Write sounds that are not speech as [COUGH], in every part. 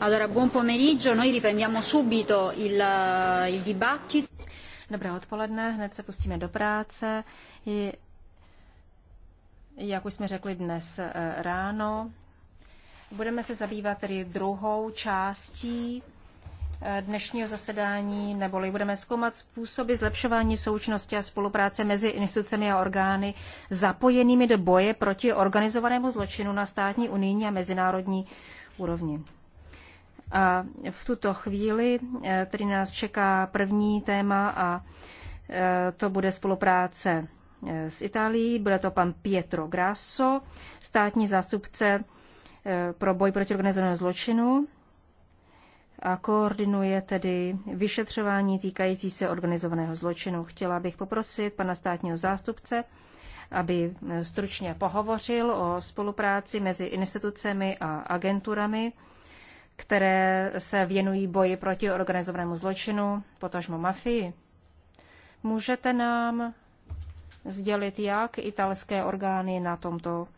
Allora, buon pomeriggio, noi riprendiamo subito il, eh, il dibattito. Dobré odpoledne, hned se pustíme do práce. jak už jsme řekli dnes eh, ráno, budeme se zabývat tedy druhou částí dnešního zasedání, neboli budeme zkoumat způsoby zlepšování součinnosti a spolupráce mezi institucemi a orgány zapojenými do boje proti organizovanému zločinu na státní, unijní a mezinárodní úrovni. A v tuto chvíli eh, tedy nás čeká první téma a eh, to bude spolupráce z eh, Itálií. Bude to pan Pietro Grasso, státní zástupce pro boj proti organizovanému zločinu a koordinuje tedy vyšetřování týkající se organizovaného zločinu. Chtěla bych poprosit pana státního zástupce, aby eh, stručně pohovořil o spolupráci mezi institucemi a agenturami, které se věnují boji proti organizovanému zločinu, potažmo mafii. Můžete nám sdělit, jak italské orgány na tomto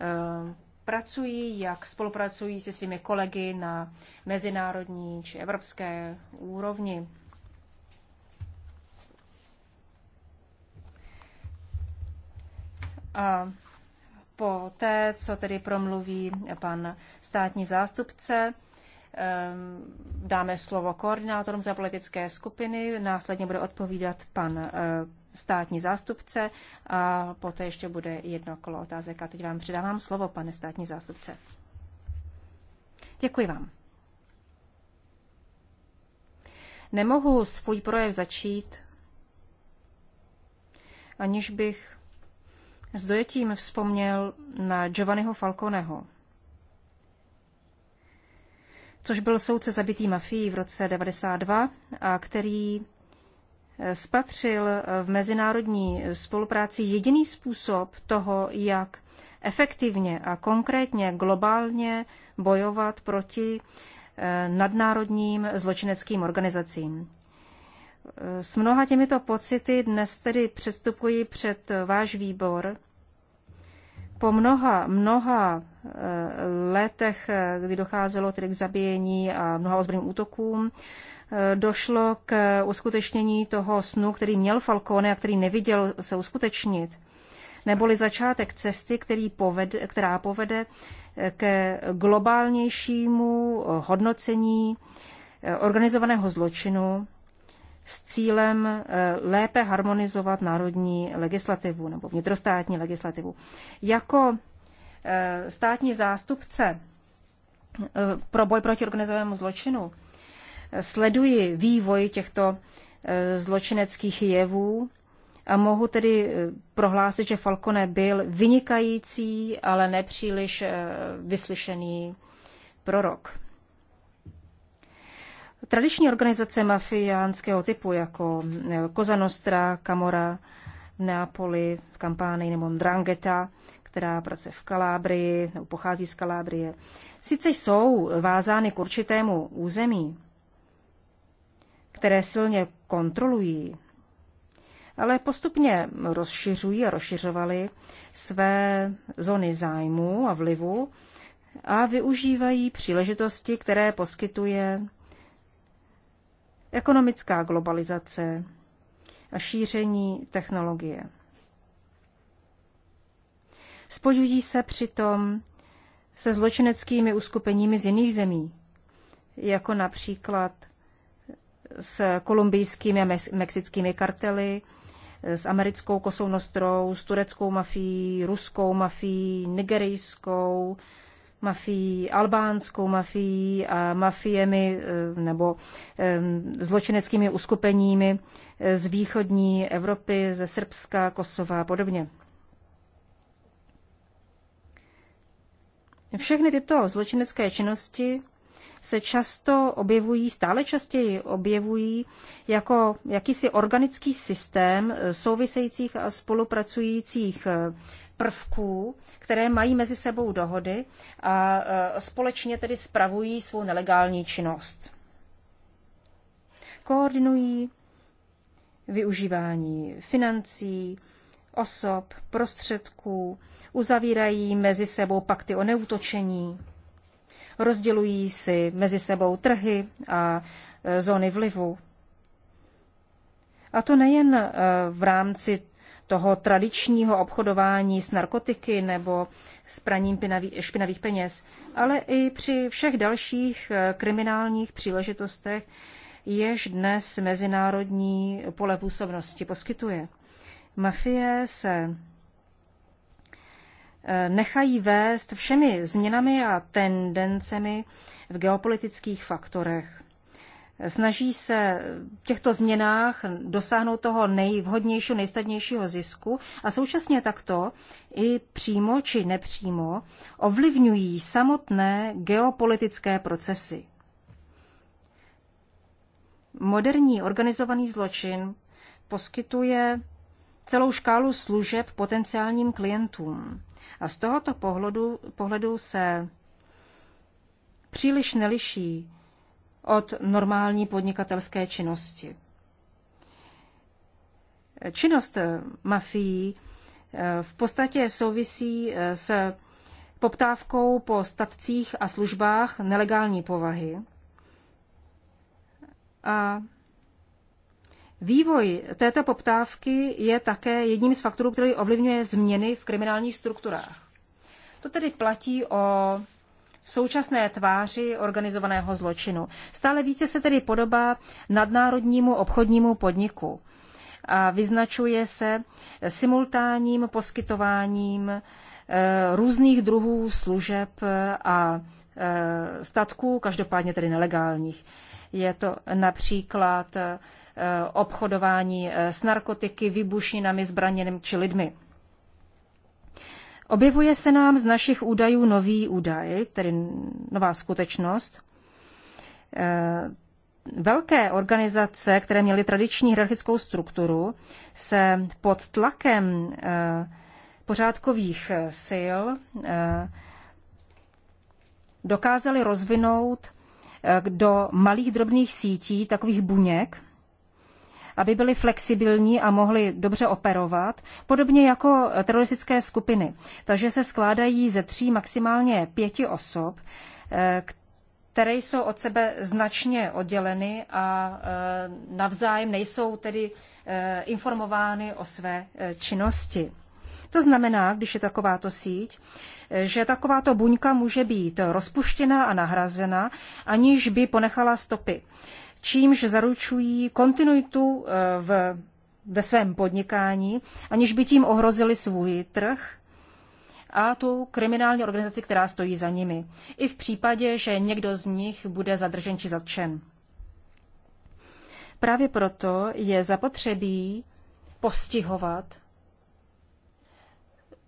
eh, pracují, jak spolupracují se svými kolegy na mezinárodní či evropské úrovni. A po té, co tedy promluví pan státní zástupce, dáme slovo koordinátorům za politické skupiny, následně bude odpovídat pan eh, státní zástupce a poté ještě bude jedno kolo otázek. A teď vám předávám slovo, pane státní zástupce. Děkuji vám. Nemohu svůj projev začít, aniž bych s dojetím vzpomněl na Giovanniho Falconeho, což byl soudce zabitý mafií v roce 92 a který spatřil v mezinárodní spolupráci jediný způsob toho, jak efektivně a konkrétně globálně bojovat proti eh, nadnárodním zločineckým organizacím. S mnoha těmito pocity dnes tedy předstupuji před váš výbor. Po mnoha, mnoha eh, letech, eh, kdy docházelo tedy k zabíjení a mnoha ozbrojeným útokům, Eh, došlo k uskutečnění toho snu, který měl Falcone a který neviděl se uskutečnit, neboli začátek cesty, který povede, která povede eh, ke globálnějšímu eh, hodnocení organizovaného zločinu s cílem lépe harmonizovat národní legislativu nebo vnitrostátní legislativu. Jako státní zástupce pro boj proti organizovanému zločinu sleduji vývoj těchto eh, zločineckých jevů a mohu tedy eh, prohlásit, že Falcone byl vynikající, ale nepříliš eh, vyslyšený prorok. Tradiční organizace mafiánského typu jako Cosa Nostra, Camora, v Neapoli, v Kampánii nebo Drangheta, která pracuje v Kalábrii nebo pochází z Kalábrie, sice jsou vázány k určitému území, které silně kontrolují, ale postupně rozšiřují a rozšiřovali své zóny zájmu a vlivu a využívají příležitosti, které poskytuje ekonomická globalizace a šíření technologie. Spojují se přitom se zločineckými uskupeními z jiných zemí, jako například s kolumbijskými a mexickými kartely, s americkou kosounostrou, s tureckou mafií, ruskou mafií, nigerijskou mafií, albánskou mafií a mafiemi eh, nebo zločineckými uskupeními eh, z východní Evropy, ze Srbska, Kosova a podobně. Všechny tyto zločinecké činnosti se často objevují, stále častěji objevují jako jakýsi organický systém souvisejících a spolupracujících eh, prvků, které mají mezi sebou dohody a eh, společně tedy spravují svou nelegální činnost. Koordinují využívání financí, osob, prostředků, uzavírají mezi sebou pakty o neutočení rozdělují si mezi sebou trhy a e, zóny vlivu. A to nejen e, v rámci toho tradičního obchodování s narkotiky nebo s praním špinavých peněz, ale i při všech dalších e, kriminálních příležitostech, jež dnes mezinárodní pole působnosti poskytuje. Mafie se Eh, nechají vést všemi změnami a tendencemi v geopolitických faktorech. Snaží se v těchto změnách dosáhnout toho nejvhodnějšího, nejstadnějšího zisku a současně takto i přímo či nepřímo ovlivňují samotné geopolitické procesy. Moderní organizovaný zločin poskytuje celou škálu služeb potenciálním klientům. A z tohoto pohledu, pohledu se příliš neliší od normální podnikatelské činnosti. Činnost mafií eh, v podstatě souvisí eh, s poptávkou po statcích a službách nelegální povahy. A Vývoj této poptávky je také jedním z faktorů, který ovlivňuje změny v kriminálních strukturách. To tedy platí o současné tváři organizovaného zločinu. Stále více se tedy podobá nadnárodnímu obchodnímu podniku a vyznačuje se simultánním poskytováním eh, různých druhů služeb a eh, statků, každopádně tedy nelegálních. Je to například eh, Eh, obchodování eh, s narkotiky, výbušninami, zbraněnami či lidmi. Objevuje se nám z našich údajů nový údaj, tedy nová skutečnost. Eh, velké organizace, které měly tradiční hierarchickou strukturu, se pod tlakem pořádkových sil dokázaly rozvinout do malých drobných sítí, takových buněk, aby byli flexibilní a mohli dobře operovat, podobně jako teroristické skupiny. Takže se skládají ze tří maximálně pěti osob, eh, které jsou od sebe značně odděleny a eh, navzájem nejsou tedy eh, informovány o své činnosti. To znamená, když je takováto síť, že takováto buňka může být rozpuštěna a nahrazena, aniž by ponechala stopy čímž zaručují kontinuitu eh, v, ve svém podnikání, aniž by tím ohrozili svůj trh a tu kriminální organizaci, která stojí za nimi. I v případě, že někdo z nich bude zadržen či zatčen. Právě proto je zapotřebí postihovat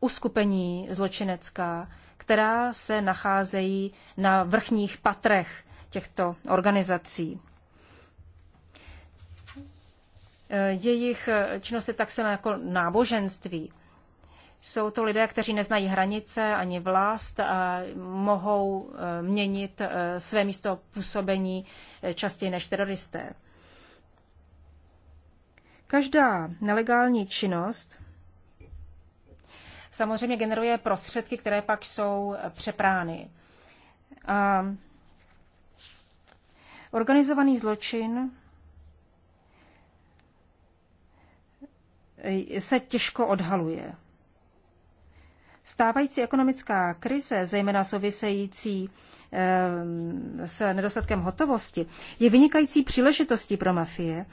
uskupení zločinecká, která se nacházejí na vrchních patrech těchto organizací jejich činnost je tak se jako náboženství. Jsou to lidé, kteří neznají hranice ani vlast a mohou eh, měnit eh, své místo působení eh, častěji než teroristé. Každá nelegální činnost samozřejmě generuje prostředky, které pak jsou přeprány. A organizovaný zločin se těžko odhaluje. Stávající ekonomická krize, zejména související eh, s nedostatkem hotovosti, je vynikající příležitostí pro mafie,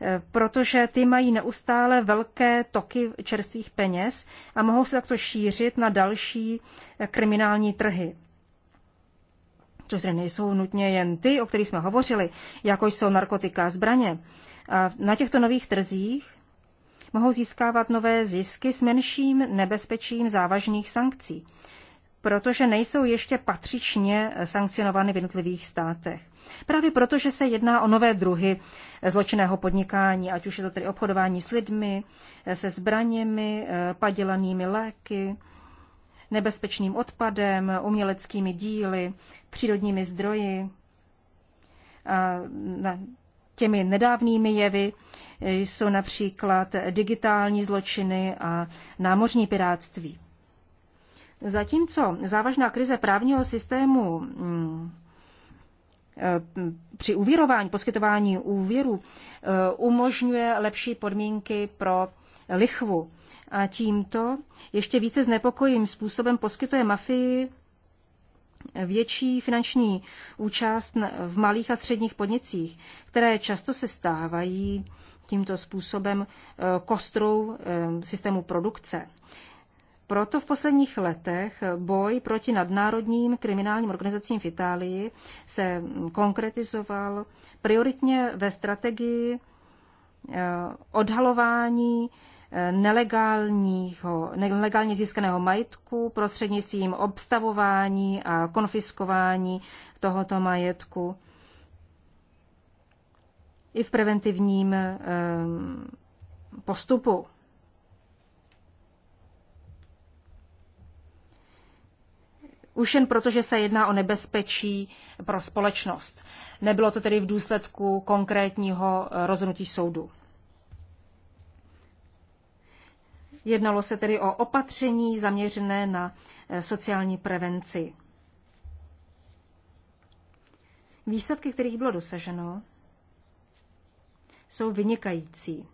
eh, protože ty mají neustále velké toky čerstvých peněz a mohou se takto šířit na další eh, kriminální trhy. Což nejsou nutně jen ty, o kterých jsme hovořili, jako jsou narkotika a zbraně. A na těchto nových trzích mohou získávat nové zisky s menším nebezpečím závažných sankcí, protože nejsou ještě patřičně sankcionovány v jednotlivých státech. Právě proto, že se jedná o nové druhy zločinného podnikání, ať už je to tedy obchodování s lidmi, se zbraněmi, padělanými léky, nebezpečným odpadem, uměleckými díly, přírodními zdroji, a na Těmi nedávnými jevy eh, jsou například digitální zločiny a námořní piráctví. Zatímco závažná krize právního systému mm, eh, při uvěrování, poskytování úvěru eh, umožňuje lepší podmínky pro lichvu. A tímto ještě více znepokojivým způsobem poskytuje mafii větší finanční účast v malých a středních podnicích, které často se stávají tímto způsobem e, kostrou e, systému produkce. Proto v posledních letech boj proti nadnárodním kriminálním organizacím v Itálii se konkretizoval prioritně ve strategii e, odhalování nelegálního, nelegálně získaného majetku prostřednictvím obstavování a konfiskování tohoto majetku i v preventivním eh, postupu. Už jen proto, že se jedná o nebezpečí pro společnost. Nebylo to tedy v důsledku konkrétního eh, rozhodnutí soudu. Jednalo se tedy o opatření zaměřené na eh, sociální prevenci. Výsledky, kterých bylo dosaženo, jsou vynikající.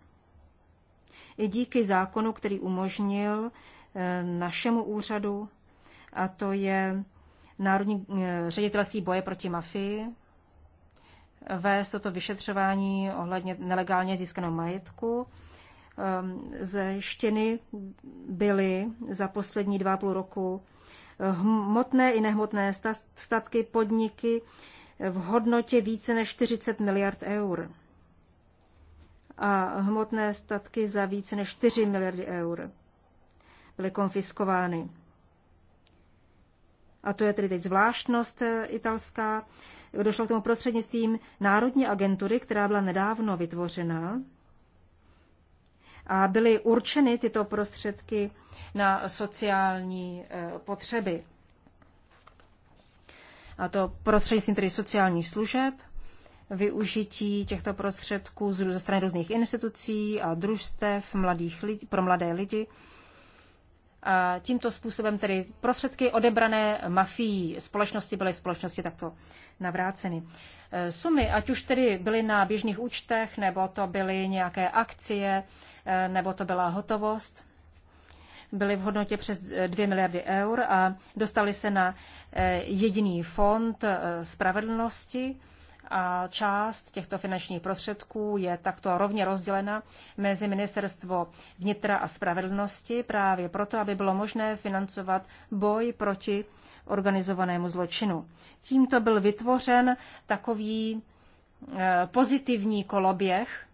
I díky zákonu, který umožnil eh, našemu úřadu, a to je Národní eh, ředitelství boje proti mafii, vést toto vyšetřování ohledně nelegálně získaného majetku Um, ze štěny byly za poslední dva půl roku hmotné i nehmotné statky podniky v hodnotě více než 40 miliard eur a hmotné statky za více než 4 miliardy eur byly konfiskovány. A to je tedy teď zvláštnost eh, italská. Došlo k tomu prostřednictvím Národní agentury, která byla nedávno vytvořena a byly určeny tyto prostředky na sociální eh, potřeby. A to prostřednictvím tedy sociálních služeb, využití těchto prostředků ze strany různých institucí a družstev mladých lidi, pro mladé lidi, tímto způsobem tedy prostředky odebrané mafií společnosti byly společnosti takto navráceny. E, sumy, ať už tedy byly na běžných účtech, nebo to byly nějaké akcie, e, nebo to byla hotovost, byly v hodnotě přes 2 miliardy eur a dostali se na e, jediný fond spravedlnosti, a část těchto finančních prostředků je takto rovně rozdělena mezi ministerstvo vnitra a spravedlnosti právě proto, aby bylo možné financovat boj proti organizovanému zločinu. Tímto byl vytvořen takový eh, pozitivní koloběh,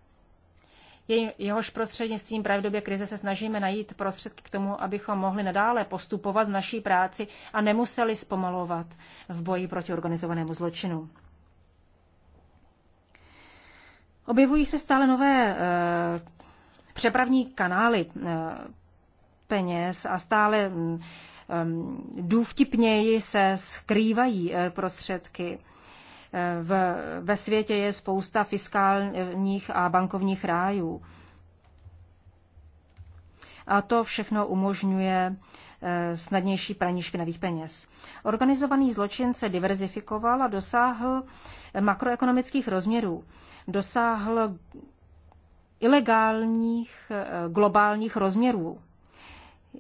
jehož prostřednictvím právě v době krize se snažíme najít prostředky k tomu, abychom mohli nadále postupovat v naší práci a nemuseli zpomalovat v boji proti organizovanému zločinu. Objevují se stále nové eh, přepravní kanály eh, peněz a stále mm, důvtipněji se skrývají eh, prostředky. V, ve světě je spousta fiskálních a bankovních rájů. A to všechno umožňuje Eh, snadnější praní špinavých peněz. Organizovaný zločin se diverzifikoval a dosáhl makroekonomických rozměrů. Dosáhl ilegálních eh, globálních rozměrů.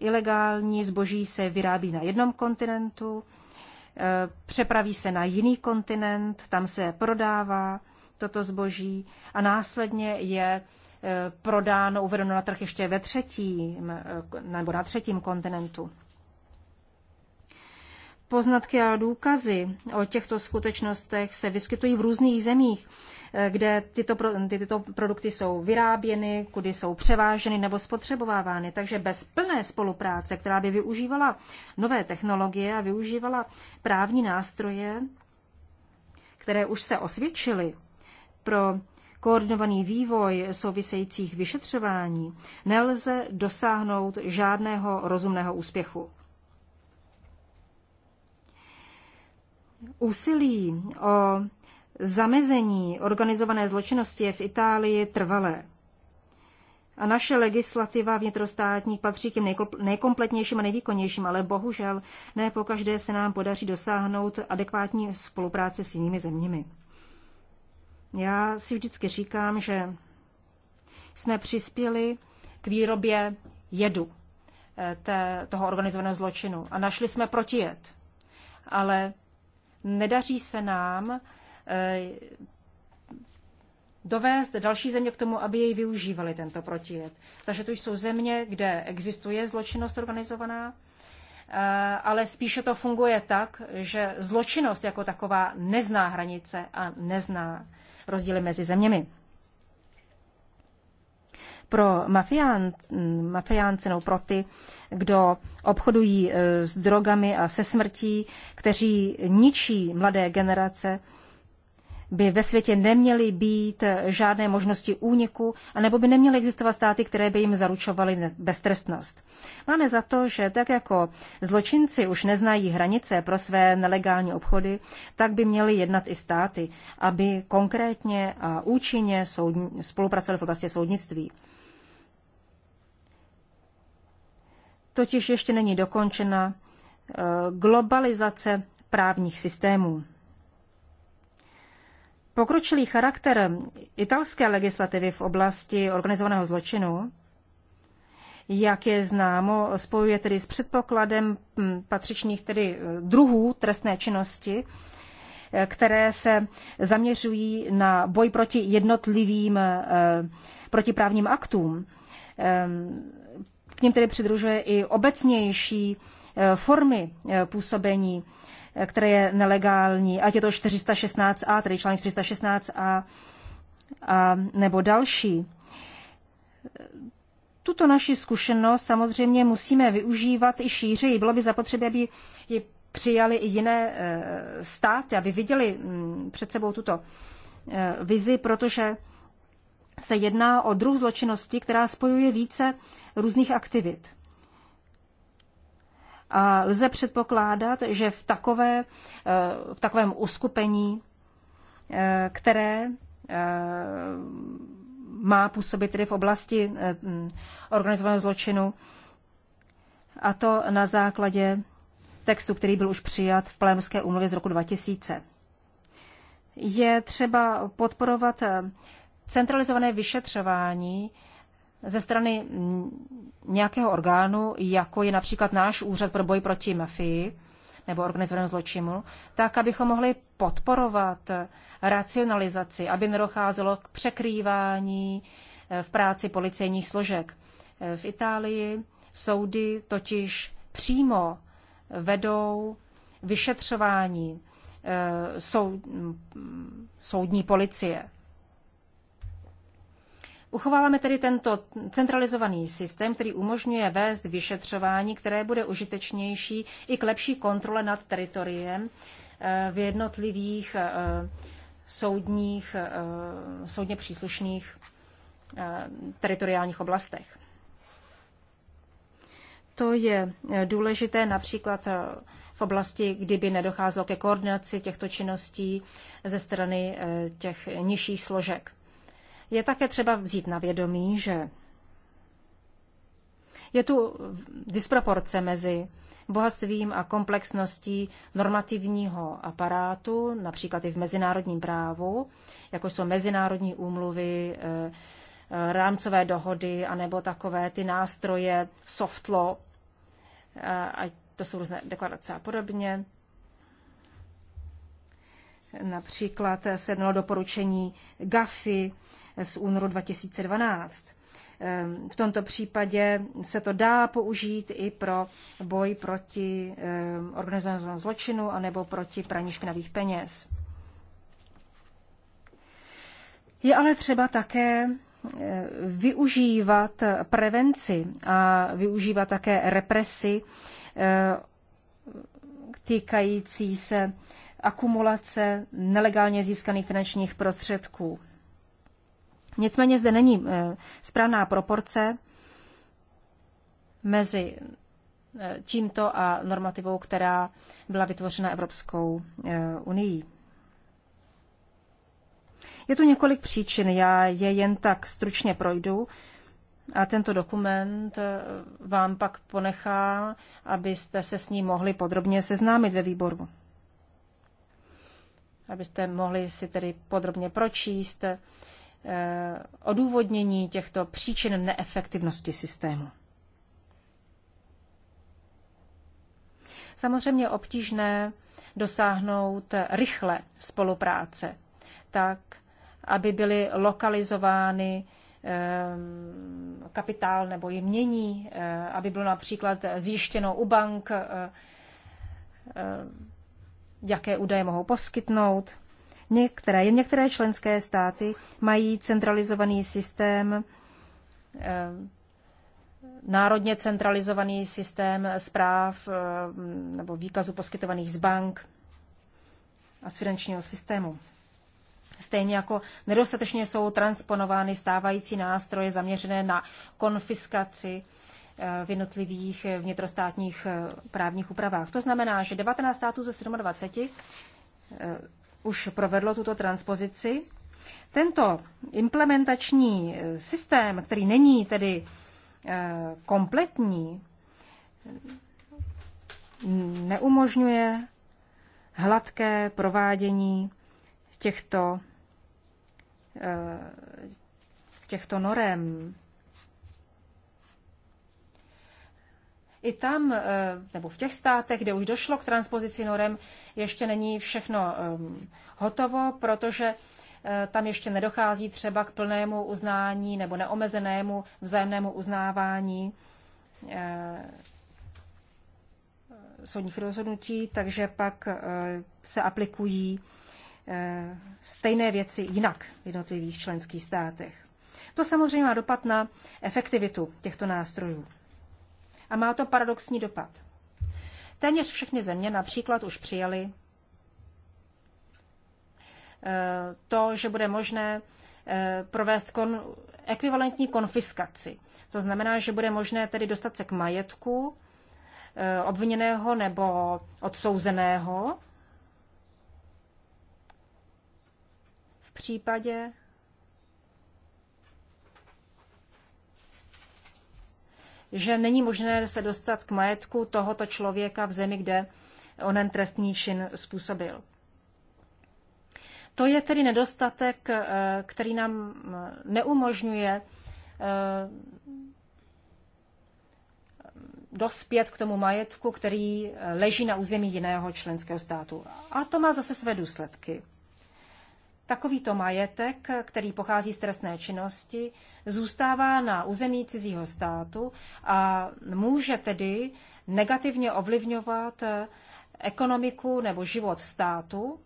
Ilegální zboží se vyrábí na jednom kontinentu, eh, přepraví se na jiný kontinent, tam se prodává toto zboží a následně je prodáno, uvedeno na trh ještě ve třetím eh, nebo na třetím kontinentu. Poznatky a důkazy o těchto skutečnostech se vyskytují v různých zemích, eh, kde tyto, tyto produkty jsou vyráběny, kudy jsou převáženy nebo spotřebovávány. Takže bez plné spolupráce, která by využívala nové technologie a využívala právní nástroje, které už se osvědčily pro koordinovaný vývoj souvisejících vyšetřování, nelze dosáhnout žádného rozumného úspěchu. Úsilí o zamezení organizované zločinnosti je v Itálii trvalé. A naše legislativa vnitrostátní patří k nejkompletnějším a nejvýkonnějším, ale bohužel ne pokaždé se nám podaří dosáhnout adekvátní spolupráce s jinými zeměmi. Já si vždycky říkám, že jsme přispěli k výrobě jedu eh, té, toho organizovaného zločinu a našli jsme protijed. Ale nedaří se nám eh, dovést další země k tomu, aby jej využívali tento protijed. Takže to jsou země, kde existuje zločinnost organizovaná, eh, ale spíše to funguje tak, že zločinnost jako taková nezná hranice a nezná rozdíly mezi zeměmi. Pro mafiánce nebo pro ty, kdo obchodují eh, s drogami a se smrtí, kteří ničí mladé generace, by ve světě neměly být žádné možnosti úniku, anebo by neměly existovat státy, které by jim zaručovaly beztrestnost. Máme za to, že tak jako zločinci už neznají hranice pro své nelegální obchody, tak by měly jednat i státy, aby konkrétně a účinně spolupracovali v oblasti soudnictví. Totiž ještě není dokončena eh, globalizace právních systémů. Pokročilý charakter italské legislativy v oblasti organizovaného zločinu, jak je známo, spojuje tedy s předpokladem hm, patřičných tedy eh, druhů trestné činnosti, eh, které se zaměřují na boj proti jednotlivým eh, protiprávním aktům. Ehm, k ním tedy přidružuje i obecnější formy působení které je nelegální, ať je to 416a, tedy článek 416a, a, nebo další. Tuto naši zkušenost samozřejmě musíme využívat i šířeji. Bylo by zapotřebí, aby ji přijali i jiné e, státy, aby viděli před sebou tuto e, vizi, protože se jedná o druh zločinnosti, která spojuje více různých aktivit. A lze předpokládat, že v, takové, eh, v takovém uskupení, eh, které eh, má působit tedy v oblasti organizovaného zločinu, a to na základě textu, který byl už přijat v plénské úmluvě z roku 2000. Je třeba podporovat centralizované vyšetřování ze strany nějakého orgánu, jako je například náš úřad pro boj proti mafii nebo organizovanému zločinu, tak abychom mohli podporovat racionalizaci, aby nedocházelo k překrývání eh, v práci policejních složek. Eh, v Itálii soudy totiž přímo vedou vyšetřování eh, soudní policie. Uchováváme tedy tento centralizovaný systém, který umožňuje vést vyšetřování, které bude užitečnější i k lepší kontrole nad teritoriem eh, v jednotlivých eh, soudních, eh, soudně příslušných teritoriálních oblastech. To je důležité například v oblasti, kdyby nedocházelo ke koordinaci těchto činností ze strany těch nižších složek. Je také třeba vzít na vědomí, že je tu disproporce mezi bohatstvím a komplexností normativního aparátu, například i v mezinárodním právu, jako jsou mezinárodní úmluvy, eh, eh, rámcové dohody, anebo takové ty nástroje soft law, eh, a to jsou různé deklarace a podobně. Například se jednalo doporučení GAFI, z únoru 2012. Ehm, v tomto případě se to dá použít i pro boj proti ehm, organizovanému zločinu anebo proti praní špinavých peněz. Je ale třeba také eh, využívat prevenci a využívat také represi eh, týkající se akumulace nelegálně získaných finančních prostředků. Nicméně zde není eh, správná proporce mezi eh, tímto a normativou, která byla vytvořena Evropskou eh, unii. Je tu několik příčin, já je jen tak stručně projdu a tento dokument vám pak ponechá, abyste se s ním mohli podrobně seznámit ve výboru. Abyste mohli si tedy podrobně pročíst, Eh, odůvodnění těchto příčin neefektivnosti systému. Samozřejmě obtížné dosáhnout rychle spolupráce, tak aby byly lokalizovány eh, kapitál nebo jmění, eh, aby bylo například zjištěno u bank, jaké údaje mohou poskytnout. Některé, některé členské státy mají centralizovaný systém, eh, národně centralizovaný systém zpráv eh, nebo výkazu poskytovaných z bank a z finančního systému. Stejně jako nedostatečně jsou transponovány stávající nástroje zaměřené na konfiskaci eh, v jednotlivých vnitrostátních právních úpravách. To znamená, že 19 států ze 27 už provedlo tuto transpozici. Tento implementační eh, systém, který není tedy eh, kompletní, neumožňuje hladké provádění těchto, eh, těchto norem. i tam, eh, nebo v těch státech, kde už došlo k transpozici norem, ještě není všechno ehm, hotovo, protože eh, tam ještě nedochází třeba k plnému uznání nebo neomezenému vzájemnému uznávání eh, soudních rozhodnutí, takže pak se aplikují stejné věci jinak v jednotlivých členských státech. To samozřejmě má dopad na efektivitu těchto nástrojů. A má to paradoxní dopad. Téměř všechny země například už přijali eh, to, že bude možné eh, provést kon, ekvivalentní konfiskaci. To znamená, že bude možné tedy dostat se k majetku eh, obviněného nebo odsouzeného v případě, že není možné se dostat k majetku tohoto člověka v zemi, kde onen trestný čin způsobil. To je tedy nedostatek, eh, který nám eh, neumožňuje eh, dospět k tomu majetku, který leží na území jiného členského státu. A to má zase své důsledky. Takovýto majetek, který pochází z trestné činnosti, zůstává na území cizího státu a může tedy negativně ovlivňovat eh, ekonomiku nebo život státu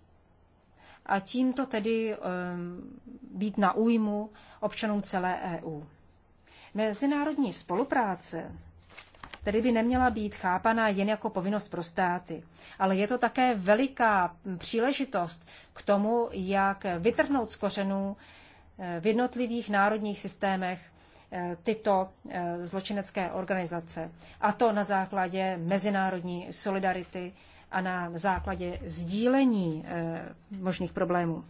a tímto tedy eh, být na újmu občanům celé EU. Mezinárodní spolupráce tedy by neměla být chápaná jen jako povinnost pro státy. Ale je to také veliká příležitost k tomu, jak vytrhnout z kořenů eh, v jednotlivých národních systémech eh, tyto eh, zločinecké organizace. A to na základě mezinárodní solidarity a na základě sdílení možných problémů.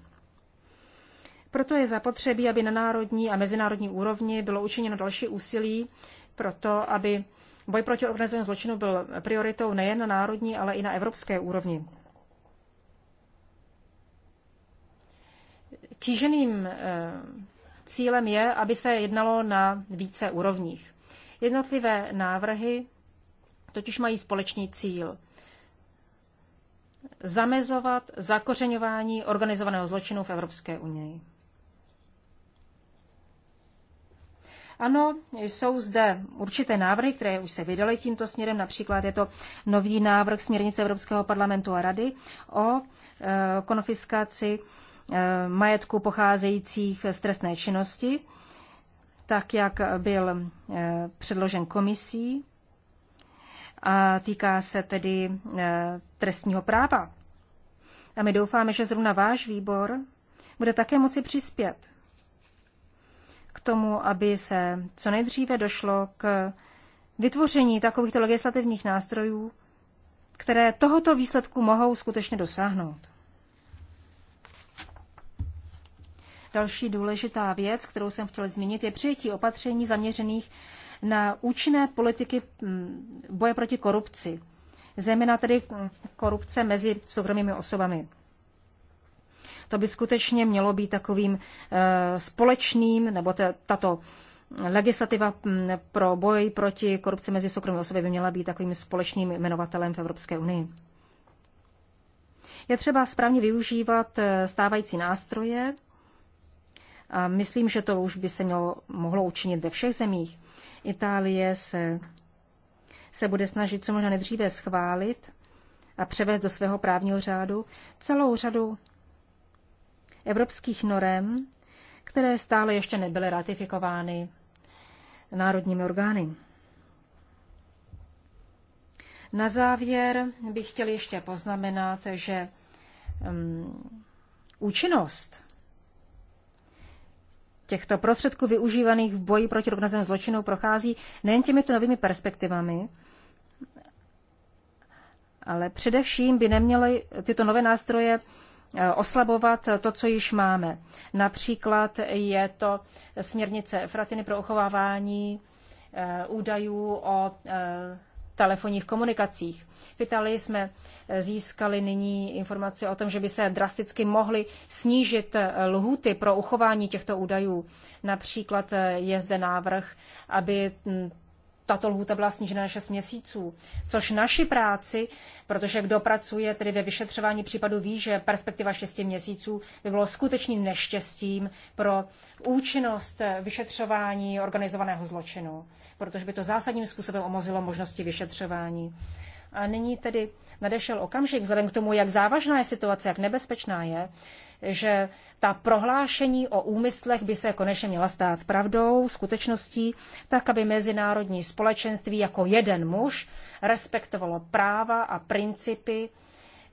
Proto je zapotřebí, aby na národní a mezinárodní úrovni bylo učiněno další úsilí pro to, aby Boj proti organizovanému zločinu byl prioritou nejen na národní, ale i na evropské úrovni. Kýženým eh, cílem je, aby se jednalo na více úrovních. Jednotlivé návrhy totiž mají společný cíl zamezovat zakořeňování organizovaného zločinu v Evropské unii. Ano, jsou zde určité návrhy, které už se vydaly tímto směrem, například je to nový návrh směrnice Evropského parlamentu a rady o e, konfiskaci e, majetku pocházejících z trestné činnosti, tak jak byl e, předložen komisí a týká se tedy trestního práva. A my doufáme, že zrovna váš výbor bude také moci přispět k tomu, aby se co nejdříve došlo k vytvoření takovýchto legislativních nástrojů, které tohoto výsledku mohou skutečně dosáhnout. Další důležitá věc, kterou jsem chtěla zmínit, je přijetí opatření zaměřených na účinné politiky mm, boje proti korupci, zejména tedy korupce mezi soukromými osobami. To by skutečně mělo být takovým eh, společným, nebo tato legislativa mm, pro boj proti korupci mezi soukromými osoby by měla být takovým společným jmenovatelem v Evropské unii. Je třeba správně využívat eh, stávající nástroje. A myslím, že to už by se mělo, mohlo učinit ve všech zemích. Itálie se, se bude snažit co možná nejdříve schválit a převést do svého právního řádu celou řadu evropských norem, které stále ještě nebyly ratifikovány národními orgány. Na závěr bych chtěl ještě poznamenat, že um, účinnost těchto prostředků využívaných v boji proti organizovaným zločinu prochází nejen těmito novými perspektivami, ale především by neměly tyto nové nástroje Eh, oslabovat to, co již máme. Například je to směrnice Fratiny pro uchovávání eh, údajů o eh, telefonních komunikacích. V Italii jsme získali nyní informace o tom, že by se drasticky mohly snížit lhuty pro uchování těchto údajů. Například je zde návrh, aby hm, tato lhůta byla snížena na 6 měsíců, což naši práci, protože kdo pracuje tedy ve vyšetřování případu ví, že perspektiva 6 měsíců by bylo skutečným neštěstím pro účinnost vyšetřování organizovaného zločinu, protože by to zásadním způsobem omozilo možnosti vyšetřování. A nyní tedy nadešel okamžik, vzhledem k tomu, jak závažná je situace, jak nebezpečná je, že ta prohlášení o úmyslech by se konečně měla stát pravdou, skutečností, tak aby mezinárodní společenství jako jeden muž respektovalo práva a principy,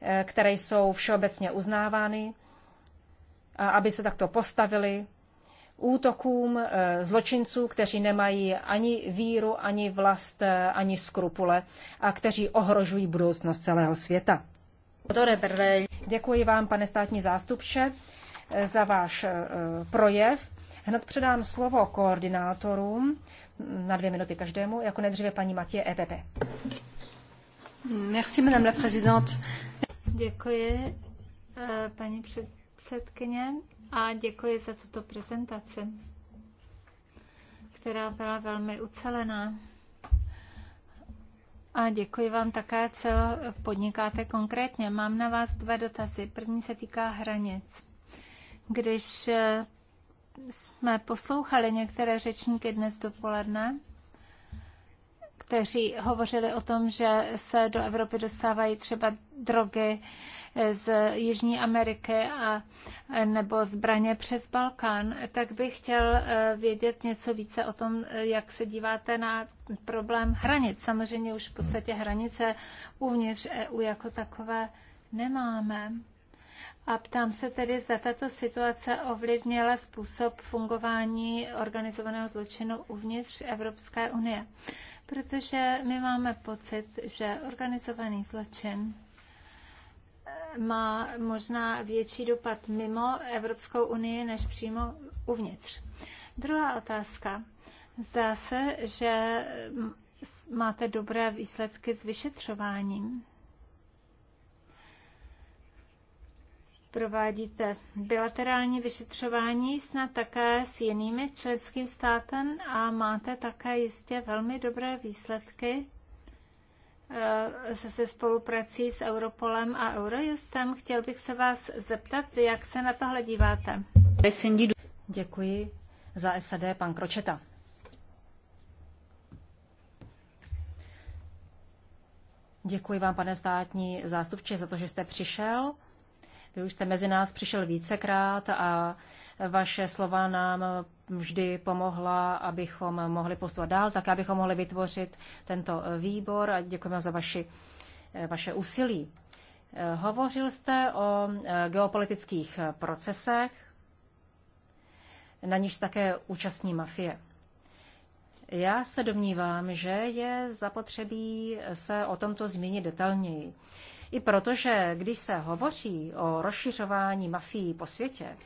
eh, které jsou všeobecně uznávány, a aby se takto postavili útokům eh, zločinců, kteří nemají ani víru, ani vlast, eh, ani skrupule a kteří ohrožují budoucnost celého světa. Děkuji vám, pane státní zástupče, za váš eh, projev. Hned předám slovo koordinátorům na dvě minuty každému, jako nejdříve paní Matě EPP. Merci, madame la présidente. Děkuji, eh, paní předsedkyně, a děkuji za tuto prezentaci, která byla velmi ucelená a děkuji vám také, co podnikáte konkrétně. Mám na vás dva dotazy. První se týká hranic. Když eh, jsme poslouchali některé řečníky dnes dopoledne, kteří hovořili o tom, že se do Evropy dostávají třeba drogy z Jižní Ameriky a nebo zbraně přes Balkán, tak bych chtěl eh, vědět něco více o tom, eh, jak se díváte na problém hranic. Samozřejmě už v podstatě hranice uvnitř EU jako takové nemáme. A ptám se tedy, zda tato situace ovlivnila způsob fungování organizovaného zločinu uvnitř Evropské unie. Protože my máme pocit, že organizovaný zločin má možná větší dopad mimo Evropskou unii než přímo uvnitř. Druhá otázka. Zdá se, že máte dobré výsledky s vyšetřováním. Provádíte bilaterální vyšetřování snad také s jinými členským státem a máte také jistě velmi dobré výsledky Eh, se, se spoluprací s Europolem a Eurojustem. Chtěl bych se vás zeptat, jak se na tohle díváte. Děkuji za SAD, pan Kročeta. Děkuji vám, pane státní zástupče, za to, že jste přišel. Vy už jste mezi nás přišel vícekrát a vaše slova nám vždy pomohla, abychom mohli postupovat dál, tak abychom mohli vytvořit tento výbor a děkujeme za vaši, vaše úsilí. Hovořil jste o eh, geopolitických procesech, na níž také účastní mafie. Já se domnívám, že je zapotřebí se o tomto zmínit detailněji. I protože, když se hovoří o rozšiřování mafií po světě,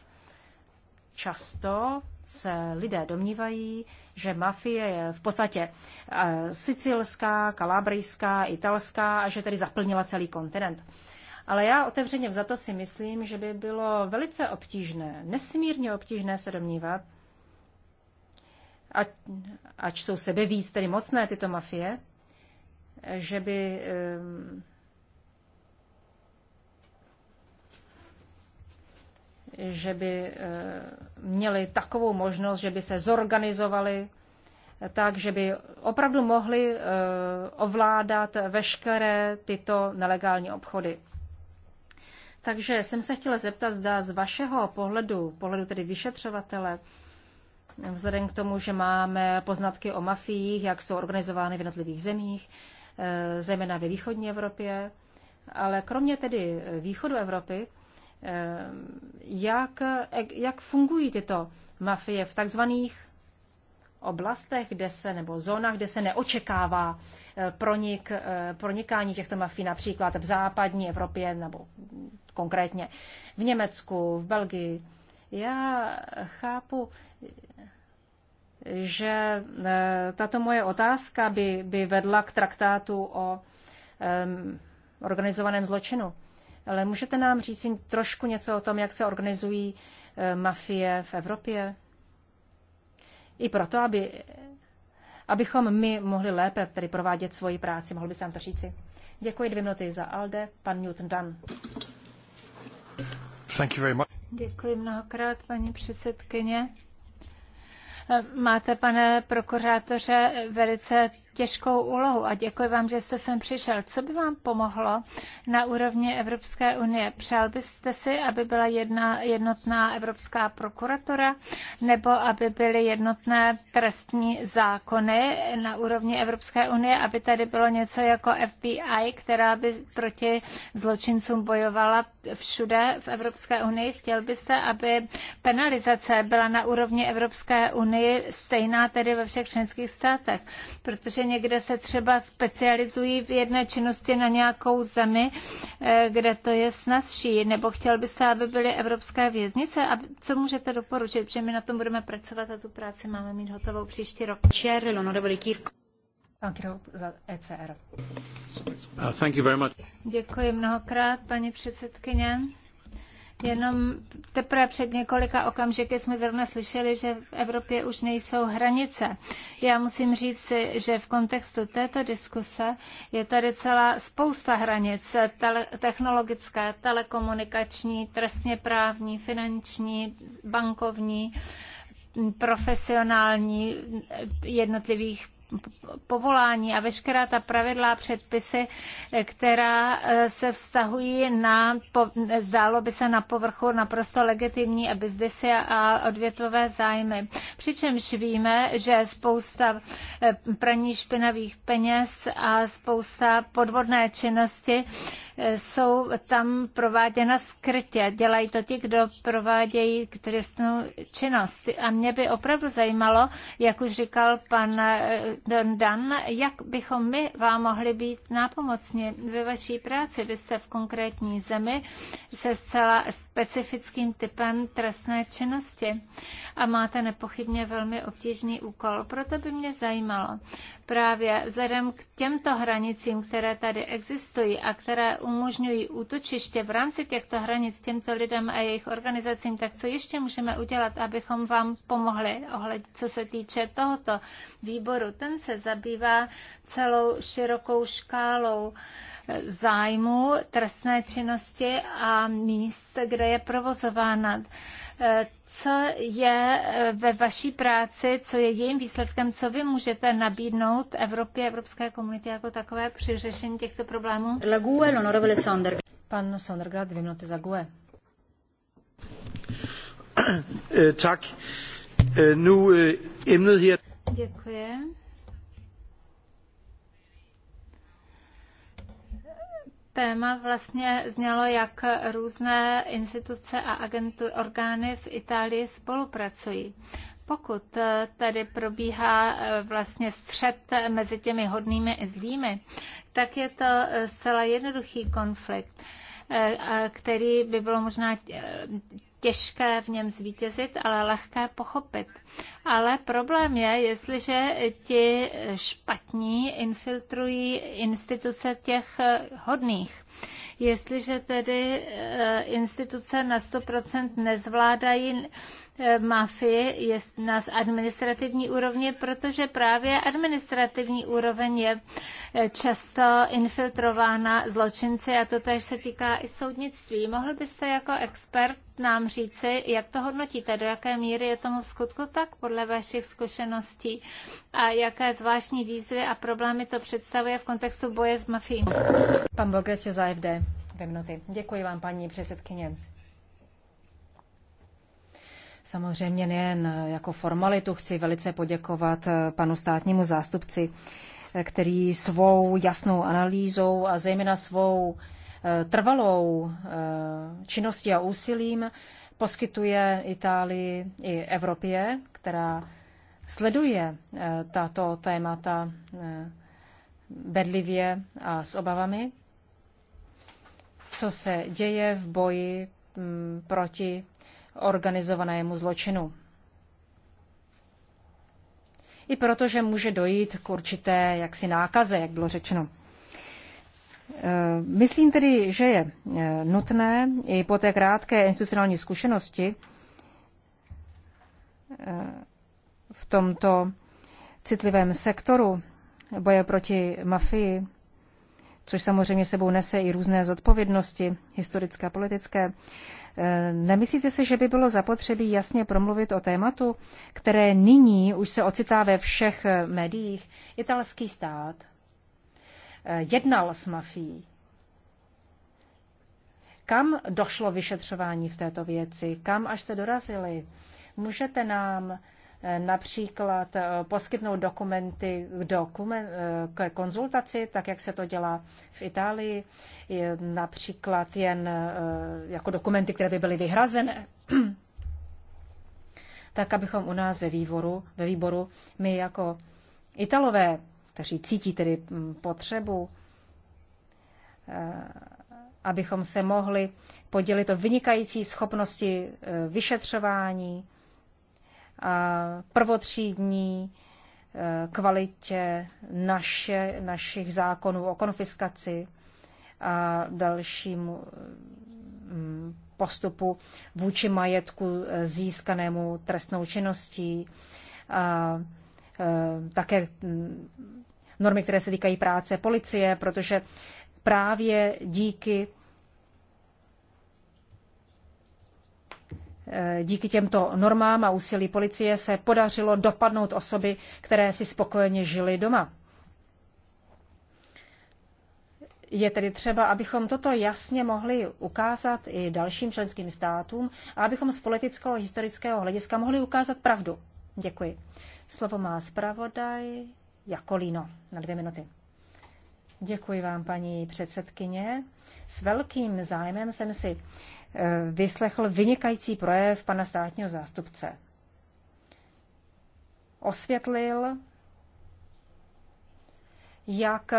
Často se lidé domnívají, že mafie je v podstatě eh, sicilská, kalabrijská, italská a že tedy zaplnila celý kontinent. Ale já otevřeně to si myslím, že by bylo velice obtížné, nesmírně obtížné se domnívat, ať, ať jsou sebe víc tedy mocné tyto mafie, že by um, že by eh, měli takovou možnost, že by se zorganizovali tak, že by opravdu mohli eh, ovládat veškeré tyto nelegální obchody. Takže jsem se chtěla zeptat, zda z vašeho pohledu, pohledu tedy vyšetřovatele, vzhledem k tomu, že máme poznatky o mafiích, jak jsou organizovány v jednotlivých zemích, eh, zejména ve východní Evropě, ale kromě tedy východu Evropy, Eh, jak, eh, jak fungují tyto mafie v takzvaných oblastech, kde se, nebo zónách, kde se neočekává eh, pronik, pronikání těchto mafí, například v západní Evropě, nebo konkrétně v Německu, v Belgii. Já chápu, že tato moje otázka by, by vedla k traktátu o um, organizovaném zločinu. Ale můžete nám říct trošku něco o tom, jak se organizují eh, mafie v Evropě? I proto, aby, abychom my mohli lépe tedy provádět svoji práci. Mohl by se nám to říci. Děkuji dvě minuty za Alde, pan Newton Dunn. Thank you very much. Děkuji mnohokrát, paní předsedkyně. Máte, pane prokurátoře, velice těžkou úlohu a děkuji vám, že jste sem přišel. Co by vám pomohlo na úrovni Evropské unie? Přál byste si, aby byla jedna, jednotná Evropská prokuratura nebo aby byly jednotné trestní zákony na úrovni Evropské unie, aby tady bylo něco jako FBI, která by proti zločincům bojovala všude v Evropské unii? Chtěl byste, aby penalizace byla na úrovni Evropské unie stejná tedy ve všech členských státech, protože někde se třeba specializují v jedné činnosti na nějakou zemi, eh, kde to je snazší, nebo chtěl byste, aby byly evropské věznice? A co můžete doporučit, že my na tom budeme pracovat a tu práci máme mít hotovou příští rok? E uh, Děkuji mnohokrát, paní předsedkyně. Jenom teprve před několika okamžiky jsme zrovna slyšeli, že v Evropě už nejsou hranice. Já musím říct si, že v kontextu této diskuse je tady celá spousta hranic, tele, technologické, telekomunikační, trestně právní, finanční, bankovní, profesionální jednotlivých povolání a veškerá ta pravidla a předpisy, která eh, se vztahují na, zdálo by se na povrchu, naprosto legitimní a biznesy a odvětové zájmy. Přičemž víme, že spousta eh, praní špinavých peněz a spousta podvodné činnosti jsou tam prováděna skrytě. Dělají to ti, kdo provádějí trestnou činnost. A mě by opravdu zajímalo, jak už říkal pan eh, Dan, jak bychom my vám mohli být nápomocni ve vaší práci. Vy jste v konkrétní zemi se zcela specifickým typem trestné činnosti a máte nepochybně velmi obtížný úkol. Proto by mě zajímalo, právě vzhledem k těmto hranicím, které tady existují a které u umožňují útočiště v rámci těchto hranic těmto lidem a jejich organizacím, tak co ještě můžeme udělat, abychom vám pomohli, ohled, co se týče tohoto výboru? Ten se zabývá celou širokou škálou eh, zájmu, trestné činnosti a míst, kde je provozována co je eh, ve vaší práci, co je jejím výsledkem, co vy můžete nabídnout Evropě, Evropské komunitě jako takové při řešení těchto problémů? La GUE, l'onorevole Sonder. Pan Sondergaard, dvě minuty za GUE. Eh, tak. Eh, nu emnet her. Děkuji. téma vlastně znělo, jak různé instituce a agentu, orgány v Itálii spolupracují pokud eh, tady probíhá eh, vlastně střed mezi těmi hodnými i zlými, tak je to eh, zcela jednoduchý konflikt, který by bylo možná těžké v něm zvítězit, ale lehké pochopit. Ale problém je, jestliže ti špatní infiltrují instituce těch eh, hodných. Jestliže tedy eh, instituce na 100% nezvládají Mafie je na administrativní úrovni, protože právě administrativní úroveň je eh, často infiltrována zločinci a to tež se týká i soudnictví. Mohl byste jako expert nám říci, jak to hodnotíte, do jaké míry je tomu v skutku tak podle vašich zkušeností a jaké zvláštní výzvy a problémy to představuje v kontextu boje s mafií? Pan Bogrec je za FD. Dvě minuty. Děkuji vám, paní předsedkyně. Samozřejmě nejen jako formalitu chci velice poděkovat eh, panu státnímu zástupci, eh, který svou jasnou analýzou a zejména svou eh, trvalou činností a úsilím poskytuje Itálii i Evropě, která sleduje tato témata bedlivě a s obavami, co se děje v boji hm, proti organizovanému zločinu. I protože může dojít k určité jaksi nákaze, jak bylo řečeno. E, myslím tedy, že je e, nutné i po té krátké institucionální zkušenosti e, v tomto citlivém sektoru boje proti mafii, což samozřejmě sebou nese i různé zodpovědnosti historické a politické, Nemyslíte si, že by bylo zapotřebí jasně promluvit o tématu, které nyní už se ocitá ve všech médiích? Italský stát jednal s mafií. Kam došlo vyšetřování v této věci? Kam až se dorazili? Můžete nám například eh, poskytnout dokumenty k, dokument, eh, k konzultaci, tak jak se to dělá v Itálii, například jen eh, jako dokumenty, které by byly vyhrazené, [CLEARS THROAT] tak abychom u nás ve, výboru, ve výboru my jako Italové, kteří cítí tedy mm, potřebu, abychom se mohli podělit o vynikající schopnosti vyšetřování, prvotřídní e, kvalitě naše, našich zákonů o konfiskaci a dalšímu mm, postupu vůči majetku e, získanému trestnou činností. A e, také mm, normy, které se týkají práce policie, protože právě díky Eh, díky těmto normám a úsilí policie se podařilo dopadnout osoby, které si spokojeně žily doma. Je tedy třeba, abychom toto jasně mohli ukázat i dalším členským státům a abychom z politického a historického hlediska mohli ukázat pravdu. Děkuji. Slovo má zpravodaj Jakolíno na dvě minuty. Děkuji vám, paní předsedkyně. S velkým zájmem jsem si Eh, vyslechl vynikající projev pana státního zástupce. Osvětlil, jak eh,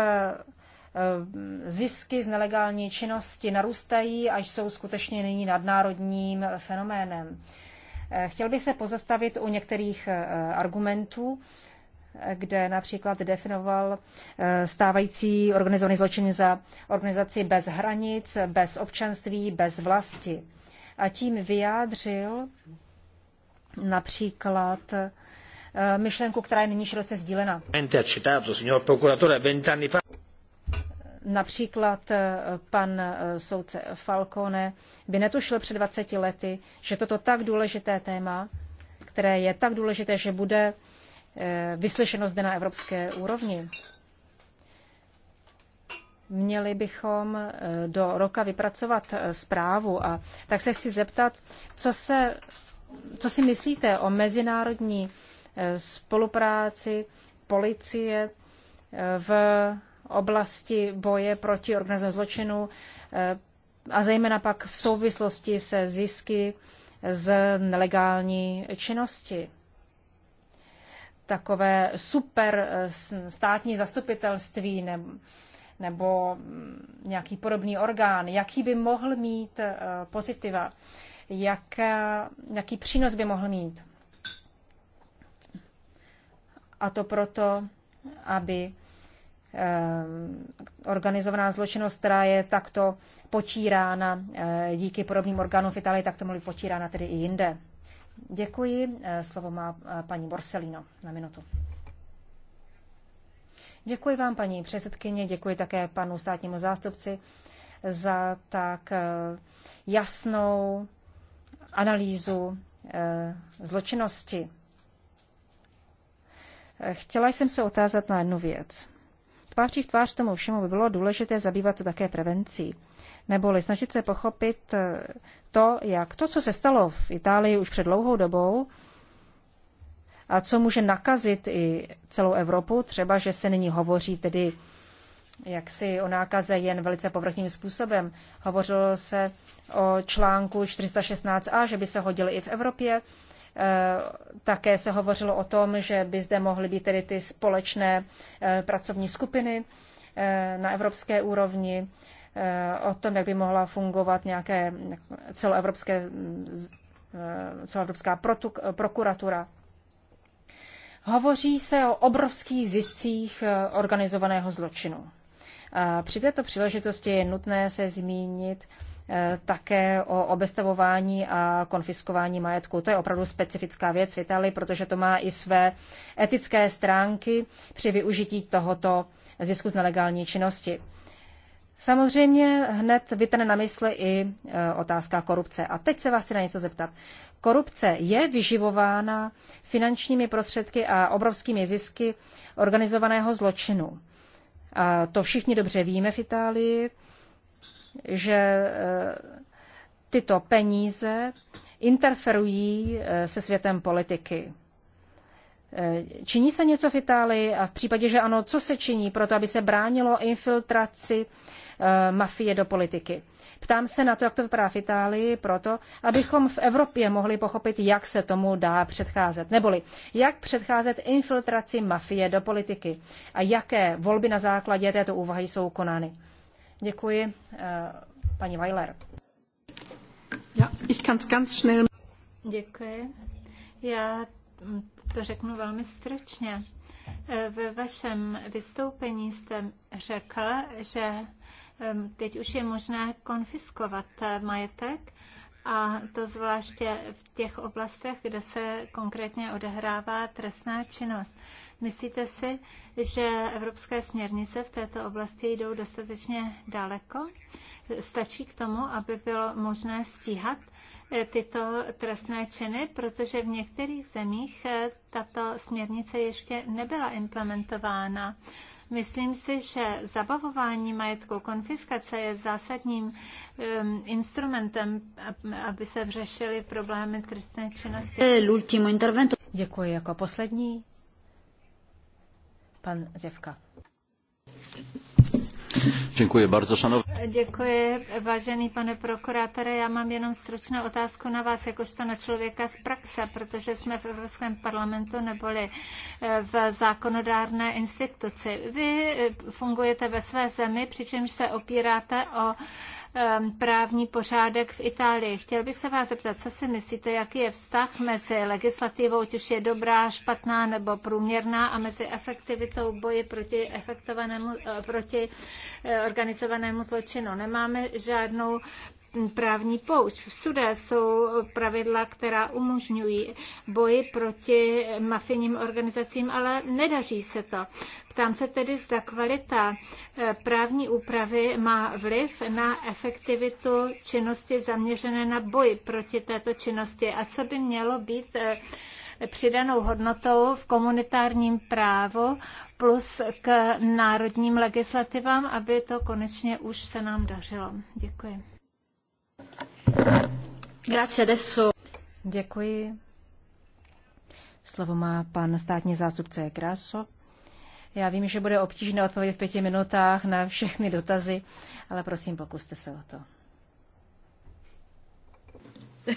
zisky z nelegální činnosti narůstají, až jsou skutečně nyní nadnárodním fenoménem. Eh, chtěl bych se pozastavit u některých argumentů, kde například definoval eh, stávající organizovaný zločin za organizaci bez hranic, bez občanství, bez vlasti. A tím vyjádřil například eh, myšlenku, která je nyní široce sdílena. Například eh, pan soudce Falcone by netušil před 20 lety, že toto tak důležité téma, které je tak důležité, že bude Eh, vyslyšeno zde na evropské úrovni. Měli bychom eh, do roka vypracovat eh, zprávu a tak se chci zeptat, co, se, co si myslíte o mezinárodní spolupráci policie v oblasti boje proti organizovanému zločinu a zejména pak v souvislosti se zisky z nelegální činnosti takové super eh, státní zastupitelství nebo mm, nějaký podobný orgán, jaký by mohl mít eh, pozitiva, jak, eh, jaký přínos by mohl mít. A to proto, aby organizovaná zločinnost, která je takto potírána díky podobným orgánům v Itálii, tak to mohly potírána tedy i jinde. Děkuji. Eh, slovo má eh, paní Borsellino na minutu. Děkuji vám, paní předsedkyně, děkuji také panu státnímu zástupci za tak eh, jasnou analýzu zločinnosti. Chtěla jsem se otázat na jednu věc. Tváří v tvář tomu všemu by bylo důležité zabývat se také prevencí, neboli snažit se pochopit eh, to, jak to, co se stalo v Itálii už před dlouhou dobou, a co může nakazit i celou Evropu, třeba, že se nyní hovoří tedy jak si o nákaze jen velice povrchním způsobem. Hovořilo se o článku 416a, že by se hodil i v Evropě. Eh, také se hovořilo o tom, že by zde mohly být tedy ty společné eh, pracovní skupiny eh, na evropské úrovni, o tom, jak by mohla fungovat nějaké celoevropské, celoevropská protuk, prokuratura. Hovoří se o obrovských ziscích organizovaného zločinu. A při této příležitosti je nutné se zmínit Eh, také o obestavování a konfiskování majetku. To je opravdu specifická věc v Itálii, protože to má i své etické stránky při využití tohoto zisku z nelegální činnosti. Samozřejmě hned vytane na mysli i eh, otázka korupce. A teď se vás chci na něco zeptat. Korupce je vyživována finančními prostředky a obrovskými zisky organizovaného zločinu. A to všichni dobře víme v Itálii že e, tyto peníze interferují e, se světem politiky. E, činí se něco v Itálii a v případě, že ano, co se činí pro to, aby se bránilo infiltraci mafie do politiky? Ptám se na to, jak to vypadá v Itálii, proto, abychom v Evropě mohli pochopit, jak se tomu dá předcházet. Neboli, jak předcházet infiltraci mafie do politiky a jaké volby na základě této úvahy jsou konány. Děkuji, eh, paní Weiler. Ja, ich kann's ganz schnell... Děkuji. Já to řeknu velmi stručně. Eh, ve vašem vystoupení jste řekl, že teď už je možné konfiskovat eh, majetek a to zvláště v těch oblastech, kde se konkrétně odehrává trestná činnost. Myslíte si, že evropské směrnice v této oblasti jdou dostatečně daleko? Stačí k tomu, aby bylo možné stíhat eh, tyto trestné činy, protože v některých zemích eh, tato směrnice ještě nebyla implementována. Myslím si, že zabavování majetku, konfiskace je zásadním um, instrumentem, aby se řešily problémy trestné činnosti. Eh, Děkuji jako poslední Pan Zevka. Děkuji bardzo, szanowny. Děkuji, vážený pane prokurátore. Já mám jenom stručnou otázku na vás, jakožto na člověka z praxe, protože jsme v Evropském parlamentu neboli eh, v zákonodárné instituci. Vy eh, fungujete ve své zemi, přičemž se opíráte o Um, právní pořádek v Itálii. Chtěl bych se vás zeptat, co si myslíte, jaký je vztah mezi legislativou, ať už je dobrá, špatná nebo průměrná, a mezi efektivitou boje proti, efektovanému, uh, proti uh, organizovanému zločinu. Nemáme žádnou právní pouč. Všude jsou pravidla, která umožňují boji proti mafijním organizacím, ale nedaří se to. Ptám se tedy, zda kvalita eh, právní úpravy má vliv na efektivitu činnosti zaměřené na boj proti této činnosti a co by mělo být eh, přidanou hodnotou v komunitárním právu plus k národním legislativám, aby to konečně už se nám dařilo. Děkuji. Děkuji. Slovo má pan státní zástupce Krásov. Já vím, že bude obtížné odpovědět v pěti minutách na všechny dotazy, ale prosím, pokuste se o to. Eh,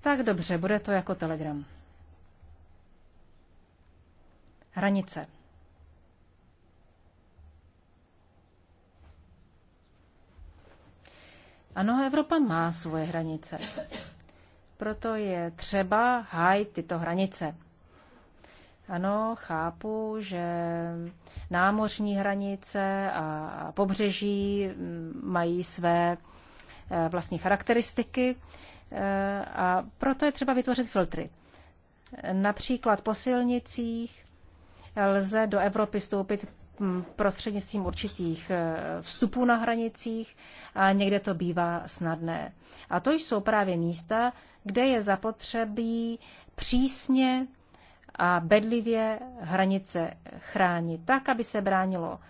tak dobře, bude to jako telegram. Hranice. Ano, Evropa má svoje hranice. Proto je třeba hájit tyto hranice. Ano, chápu, že námořní hranice a pobřeží mm, mají své eh, vlastní charakteristiky eh, a proto je třeba vytvořit filtry. Například po silnicích lze do Evropy stoupit. Mm, prostřednictvím určitých eh, vstupů na hranicích a někde to bývá snadné. A to jsou právě místa, kde je zapotřebí přísně a bedlivě hranice chránit, tak, aby se bránilo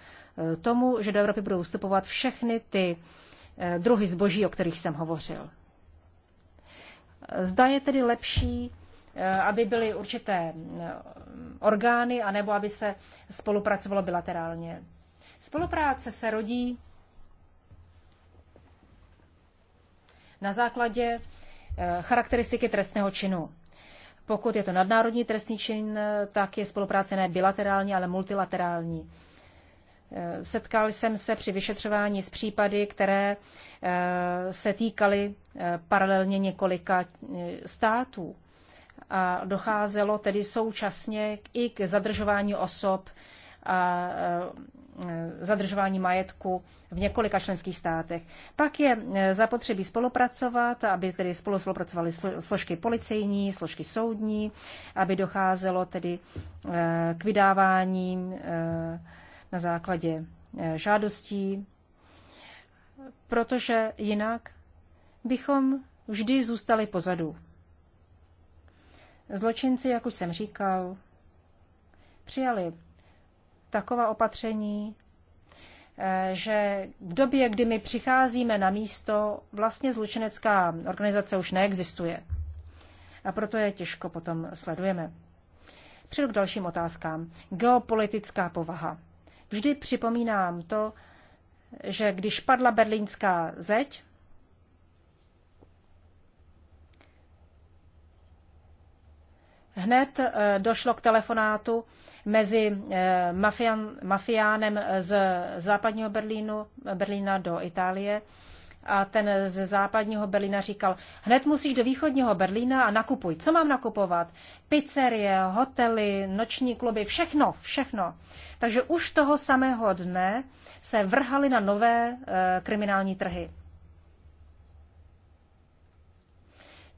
eh, tomu, že do Evropy budou vstupovat všechny ty eh, druhy zboží, o kterých jsem hovořil. Zda je tedy lepší Eh, aby byly určité eh, orgány, anebo aby se spolupracovalo bilaterálně. Spolupráce se rodí na základě eh, charakteristiky trestného činu. Pokud je to nadnárodní trestný čin, tak je spolupráce ne bilaterální, ale multilaterální. Setkal jsem se při vyšetřování s případy, které se týkaly paralelně několika států a docházelo tedy současně i k zadržování osob a e, zadržování majetku v několika členských státech. Pak je e, zapotřebí spolupracovat, aby tedy spolu spolupracovaly složky policejní, složky soudní, aby docházelo tedy e, k vydávání na základě žádostí, protože jinak bychom vždy zůstali pozadu. Zločinci, jak už jsem říkal, přijali taková opatření, eh, že v době, kdy my přicházíme na místo, vlastně zločinecká organizace už neexistuje. A proto je těžko potom sledujeme. Přijdu k dalším otázkám. Geopolitická povaha. Vždy připomínám to, že když padla berlínská zeď, Hned eh, došlo k telefonátu mezi eh, mafian, mafiánem z západního Berlínu, Berlína do Itálie a ten z západního Berlína říkal, hned musíš do východního Berlína a nakupuj. Co mám nakupovat? Pizzerie, hotely, noční kluby, všechno, všechno. Takže už toho samého dne se vrhali na nové e, kriminální trhy.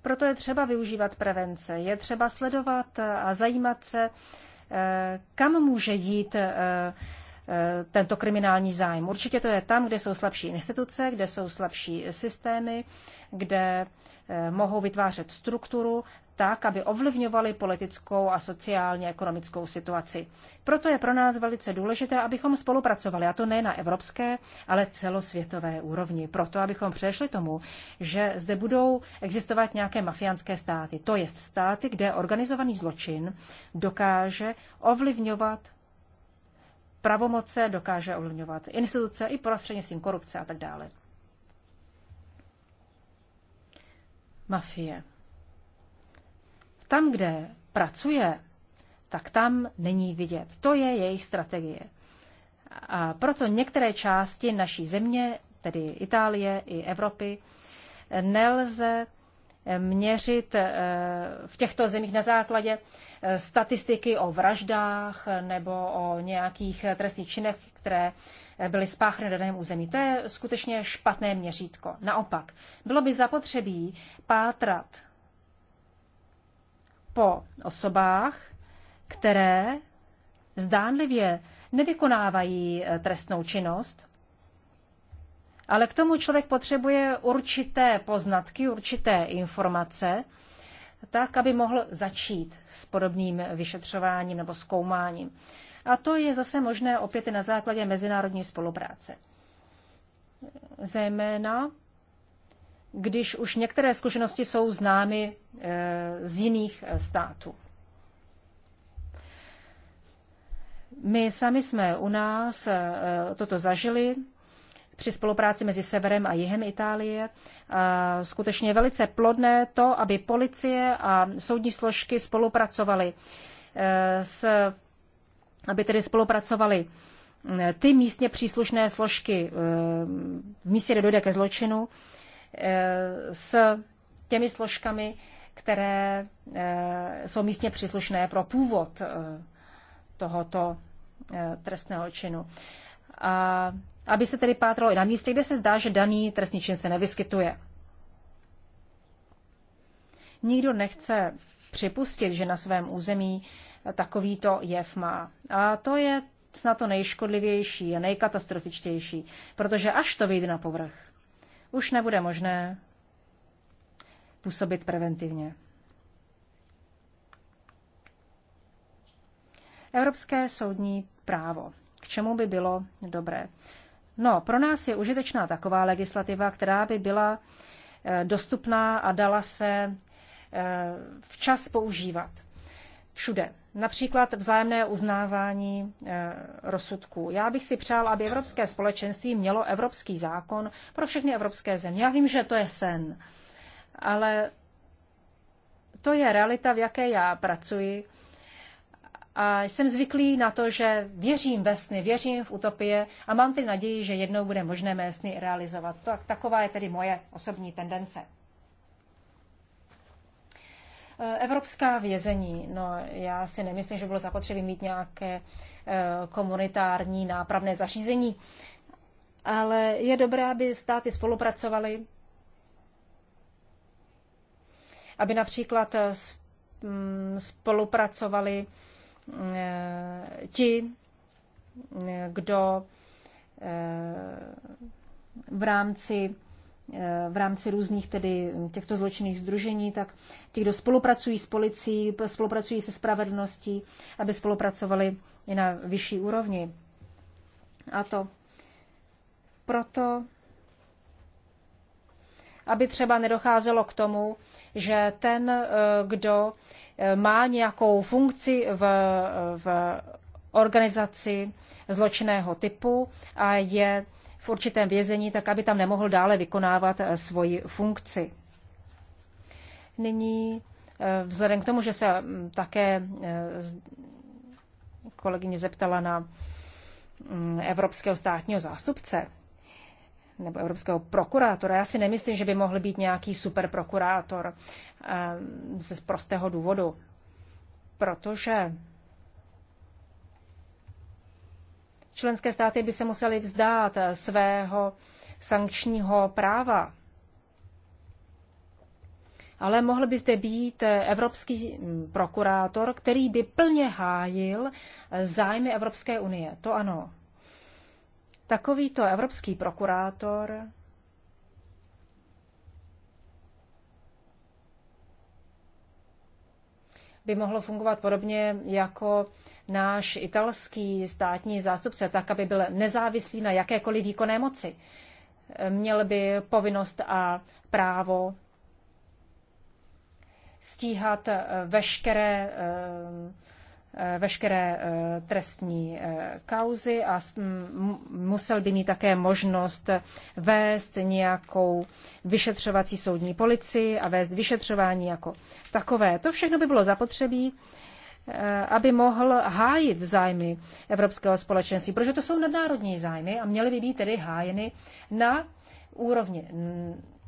Proto je třeba využívat prevence, je třeba sledovat a zajímat se, eh, kam může jít eh, Eh, tento kriminální zájem. Určitě to je tam, kde jsou slabší instituce, kde jsou slabší systémy, kde eh, mohou vytvářet strukturu tak, aby ovlivňovali politickou a sociálně ekonomickou situaci. Proto je pro nás velice důležité, abychom spolupracovali, a to ne na evropské, ale celosvětové úrovni. Proto, abychom přešli tomu, že zde budou existovat nějaké mafiánské státy. To je státy, kde organizovaný zločin dokáže ovlivňovat pravomoce, dokáže ovlivňovat instituce i prostřednictvím korupce a tak dále. Mafie. Tam, kde pracuje, tak tam není vidět. To je jejich strategie. A proto některé části naší země, tedy Itálie i Evropy, nelze měřit eh, v těchto zemích na základě eh, statistiky o vraždách nebo o nějakých trestních činech, které eh, byly spáchny na daném území. To je skutečně špatné měřítko. Naopak, bylo by zapotřebí pátrat po osobách, které zdánlivě nevykonávají trestnou činnost, ale k tomu člověk potřebuje určité poznatky, určité informace, tak, aby mohl začít s podobným vyšetřováním nebo zkoumáním. A to je zase možné opět i na základě mezinárodní spolupráce. Zejména, když už některé zkušenosti jsou známy e, z jiných e, států. My sami jsme u nás e, toto zažili, při spolupráci mezi severem a jihem Itálie. A skutečně velice plodné to, aby policie a soudní složky spolupracovaly e, s, aby tedy spolupracovali e, ty místně příslušné složky e, v místě, kde dojde ke zločinu, s těmi složkami, které jsou místně příslušné pro původ tohoto trestného činu a aby se tedy pátralo i na místě, kde se zdá, že daný trestní čin se nevyskytuje. Nikdo nechce připustit, že na svém území takovýto jev má. A to je snad to nejškodlivější a nejkatastrofičtější, protože až to vyjde na povrch, už nebude možné působit preventivně. Evropské soudní právo k čemu by bylo dobré. No, pro nás je užitečná taková legislativa, která by byla eh, dostupná a dala se eh, včas používat. Všude. Například vzájemné uznávání eh, rozsudků. Já bych si přál, aby Evropské společenství mělo evropský zákon pro všechny evropské země. Já vím, že to je sen, ale to je realita, v jaké já pracuji a jsem zvyklý na to, že věřím ve sny, věřím v utopie a mám ty naději, že jednou bude možné mé sny realizovat. To, taková je tedy moje osobní tendence. E, evropská vězení. No, já si nemyslím, že bylo zapotřebí mít nějaké e, komunitární nápravné zařízení, ale je dobré, aby státy spolupracovaly, aby například e, mm, spolupracovali Eh, ti, eh, kdo eh, v rámci v rámci různých tedy těchto zločinných združení, tak ti, kdo spolupracují s policií, spolupracují se spravedlností, aby spolupracovali i na vyšší úrovni. A to proto, aby třeba nedocházelo k tomu, že ten, eh, kdo eh, má nějakou funkci v, v organizaci zločinného typu a je v určitém vězení, tak aby tam nemohl dále vykonávat eh, svoji funkci. Nyní, vzhledem k tomu, že se mm, také kolegyně zeptala na mm, evropského státního zástupce, nebo evropského prokurátora. Já si nemyslím, že by mohl být nějaký super prokurátor eh, ze prostého důvodu, protože členské státy by se musely vzdát eh, svého sankčního práva. Ale mohl by zde být eh, evropský hm, prokurátor, který by plně hájil zájmy Evropské unie. To ano. Takovýto evropský prokurátor by mohlo fungovat podobně jako náš italský státní zástupce, tak, aby byl nezávislý na jakékoliv výkonné moci. Měl by povinnost a právo stíhat eh, veškeré eh, Eh, veškeré eh, trestní eh, kauzy a musel by mít také možnost vést nějakou vyšetřovací soudní policii a vést vyšetřování jako takové. To všechno by bylo zapotřebí, aby mohl hájit zájmy Evropského společenství, protože to jsou nadnárodní zájmy a měly by být tedy hájeny na úrovni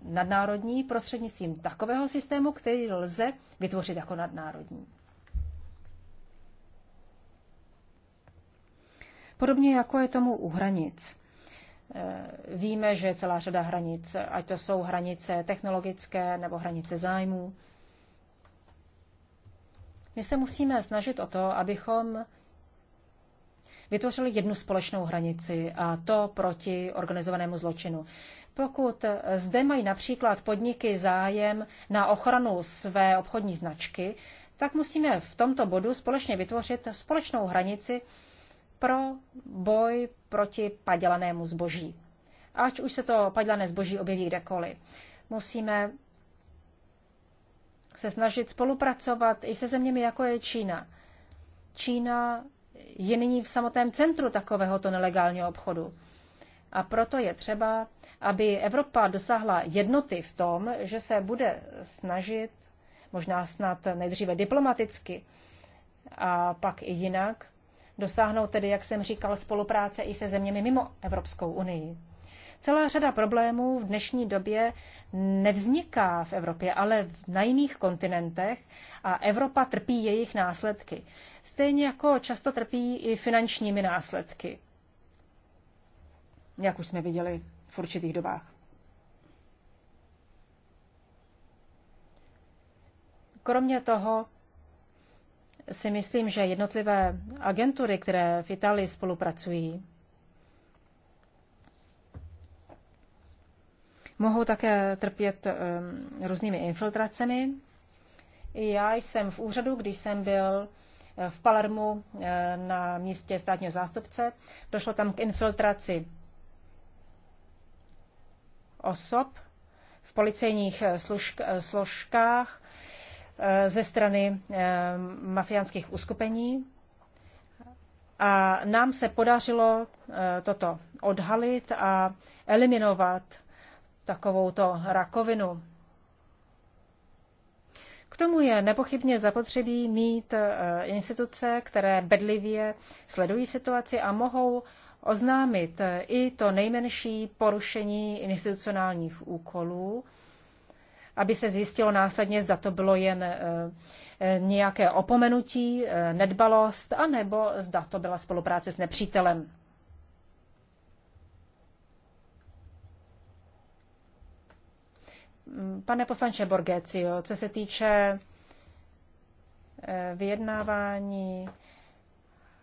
nadnárodní prostřednictvím takového systému, který lze vytvořit jako nadnárodní. Podobně jako je tomu u hranic. Eh, víme, že je celá řada hranic, ať to jsou hranice technologické nebo hranice zájmů. My se musíme snažit o to, abychom vytvořili jednu společnou hranici a to proti organizovanému zločinu. Pokud zde mají například podniky zájem na ochranu své obchodní značky, tak musíme v tomto bodu společně vytvořit společnou hranici pro boj proti padělanému zboží. Ať už se to padělané zboží objeví kdekoliv. Musíme se snažit spolupracovat i se zeměmi, jako je Čína. Čína je nyní v samotném centru takovéhoto nelegálního obchodu. A proto je třeba, aby Evropa dosáhla jednoty v tom, že se bude snažit, možná snad nejdříve diplomaticky a pak i jinak, dosáhnout tedy, jak jsem říkal, spolupráce i se zeměmi mimo Evropskou unii. Celá řada problémů v dnešní době nevzniká v Evropě, ale na jiných kontinentech a Evropa trpí jejich následky. Stejně jako často trpí i finančními následky, jak už jsme viděli v určitých dobách. Kromě toho si myslím, že jednotlivé agentury, které v Itálii spolupracují, mohou také trpět ehm, různými infiltracemi. Já jsem v úřadu, když jsem byl eh, v Palermu eh, na místě státního zástupce, došlo tam k infiltraci osob v policejních eh, složkách Eh, ze strany eh, mafiánských uskupení. A nám se podařilo eh, toto odhalit a eliminovat takovouto rakovinu. K tomu je nepochybně zapotřebí mít instituce, které bedlivě sledují situaci a mohou oznámit i to nejmenší porušení institucionálních úkolů, aby se zjistilo následně, zda to bylo jen eh, eh, nějaké opomenutí, eh, nedbalost, anebo zda to byla spolupráce s nepřítelem. Mm, pane poslanče Borgecio, co se týče vyjednávání,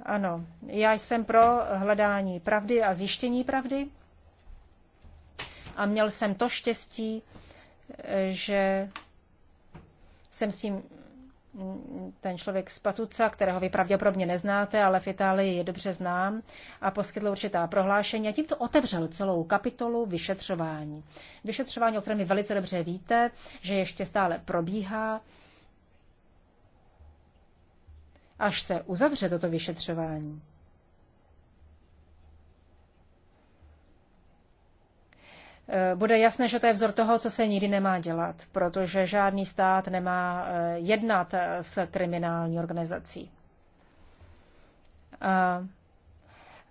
ano, já jsem pro hledání pravdy a zjištění pravdy a měl jsem to štěstí, že jsem s tím ten člověk z Patuca, kterého vy pravděpodobně neznáte, ale v Itálii je dobře znám, a poskytl určitá prohlášení a tímto otevřel celou kapitolu vyšetřování. Vyšetřování, o kterém vy velice dobře víte, že ještě stále probíhá. Až se uzavře toto vyšetřování, Eh, bude jasné, že to je vzor toho, co se nikdy nemá dělat, protože žádný stát nemá eh, jednat eh, s kriminální organizací. A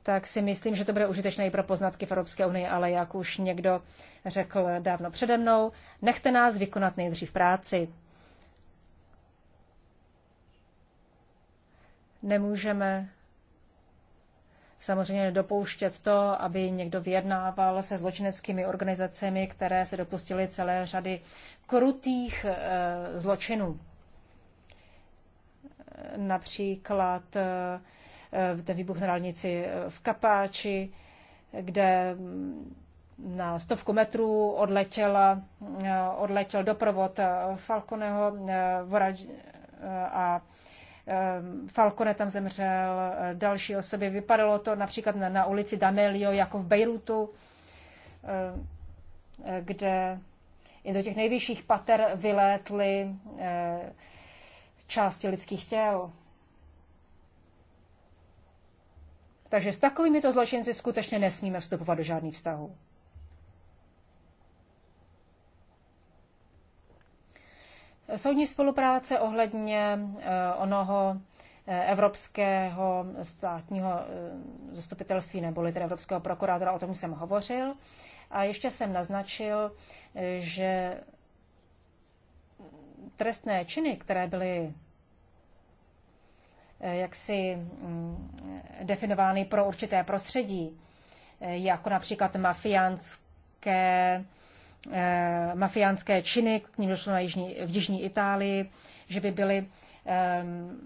tak si myslím, že to bude užitečné i pro poznatky v Evropské unii, ale jak už někdo řekl dávno přede mnou, nechte nás vykonat nejdřív práci. Nemůžeme samozřejmě dopouštět to, aby někdo vyjednával se zločineckými organizacemi, které se dopustily celé řady krutých eh, zločinů. Například eh, ten výbuch na dálnici eh, v Kapáči, kde mm, na stovku metrů odletěl, odletěl doprovod Falconeho a Ehm, Falcone tam zemřel, eh, další osoby. Vypadalo to například na, na ulici Damelio, jako v Bejrutu, ehm, eh, kde i do těch nejvyšších pater vylétly eh, části lidských těl. Takže s takovými to zločinci skutečně nesmíme vstupovat do žádných vztahů. soudní spolupráce ohledně eh, onoho eh, evropského státního eh, zastupitelství nebo tedy evropského prokurátora, o tom jsem hovořil. A ještě jsem naznačil, že trestné činy, které byly jaksi mm, definovány pro určité prostředí, jako například mafiánské Eh, mafiánské činy, k ním došlo na jižní, v jižní Itálii, že by byly ehm,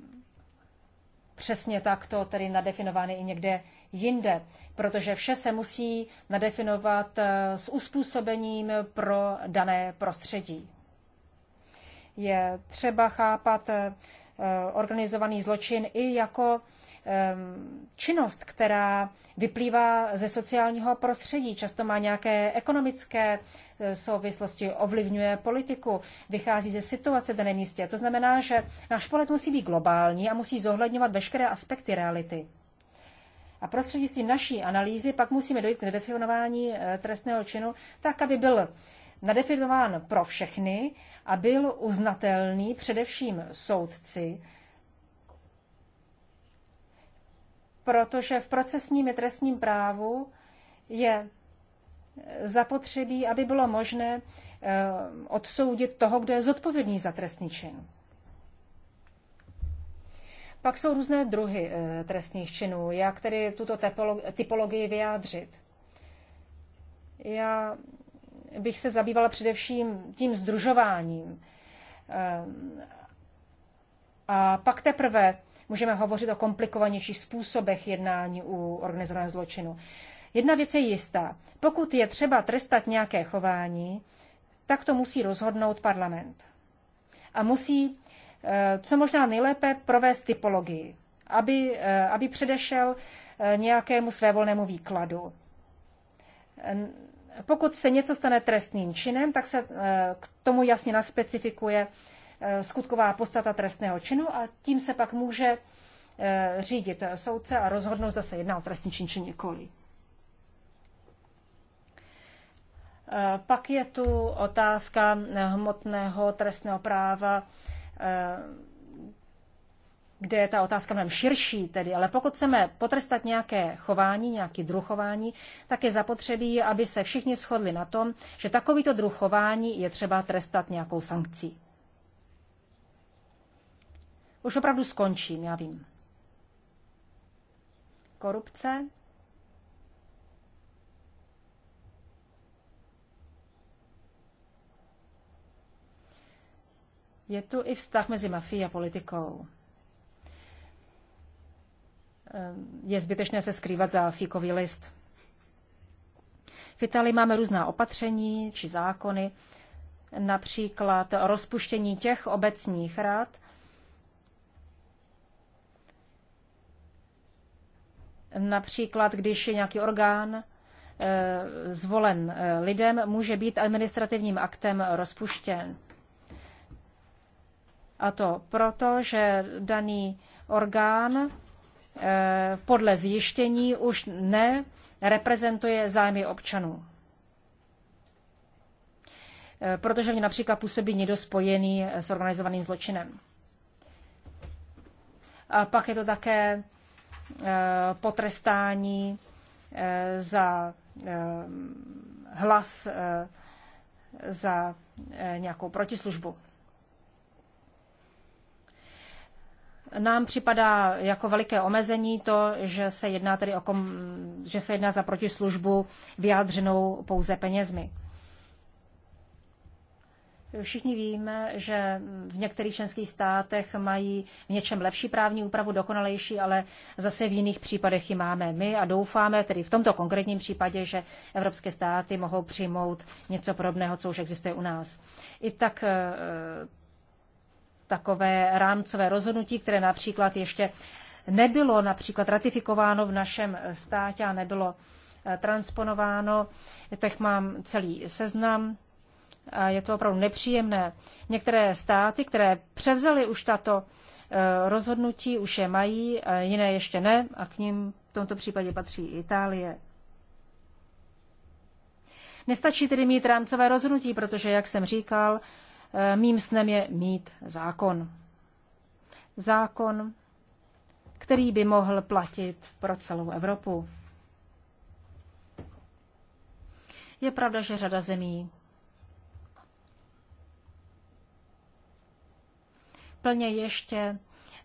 přesně takto tedy nadefinovány i někde jinde, protože vše se musí nadefinovat eh, s uspůsobením pro dané prostředí. Je třeba chápat eh, organizovaný zločin i jako činnost, která vyplývá ze sociálního prostředí, často má nějaké ekonomické e, souvislosti, ovlivňuje politiku, vychází ze situace v daném místě. To znamená, že náš pohled musí být globální a musí zohledňovat veškeré aspekty reality. A prostřednictvím naší analýzy pak musíme dojít k nedefinování e, trestného činu tak, aby byl nadefinován pro všechny a byl uznatelný především soudci, protože v procesním i trestním právu je zapotřebí, aby bylo možné eh, odsoudit toho, kdo je zodpovědný za trestný čin. Pak jsou různé druhy eh, trestných činů. Jak tedy tuto typologii vyjádřit? Já bych se zabývala především tím združováním. Ehm, a pak teprve Můžeme hovořit o komplikovanějších způsobech jednání u organizovaného zločinu. Jedna věc je jistá. Pokud je třeba trestat nějaké chování, tak to musí rozhodnout parlament. A musí eh, co možná nejlépe provést typologii, aby, eh, aby předešel eh, nějakému svévolnému výkladu. Pokud se něco stane trestným činem, tak se k tomu jasně naspecifikuje Eh, skutková podstata trestného činu a tím se pak může eh, řídit soudce a rozhodnout, zda se jedná o trestný čin či nikoli. Eh, pak je tu otázka hmotného trestného práva, kde je ta otázka mnohem širší tedy, ale pokud chceme potrestat nějaké chování, nějaký druh chování, tak je zapotřebí, aby se všichni shodli na tom, že takovýto druh chování je třeba trestat nějakou sankcí. Už opravdu skončím, já vím. Korupce. Je tu i vztah mezi mafií a politikou. Ehm, je zbytečné se skrývat za fíkový list. V Itálii máme různá opatření či zákony, například rozpuštění těch obecních rad, Například, když je nějaký orgán eh, zvolen eh, lidem, může být administrativním aktem rozpuštěn. A to proto, že daný orgán eh, podle zjištění už ne reprezentuje zájmy občanů. Protože mě například působí někdo spojený s organizovaným zločinem. A pak je to také Eh, potrestání eh, za eh, hlas za nějakou protislužbu. Nám připadá jako veliké omezení to, že se jedná, tedy o kom, že se jedná za protislužbu vyjádřenou pouze penězmi. Všichni víme, že v některých členských státech mají v něčem lepší právní úpravu, dokonalejší, ale zase v jiných případech ji máme my a doufáme, tedy v tomto konkrétním případě, že evropské státy mohou přijmout něco podobného, co už existuje u nás. I tak eh, takové rámcové rozhodnutí, které například ještě nebylo například ratifikováno v našem státě a nebylo eh, transponováno, tak mám celý seznam a je to opravdu nepříjemné. Některé státy, které převzaly už tato e, rozhodnutí, už je mají, a jiné ještě ne a k ním v tomto případě patří Itálie. Nestačí tedy mít rámcové rozhodnutí, protože, jak jsem říkal, e, mým snem je mít zákon. Zákon, který by mohl platit pro celou Evropu. Je pravda, že řada zemí plně ještě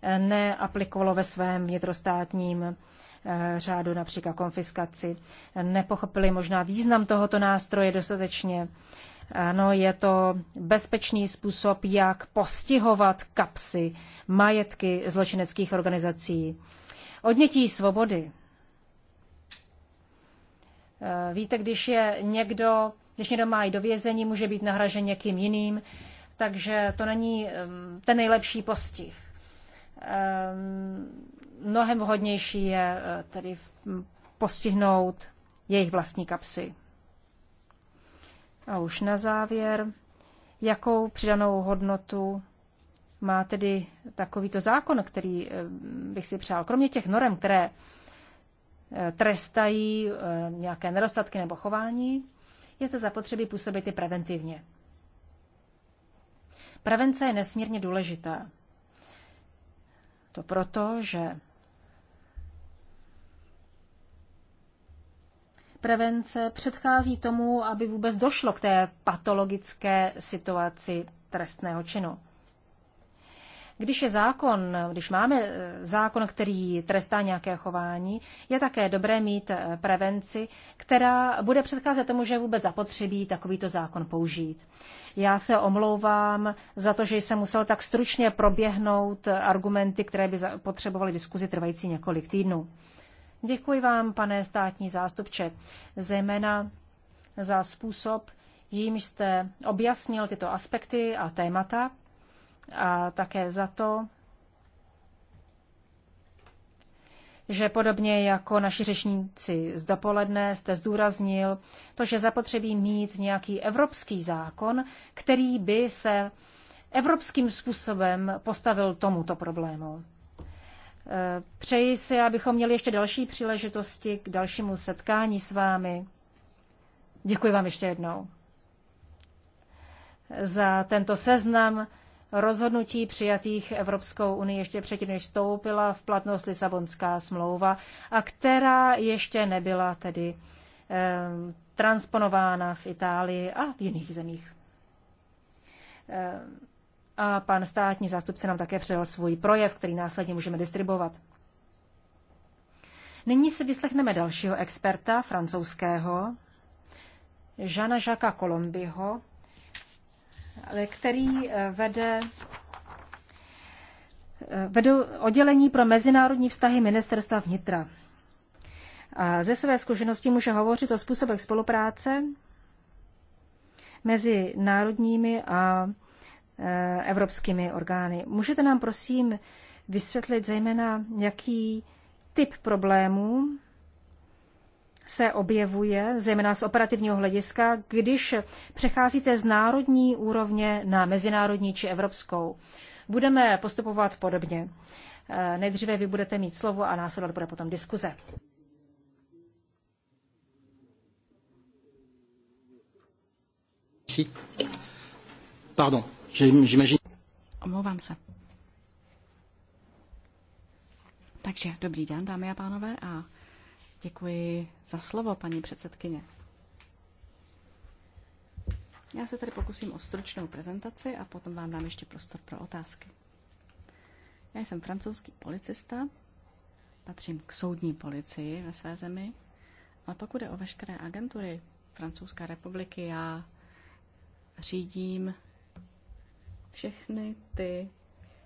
eh, neaplikovalo ve svém vnitrostátním eh, řádu například konfiskaci. Nepochopili možná význam tohoto nástroje dostatečně. Ano, je to bezpečný způsob, jak postihovat kapsy, majetky zločineckých organizací. Odnětí svobody. Eh, víte, když je někdo, když někdo má i do vězení, může být nahražen někým jiným takže to není ten nejlepší postih. Mnohem vhodnější je eh, tedy postihnout jejich vlastní kapsy. A už na závěr, jakou přidanou hodnotu má tedy takovýto zákon, který eh, bych si přál. Kromě těch norem, které eh, trestají nějaké nedostatky nebo chování, je se zapotřebí působit i preventivně. Prevence je nesmírně důležitá. To proto, že prevence předchází tomu, aby vůbec došlo k té patologické situaci trestného činu. Když je zákon, když máme eh, zákon, který trestá nějaké chování, je také dobré mít eh, prevenci, která bude předcházet tomu, že vůbec zapotřebí takovýto zákon použít. Já se omlouvám za to, že jsem musel tak stručně proběhnout eh, argumenty, které by potřebovaly diskuzi trvající několik týdnů. Děkuji vám, pane státní zástupče, zejména za způsob, jímž jste objasnil tyto aspekty a témata a také za to, že podobně jako naši řečníci z dopoledne jste zdůraznil to, že zapotřebí mít nějaký evropský zákon, který by se evropským způsobem postavil tomuto problému. E, přeji si, abychom měli ještě další příležitosti k dalšímu setkání s vámi. Děkuji vám ještě jednou za tento seznam rozhodnutí přijatých Evropskou unii ještě předtím, než vstoupila v platnost Lisabonská smlouva a která ještě nebyla tedy eh, transponována v Itálii a v jiných zemích. Eh, a pan státní zástupce nám také předal svůj projev, který následně můžeme distribuovat. Nyní se vyslechneme dalšího experta francouzského, Žana Žaka Kolombiho, Eh, který eh, vede eh, vedu oddělení pro mezinárodní vztahy ministerstva vnitra. A ze své zkušenosti může hovořit o způsobech spolupráce mezi národními a evropskými orgány. Můžete nám prosím vysvětlit zejména, jaký typ problémů se objevuje, zejména z operativního hlediska, když přecházíte z národní úrovně na mezinárodní či evropskou. Budeme postupovat podobně. Eh, nejdříve vy budete mít slovo a následovat bude potom diskuze. Pardon, j'imagine. Omlouvám se. Takže dobrý den, dámy a pánové, a Děkuji za slovo, paní předsedkyně. Já se tady pokusím o stručnou prezentaci a potom vám dám ještě prostor pro otázky. Já jsem francouzský policista, patřím k soudní policii ve své zemi, ale pokud je o veškeré agentury Francouzské republiky, já řídím všechny ty,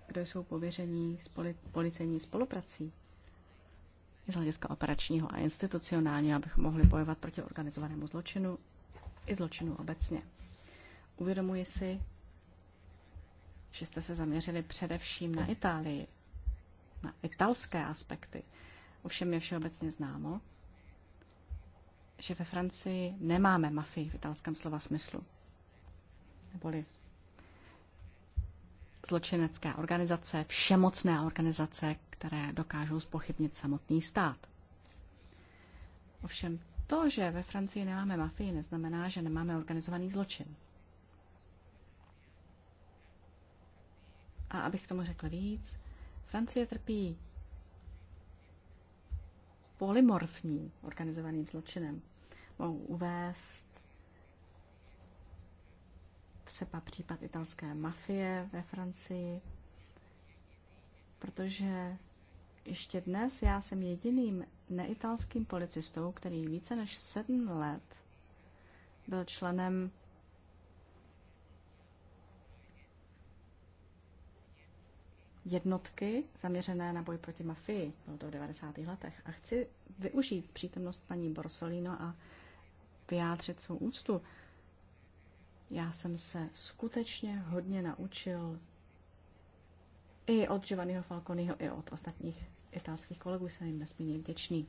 kdo jsou pověření s policejní spoluprací i z hlediska operačního a institucionálního, abychom mohli bojovat proti organizovanému zločinu i zločinu obecně. Uvědomuji si, že jste se zaměřili především na Itálii, na italské aspekty. Ovšem je všeobecně známo, že ve Francii nemáme mafii v italském slova smyslu. Neboli zločinecké organizace, všemocné organizace, které dokážou spochybnit samotný stát. Ovšem to, že ve Francii nemáme mafii, neznamená, že nemáme organizovaný zločin. A abych tomu řekla víc, Francie trpí polymorfním organizovaným zločinem. Mohu uvést třeba případ italské mafie ve Francii, protože ještě dnes já jsem jediným neitalským policistou, který více než sedm let byl členem jednotky zaměřené na boj proti mafii. Bylo to v 90. letech. A chci využít přítomnost paní Borsolino a vyjádřit svou úctu. Já jsem se skutečně hodně naučil i od Giovanniho Falconiho, i od ostatních italských kolegů, jsem jim nesmírně vděčný.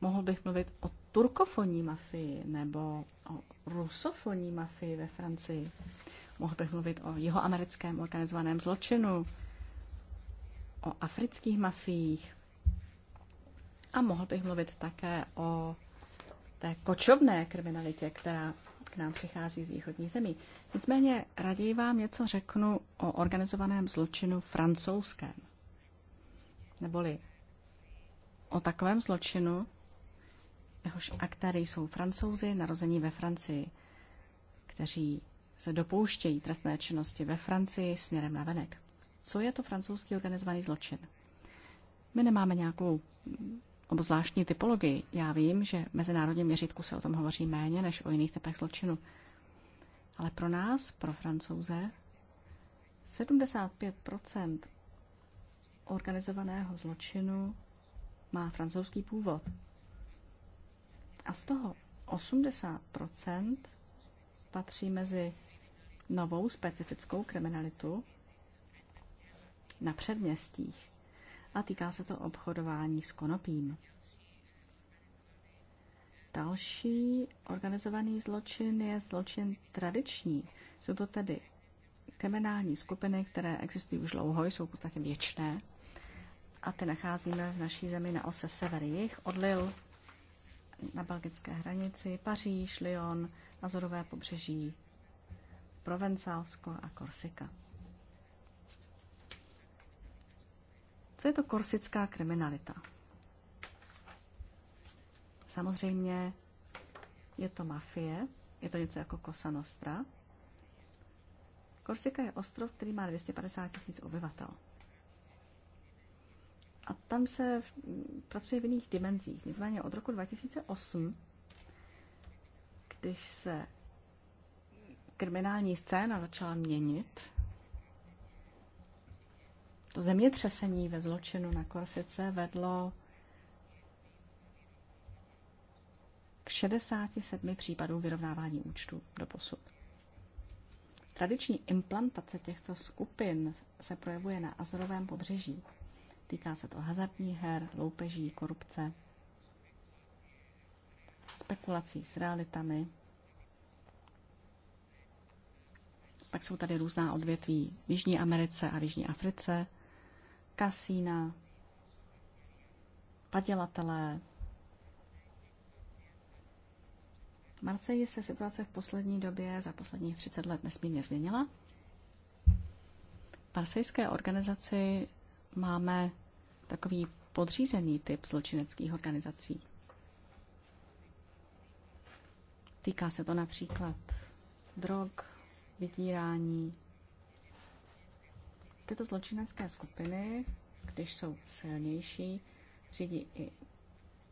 Mohl bych mluvit o turkofonní mafii nebo o rusofonní mafii ve Francii. Mohl bych mluvit o jihoamerickém organizovaném zločinu, o afrických mafiích a mohl bych mluvit také o té kočovné kriminalitě, která k nám přichází z východní zemí. Nicméně raději vám něco řeknu o organizovaném zločinu francouzském neboli o takovém zločinu, jehož aktéry jsou francouzi narození ve Francii, kteří se dopouštějí trestné činnosti ve Francii směrem na venek. Co je to francouzský organizovaný zločin? My nemáme nějakou obzvláštní typologii. Já vím, že v mezinárodním měřítku se o tom hovoří méně než o jiných typech zločinu. Ale pro nás, pro francouze, 75 organizovaného zločinu má francouzský původ. A z toho 80 patří mezi novou specifickou kriminalitu na předměstích a týká se to obchodování s konopím. Další organizovaný zločin je zločin tradiční. Jsou to tedy kriminální skupiny, které existují už dlouho, jsou v podstatě věčné a ty nacházíme v naší zemi na ose sever-jih, od Lil na belgické hranici, Paříž, Lyon, Azorové pobřeží, Provencálsko a Korsika. Co je to korsická kriminalita? Samozřejmě je to mafie, je to něco jako Cosa Nostra. Korsika je ostrov, který má 250 tisíc obyvatel. A tam se pracuje v jiných dimenzích. Nicméně od roku 2008, když se kriminální scéna začala měnit, to zemětřesení ve zločinu na Korsice vedlo k 67 případům vyrovnávání účtu do posud. Tradiční implantace těchto skupin se projevuje na Azorovém pobřeží. Týká se to hazardních her, loupeží, korupce, spekulací s realitami. Pak jsou tady různá odvětví v Jižní Americe a v Jižní Africe, kasína, padělatelé. Marseji se situace v poslední době za posledních 30 let nesmírně změnila. V marsejské organizaci máme takový podřízený typ zločineckých organizací. Týká se to například drog, vydírání. Tyto zločinecké skupiny, když jsou silnější, řídí i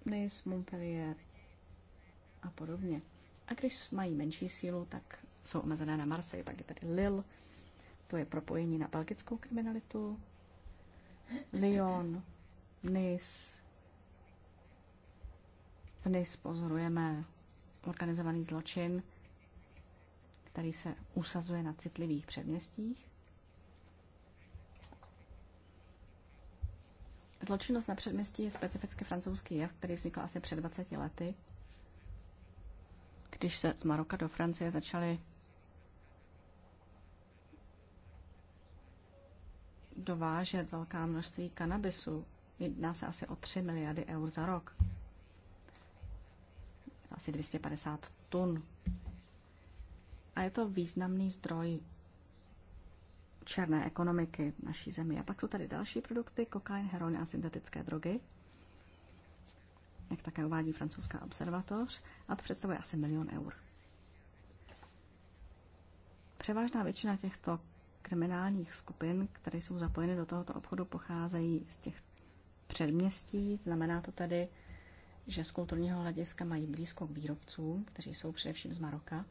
Nice, Montpellier a podobně. A když mají menší sílu, tak jsou omezené na Marseille. Pak je tady Lille, to je propojení na belgickou kriminalitu, Lyon, NIS. V NIS pozorujeme organizovaný zločin, který se usazuje na citlivých předměstích. Zločinnost na předměstí je specificky francouzský jev, který vznikl asi před 20 lety, když se z Maroka do Francie začaly dovážet velká množství kanabisu Jedná se asi o 3 miliardy eur za rok. asi 250 tun. A je to významný zdroj černé ekonomiky naší zemi. A pak jsou tady další produkty, kokain, heroin a syntetické drogy, jak také uvádí francouzská observatoř, a to představuje asi milion eur. Převážná většina těchto kriminálních skupin, které jsou zapojeny do tohoto obchodu, pocházejí z těch předměstí. Znamená to tedy, že z kulturního hlediska mají blízko k výrobcům, kteří jsou především z Maroka.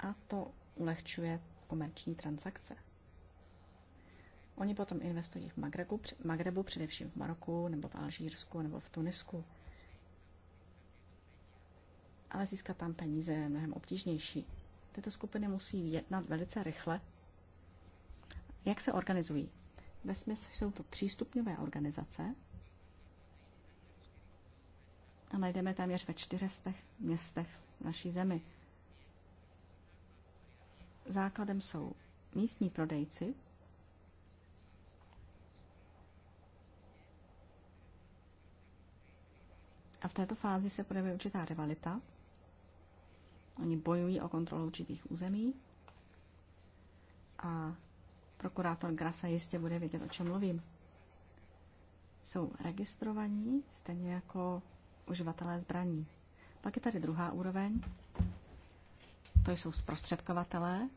A to ulehčuje komerční transakce. Oni potom investují v Magrebu, Magrebu, především v Maroku, nebo v Alžírsku, nebo v Tunisku. Ale získat tam peníze je mnohem obtížnější. Tyto skupiny musí jednat velice rychle. Jak se organizují? Ve smyslu jsou to přístupňové organizace a najdeme téměř ve 400 městech v naší zemi. Základem jsou místní prodejci, A v této fázi se projevuje určitá rivalita. Oni bojují o kontrolu určitých území a Prokurátor Grasa jistě bude vědět, o čem mluvím. Jsou registrovaní, stejně jako uživatelé zbraní. Pak je tady druhá úroveň. To jsou zprostředkovatelé.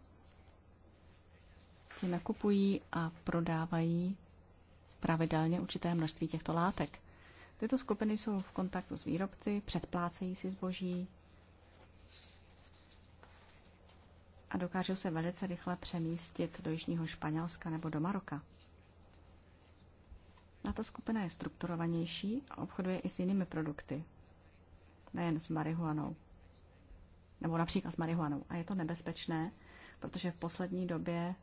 Ti nakupují a prodávají pravidelně určité množství těchto látek. Tyto skupiny jsou v kontaktu s výrobci, předplácejí si zboží, a dokážou se velice rychle přemístit do Jižního Španělska nebo do Maroka. Tato skupina je strukturovanější a obchoduje i s jinými produkty, nejen s marihuanou. Nebo například s marihuanou. A je to nebezpečné, protože v poslední době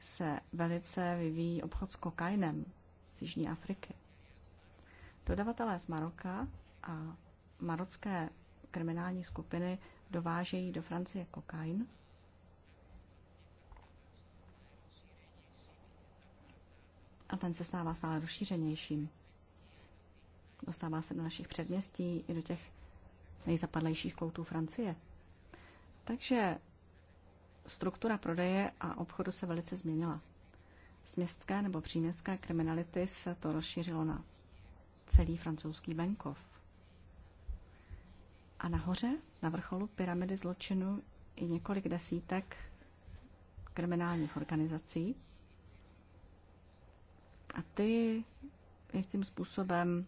se velice vyvíjí obchod s kokainem z Jižní Afriky. Dodavatelé z Maroka a marocké kriminální skupiny dovážejí do Francie kokain. A ten se stává stále rozšířenějším. Dostává se do našich předměstí i do těch nejzapadlejších koutů Francie. Takže struktura prodeje a obchodu se velice změnila. Z městské nebo příměstské kriminality se to rozšířilo na celý francouzský venkov. A nahoře, na vrcholu pyramidy zločinu, i několik desítek kriminálních organizací. A ty jistým způsobem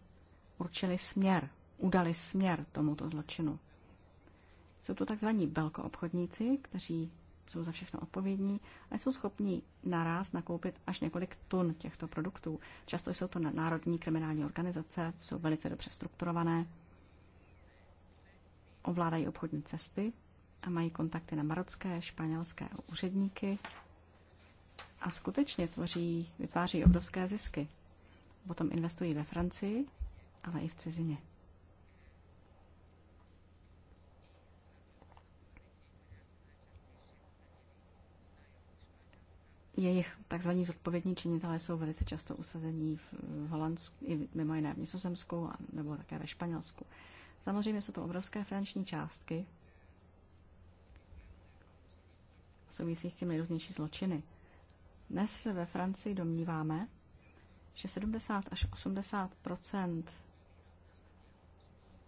určili směr, udali směr tomuto zločinu. Jsou to takzvaní velkoobchodníci, kteří jsou za všechno odpovědní a jsou schopni naraz nakoupit až několik tun těchto produktů. Často jsou to národní kriminální organizace, jsou velice dobře strukturované ovládají obchodní cesty a mají kontakty na marocké, španělské úředníky a skutečně tvoří, vytváří obrovské zisky. Potom investují ve Francii, ale i v cizině. Jejich tzv. zodpovědní činitelé jsou velice často usazení v Holandsku, i mimo jiné v Nizozemsku, nebo také ve Španělsku. Samozřejmě jsou to obrovské finanční částky souvisí s tím nejrůznější zločiny. Dnes se ve Francii domníváme, že 70 až 80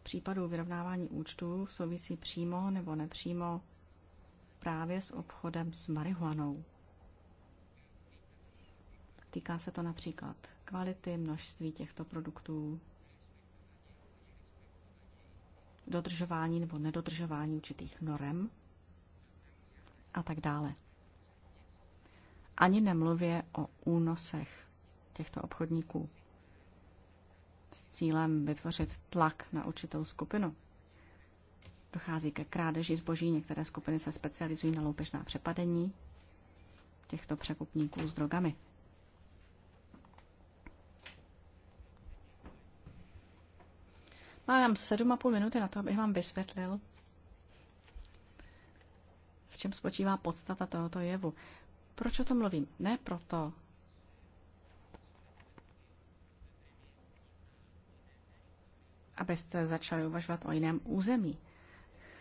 případů vyrovnávání účtů souvisí přímo nebo nepřímo právě s obchodem s marihuanou. Týká se to například kvality, množství těchto produktů, dodržování nebo nedodržování určitých norem a tak dále. Ani nemluvě o únosech těchto obchodníků s cílem vytvořit tlak na určitou skupinu. Dochází ke krádeži zboží, některé skupiny se specializují na loupežná přepadení těchto překupníků s drogami. Mám sedm a půl minuty na to, abych vám vysvětlil, v čem spočívá podstata tohoto jevu. Proč o tom mluvím? Ne proto, abyste začali uvažovat o jiném území.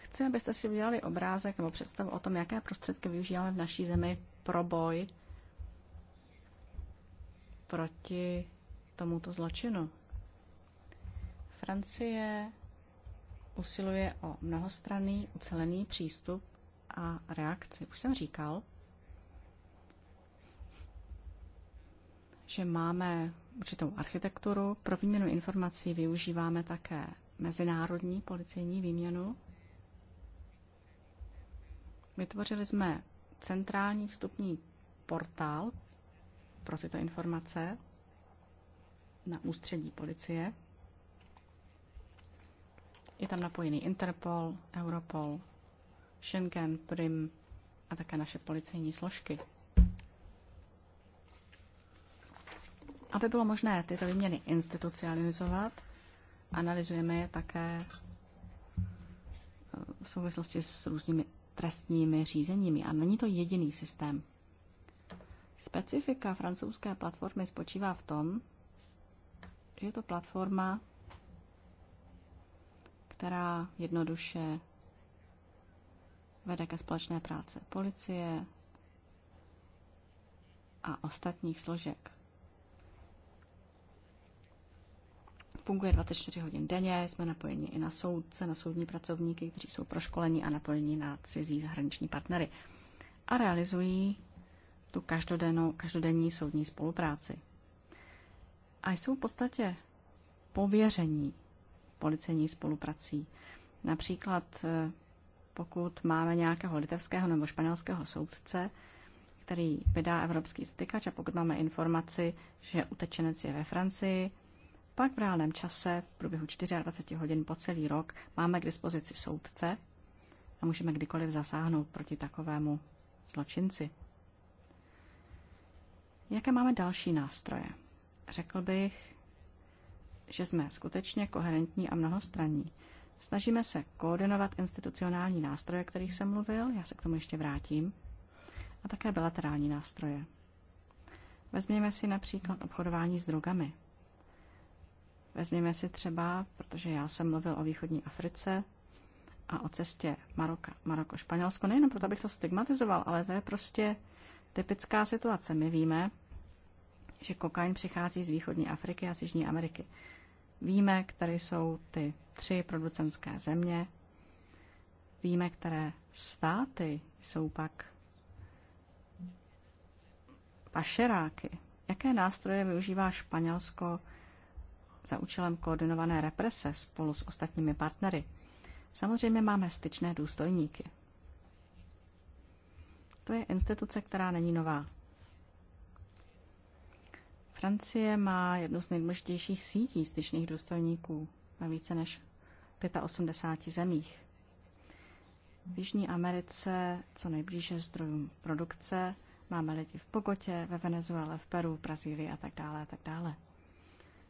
Chci, abyste si udělali obrázek nebo představu o tom, jaké prostředky využíváme v naší zemi pro boj proti tomuto zločinu. Francie usiluje o mnohostranný, ucelený přístup a reakci. Už jsem říkal, že máme určitou architekturu. Pro výměnu informací využíváme také mezinárodní policejní výměnu. Vytvořili jsme centrální vstupní portál pro tyto informace na ústředí policie. Je tam napojený Interpol, Europol, Schengen, Prim a také naše policejní složky. Aby bylo možné tyto výměny institucionalizovat, analyzujeme je také eh, v souvislosti s různými trestními řízeními. A není to jediný systém. Specifika francouzské platformy spočívá v tom, že je to platforma, která jednoduše vede ke společné práce policie a ostatních složek. Funguje 24 hodin denně, jsme napojeni i na soudce, na soudní pracovníky, kteří jsou proškoleni a napojeni na cizí zahraniční partnery a realizují tu každodennou, každodenní soudní spolupráci. A jsou v podstatě pověření policejní spoluprací. Například eh, pokud máme nějakého litevského nebo španělského soudce, který vydá evropský stykač a pokud máme informaci, že utečenec je ve Francii, pak v reálném čase, v průběhu 24 hodin po celý rok, máme k dispozici soudce a můžeme kdykoliv zasáhnout proti takovému zločinci. Jaké máme další nástroje? Řekl bych, že jsme skutečně koherentní a mnohostranní. Snažíme se koordinovat institucionální nástroje, kterých jsem mluvil, já se k tomu ještě vrátím, a také bilaterální nástroje. Vezměme si například obchodování s drogami. Vezměme si třeba, protože já jsem mluvil o východní Africe a o cestě Maroka, Maroko-Španělsko, nejenom proto, abych to stigmatizoval, ale to je prostě typická situace. My víme, že kokain přichází z východní Afriky a z Jižní Ameriky. Víme, které jsou ty tři producentské země, víme, které státy jsou pak pašeráky. Jaké nástroje využívá Španělsko za účelem koordinované represe spolu s ostatními partnery? Samozřejmě máme styčné důstojníky. To je instituce, která není nová. Francie má jednu z nejdůležitějších sítí styčných důstojníků na více než 85 zemích. V Jižní Americe, co nejblíže zdrojům produkce, máme lidi v Bogotě, ve Venezuele, v Peru, v Brazílii a tak dále a tak dále.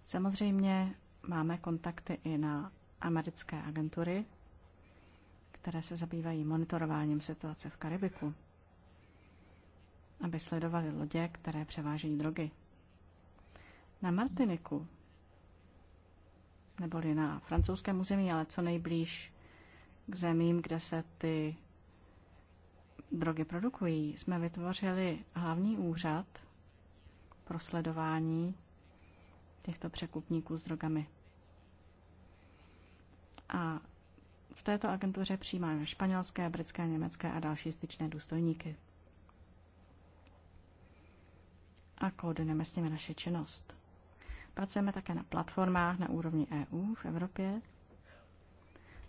Samozřejmě máme kontakty i na americké agentury, které se zabývají monitorováním situace v Karibiku, aby sledovali lodě, které převážejí drogy na Martiniku neboli na francouzském území, ale co nejblíž k zemím, kde se ty drogy produkují, jsme vytvořili hlavní úřad pro sledování těchto překupníků s drogami. A v této agentuře přijímáme španělské, britské, německé a další styčné důstojníky. A koordinujeme s nimi naše činnost. Pracujeme také na platformách na úrovni EU v Evropě.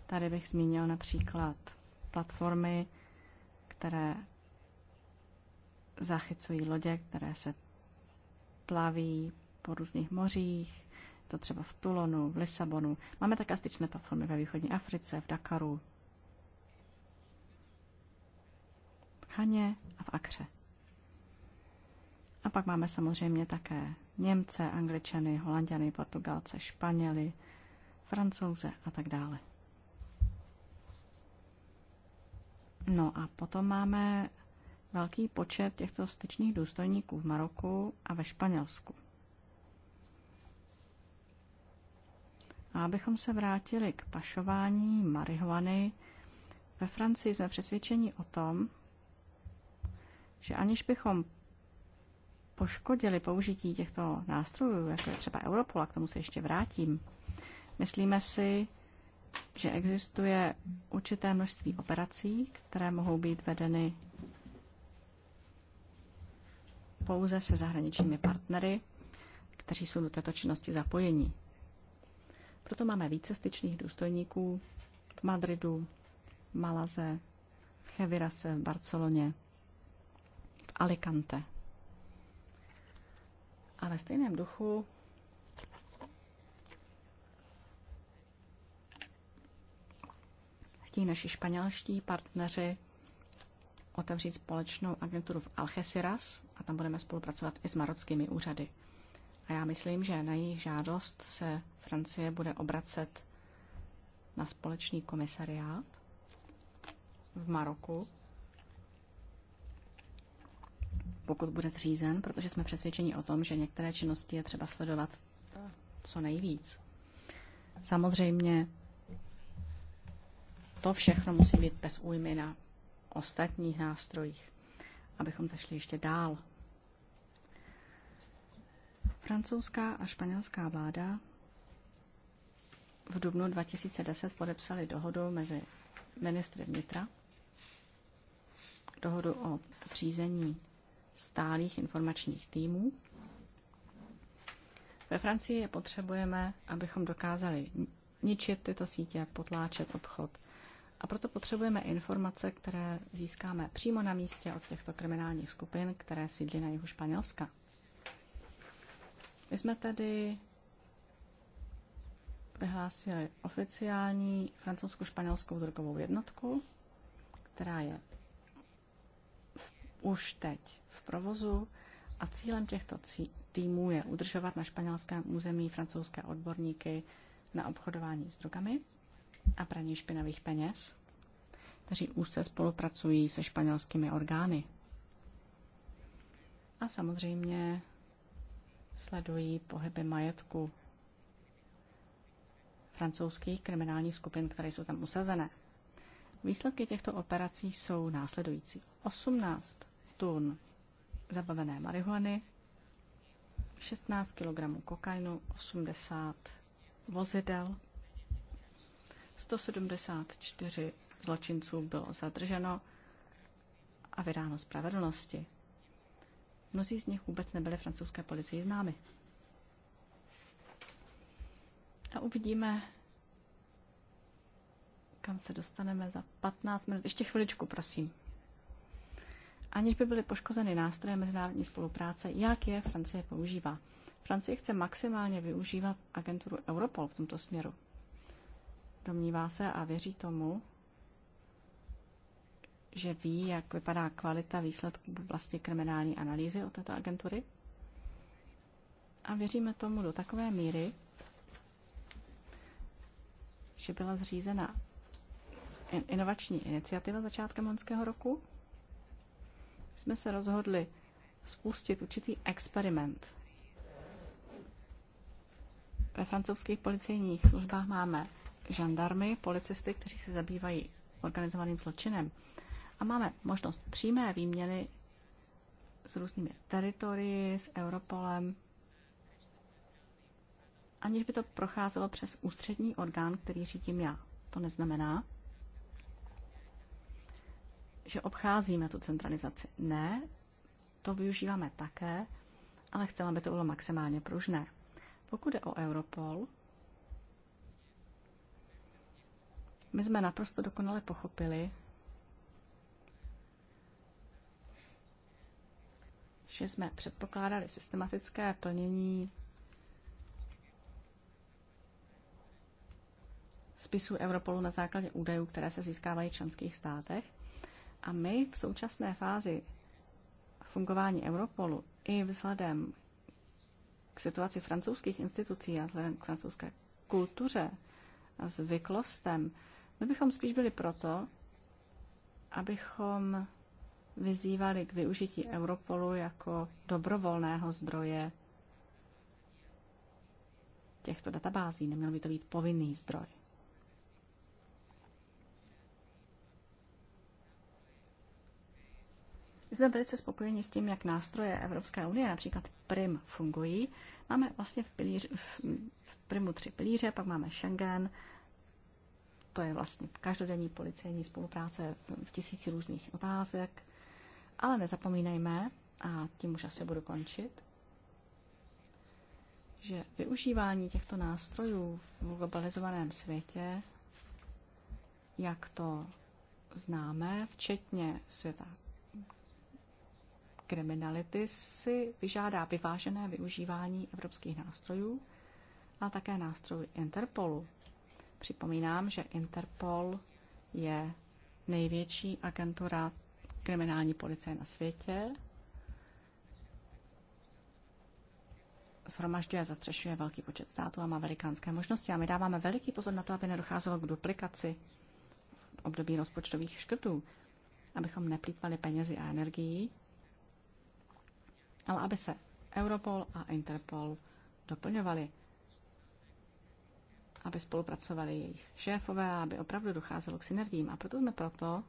Tady bych zmínil například platformy, které zachycují lodě, které se plaví po různých mořích, to třeba v Tulonu, v Lisabonu. Máme také styčné platformy ve východní Africe, v Dakaru, v Haně a v Akře. A pak máme samozřejmě také Němce, Angličany, Holanděny, Portugalce, Španěly, Francouze a tak dále. No a potom máme velký počet těchto styčných důstojníků v Maroku a ve Španělsku. A abychom se vrátili k pašování marihuany, ve Francii jsme přesvědčeni o tom, že aniž bychom poškodili použití těchto nástrojů, jako je třeba Europol, a k tomu se ještě vrátím, myslíme si, že existuje určité množství operací, které mohou být vedeny pouze se zahraničními partnery, kteří jsou do této činnosti zapojeni. Proto máme více styčných důstojníků v Madridu, Malaze, Chevirase, v Barceloně, v Alicante, a ve stejném duchu chtějí naši španělští partneři otevřít společnou agenturu v Algeciras a tam budeme spolupracovat i s marockými úřady. A já myslím, že na jejich žádost se Francie bude obracet na společný komisariát v Maroku, pokud bude zřízen, protože jsme přesvědčeni o tom, že některé činnosti je třeba sledovat eh, co nejvíc. Samozřejmě to všechno musí být bez újmy na ostatních nástrojích, abychom zašli ještě dál. Francouzská a španělská vláda v dubnu 2010 podepsali dohodu mezi ministry vnitra, dohodu o zřízení stálých informačních týmů. Ve Francii je potřebujeme, abychom dokázali ničit tyto sítě, potláčet obchod. A proto potřebujeme informace, které získáme přímo na místě od těchto kriminálních skupin, které sídlí na jihu Španělska. My jsme tedy vyhlásili oficiální francouzsko-španělskou drogovou jednotku, která je už teď v provozu a cílem těchto týmů je udržovat na španělském území francouzské odborníky na obchodování s drogami a praní špinavých peněz, kteří úzce spolupracují se španělskými orgány. A samozřejmě sledují pohyby majetku francouzských kriminálních skupin, které jsou tam usazené. Výsledky těchto operací jsou následující. 18 tun zabavené marihuany, 16 kg kokainu, 80 vozidel, 174 zločinců bylo zadrženo a vydáno spravedlnosti. Mnozí z nich vůbec nebyli francouzské policii známy. A uvidíme, kam se dostaneme za 15 minut. Ještě chviličku, prosím aniž by byly poškozeny nástroje mezinárodní spolupráce, jak je Francie používá. Francie chce maximálně využívat agenturu Europol v tomto směru. Domnívá se a věří tomu, že ví, jak vypadá kvalita výsledků v oblasti kriminální analýzy od této agentury. A věříme tomu do takové míry, že byla zřízena inovační iniciativa začátkem loňského roku, jsme se rozhodli spustit určitý experiment. Ve francouzských policejních službách máme žandarmy, policisty, kteří se zabývají organizovaným zločinem. A máme možnost přímé výměny s různými teritorii, s Europolem, aniž by to procházelo přes ústřední orgán, který řídím já. To neznamená, že obcházíme tu centralizaci. Ne, to využíváme také, ale chceme, aby to bylo maximálně pružné. Pokud je o Europol, my jsme naprosto dokonale pochopili, že jsme předpokládali systematické plnění spisů Europolu na základě údajů, které se získávají v členských státech a my v současné fázi fungování Europolu i vzhledem k situaci francouzských institucí a vzhledem k francouzské kultuře a zvyklostem, my bychom spíš byli proto, abychom vyzývali k využití Europolu jako dobrovolného zdroje těchto databází. Neměl by to být povinný zdroj. My jsme velice spokojeni s tím, jak nástroje Evropské unie, například PRIM, fungují. Máme vlastně v, pilíř, v, v PRIMu tři pilíře, pak máme Schengen, to je vlastně každodenní policejní spolupráce v tisíci různých otázek. Ale nezapomínejme, a tím už asi budu končit, že využívání těchto nástrojů v globalizovaném světě, jak to známe, včetně světa kriminality si vyžádá vyvážené využívání evropských nástrojů a také nástrojů Interpolu. Připomínám, že Interpol je největší agentura kriminální policie na světě. Zhromažďuje a zastřešuje velký počet států a má velikánské možnosti. A my dáváme veliký pozor na to, aby nedocházelo k duplikaci v období rozpočtových škrtů, abychom neplýtvali penězi a energii ale aby se Europol a Interpol doplňovali, aby spolupracovali jejich šéfové a aby opravdu docházelo k synergiím. A proto jsme proto,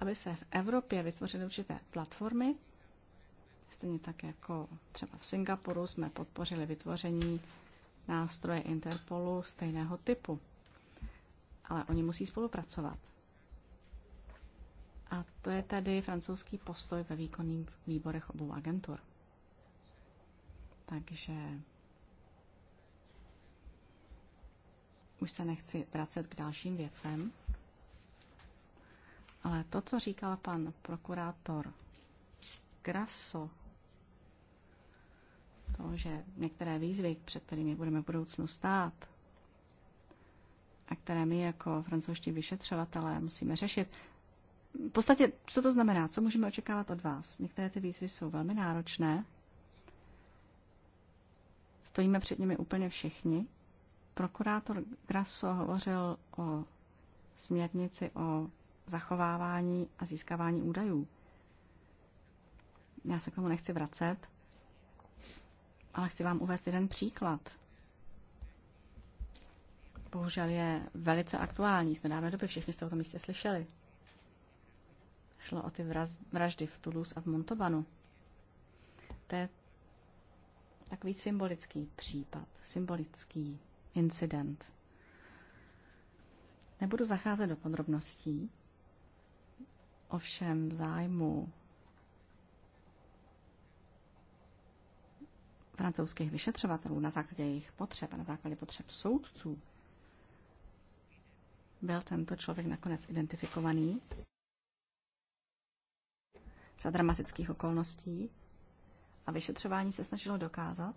aby se v Evropě vytvořily určité platformy, stejně tak jako třeba v Singapuru jsme podpořili vytvoření nástroje Interpolu stejného typu. Ale oni musí spolupracovat. A to je tady francouzský postoj ve výkonných výborech obou agentur. Takže už se nechci vracet k dalším věcem, ale to, co říkal pan prokurátor Grasso, to, že některé výzvy, před kterými budeme v budoucnu stát, a které my jako francouzští vyšetřovatelé musíme řešit, v podstatě, co to znamená? Co můžeme očekávat od vás? Některé ty výzvy jsou velmi náročné. Stojíme před nimi úplně všichni. Prokurátor Grasso hovořil o směrnici o zachovávání a získávání údajů. Já se k tomu nechci vracet, ale chci vám uvést jeden příklad. Bohužel je velice aktuální z nedávné doby, všichni jste o tom jistě slyšeli. Šlo o ty vraždy v Toulouse a v Montobanu. To je takový symbolický případ, symbolický incident. Nebudu zacházet do podrobností, ovšem zájmu francouzských vyšetřovatelů na základě jejich potřeb a na základě potřeb soudců byl tento člověk nakonec identifikovaný za dramatických okolností a vyšetřování se snažilo dokázat,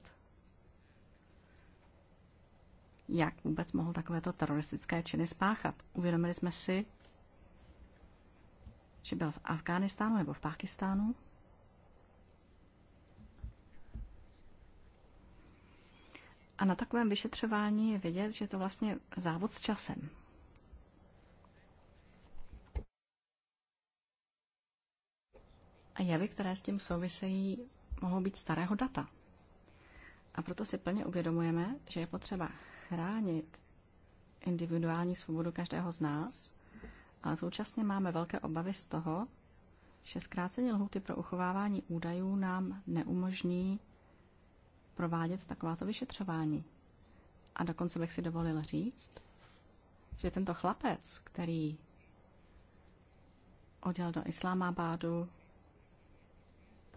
jak vůbec mohl takovéto teroristické činy spáchat. Uvědomili jsme si, že byl v Afghánistánu nebo v Pákistánu. A na takovém vyšetřování je vidět, že je to vlastně závod s časem. a jevy, které s tím souvisejí, mohou být starého data. A proto si plně uvědomujeme, že je potřeba chránit individuální svobodu každého z nás, ale současně máme velké obavy z toho, že zkrácení lhuty pro uchovávání údajů nám neumožní provádět takováto vyšetřování. A dokonce bych si dovolil říct, že tento chlapec, který odjel do Islámabádu,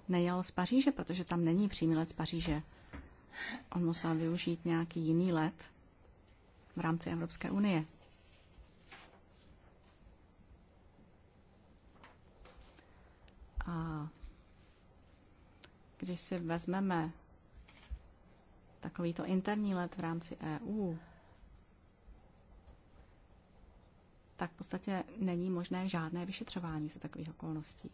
nejel z Paříže, protože tam není přímý let z Paříže. On musel využít nějaký jiný let v rámci Evropské unie. A když si vezmeme takovýto interní let v rámci EU, tak v podstatě není možné žádné vyšetřování za takových okolností.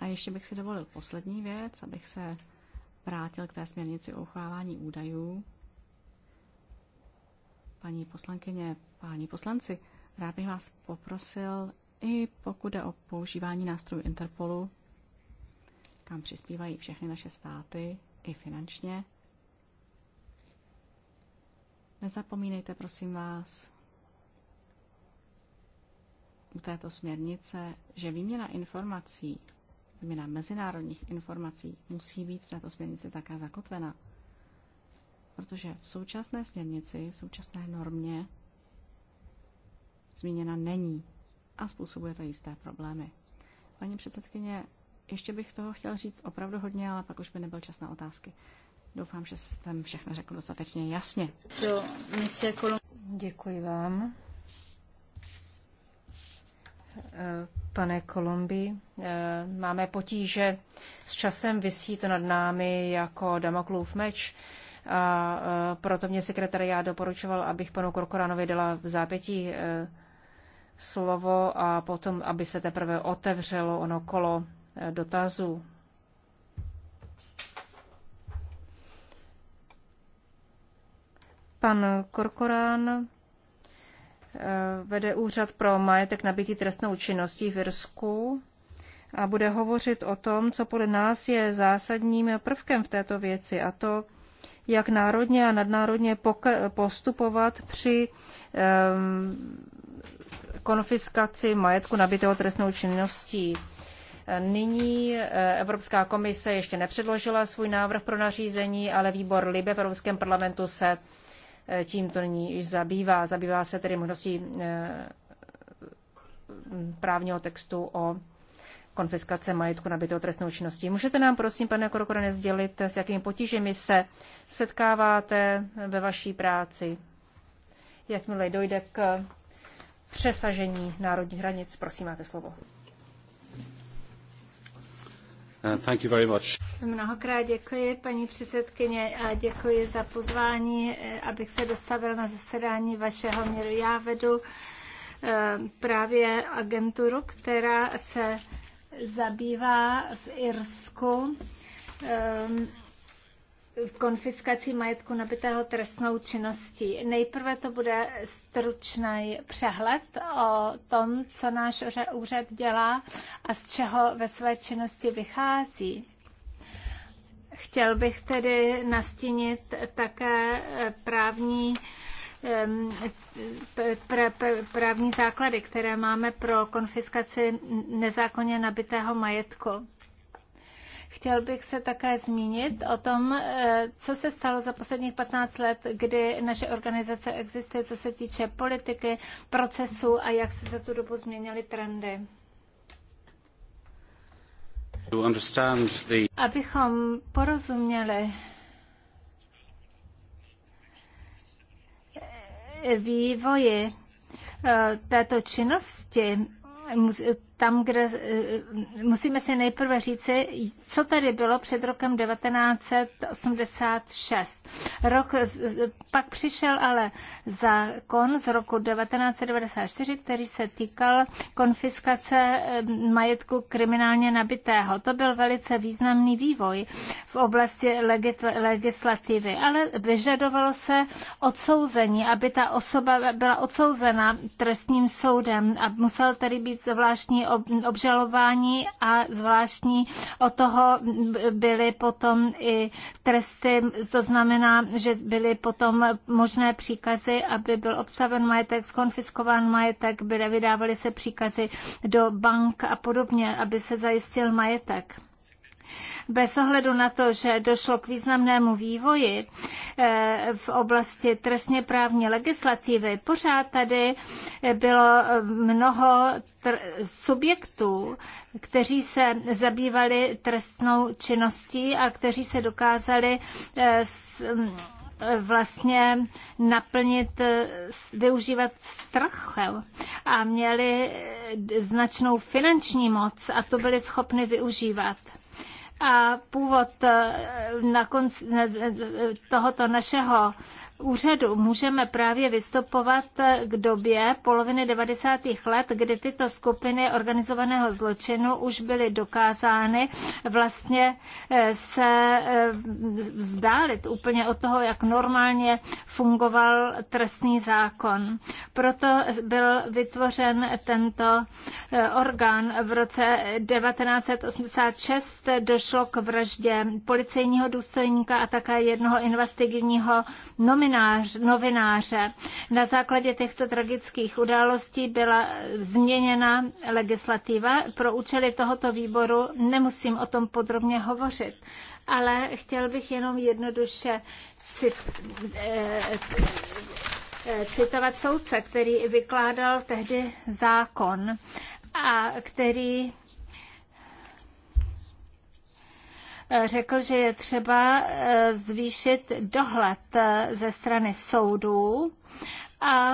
A ještě bych si dovolil poslední věc, abych se vrátil k té směrnici o uchovávání údajů. Paní poslankyně, páni poslanci, rád bych vás poprosil, i pokud jde o používání nástrojů Interpolu, kam přispívají všechny naše státy, i finančně, nezapomínejte, prosím vás, u této směrnice, že výměna informací změna mezinárodních informací musí být v této směrnici také zakotvena. Protože v současné směrnici, v současné normě zmíněna není a způsobuje to jisté problémy. Paní předsedkyně, ještě bych toho chtěl říct opravdu hodně, ale pak už by nebyl čas na otázky. Doufám, že jsem všechno řekl dostatečně jasně. Děkuji vám. Pane Kolumbi, eh, máme potíže s časem, vysí to nad námi jako Damoklův meč. A eh, proto mě sekretariát doporučoval, abych panu Korkoranovi dala v zápětí eh, slovo a potom, aby se teprve otevřelo ono kolo dotazů. Pan Korkorán Eh, vede Úřad pro majetek nabitý trestnou činností v Irsku a bude hovořit o tom, co podle nás je zásadním prvkem v této věci, a to, jak národně a nadnárodně postupovat při um, konfiskaci majetku nabitého trestnou činností. Eh, nyní Evropská komise ještě nepředložila svůj návrh pro nařízení, ale výbor Libe v Evropském parlamentu se Eh, tím to nyní již zabývá. Zabývá se tedy možností eh, právního textu o konfiskace majetku nabitého trestnou činností. Můžete nám prosím, pane Korokore, sdělit, s jakými potížemi se setkáváte ve vaší práci, jakmile dojde k přesažení národních hranic. Prosím, máte slovo. Uh, thank you very much. Mnohokrát děkuji, paní předsedkyně, a děkuji za pozvání, eh, abych se dostavil na zasedání vašeho míru. Já vedu eh, právě agenturu, která se zabývá v Irsku ehm, konfiskací majetku nabitého trestnou činností. Nejprve to bude stručný přehled o tom, co náš úřad dělá a z čeho ve své činnosti vychází. Chtěl bych tedy nastínit také eh, právní právní základy, které máme pro konfiskaci nezákonně nabitého majetku. Chtěl bych se také zmínit o tom, eh, co se stalo za posledních 15 let, kdy naše organizace existuje, co se týče politiky, procesu a jak se za tu dobu změnily trendy. Abychom porozuměli eh, vývoji eh, této činnosti, tam, kde eh, musíme si nejprve říci, co tady bylo před rokem 1986. Rok, pak přišel ale zákon z roku 1994, který se týkal konfiskace eh, majetku kriminálně nabitého. To byl velice významný vývoj v oblasti legislativy, ale vyžadovalo se odsouzení, aby ta osoba byla odsouzena trestním soudem a musel tady být zvláštní obžalování a zvláštní o toho byly potom i tresty, to znamená, že byly potom možné příkazy, aby byl obstaven majetek, skonfiskován majetek, byly, vydávaly se příkazy do bank a podobně, aby se zajistil majetek. Bez ohledu na to, že došlo k významnému vývoji eh, v oblasti trestně právní legislativy, pořád tady bylo eh, mnoho subjektů, kteří se zabývali trestnou činností a kteří se dokázali eh, s, vlastně naplnit, využívat strachem a měli značnou finanční moc a to byli schopni využívat. A původ eh, na konci eh, tohoto našeho úřadu můžeme právě vystupovat k době poloviny 90. let, kdy tyto skupiny organizovaného zločinu už byly dokázány vlastně eh, se eh, vzdálit úplně od toho, jak normálně fungoval trestní zákon. Proto byl vytvořen tento eh, orgán v roce 1986 došlo k vraždě policejního důstojníka a také jednoho investigivního nominace novinář, novináře. Na základě těchto tragických událostí byla změněna legislativa. Pro účely tohoto výboru nemusím o tom podrobně hovořit, ale chtěl bych jenom jednoduše cit, eh, eh, citovat soudce, který vykládal tehdy zákon a který řekl, že je třeba eh, zvýšit dohled eh, ze strany soudů a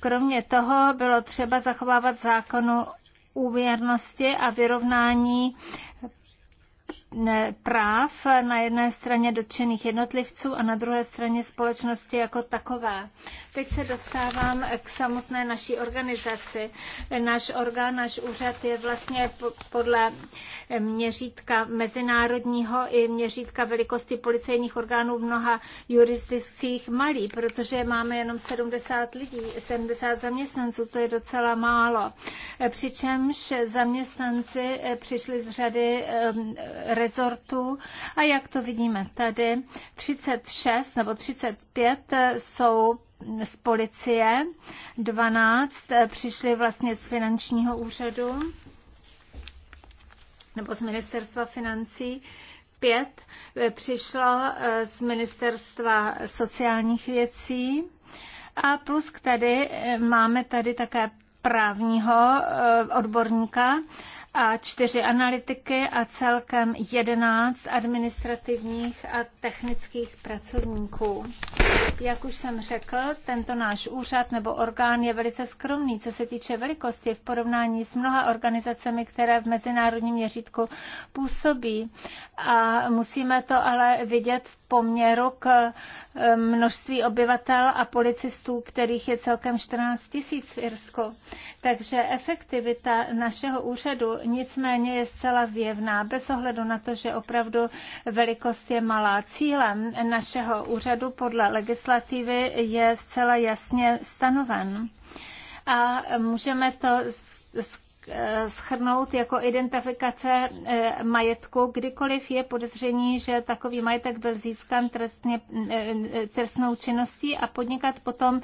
kromě toho bylo třeba zachovávat zákonu úvěrnosti a vyrovnání práv na jedné straně dotčených jednotlivců a na druhé straně společnosti jako takové. Teď se dostávám k samotné naší organizaci. Náš orgán, náš úřad je vlastně podle měřítka mezinárodního i měřítka velikosti policejních orgánů v mnoha jurisdikcích malý, protože máme jenom 70 lidí, 70 zaměstnanců, to je docela málo. Přičemž zaměstnanci přišli z řady eh, rezortů a jak to vidíme tady, 36 nebo 35 jsou z policie, 12 přišli vlastně z finančního úřadu nebo z ministerstva financí, pět přišlo eh, z ministerstva sociálních věcí a plus tady eh, máme tady také právního eh, odborníka a čtyři analytiky a celkem jedenáct administrativních a technických pracovníků. Jak už jsem řekl, tento náš úřad nebo orgán je velice skromný, co se týče velikosti v porovnání s mnoha organizacemi, které v mezinárodním měřítku působí. A musíme to ale vidět v poměru k eh, množství obyvatel a policistů, kterých je celkem 14 tisíc v Irsku. Takže efektivita našeho úřadu nicméně je zcela zjevná, bez ohledu na to, že opravdu velikost je malá. Cílem našeho úřadu podle legislativy je zcela jasně stanoven. A můžeme to z Eh, schrnout jako identifikace eh, majetku, kdykoliv je podezření, že takový majetek byl získán trestně, eh, trestnou činností a podnikat potom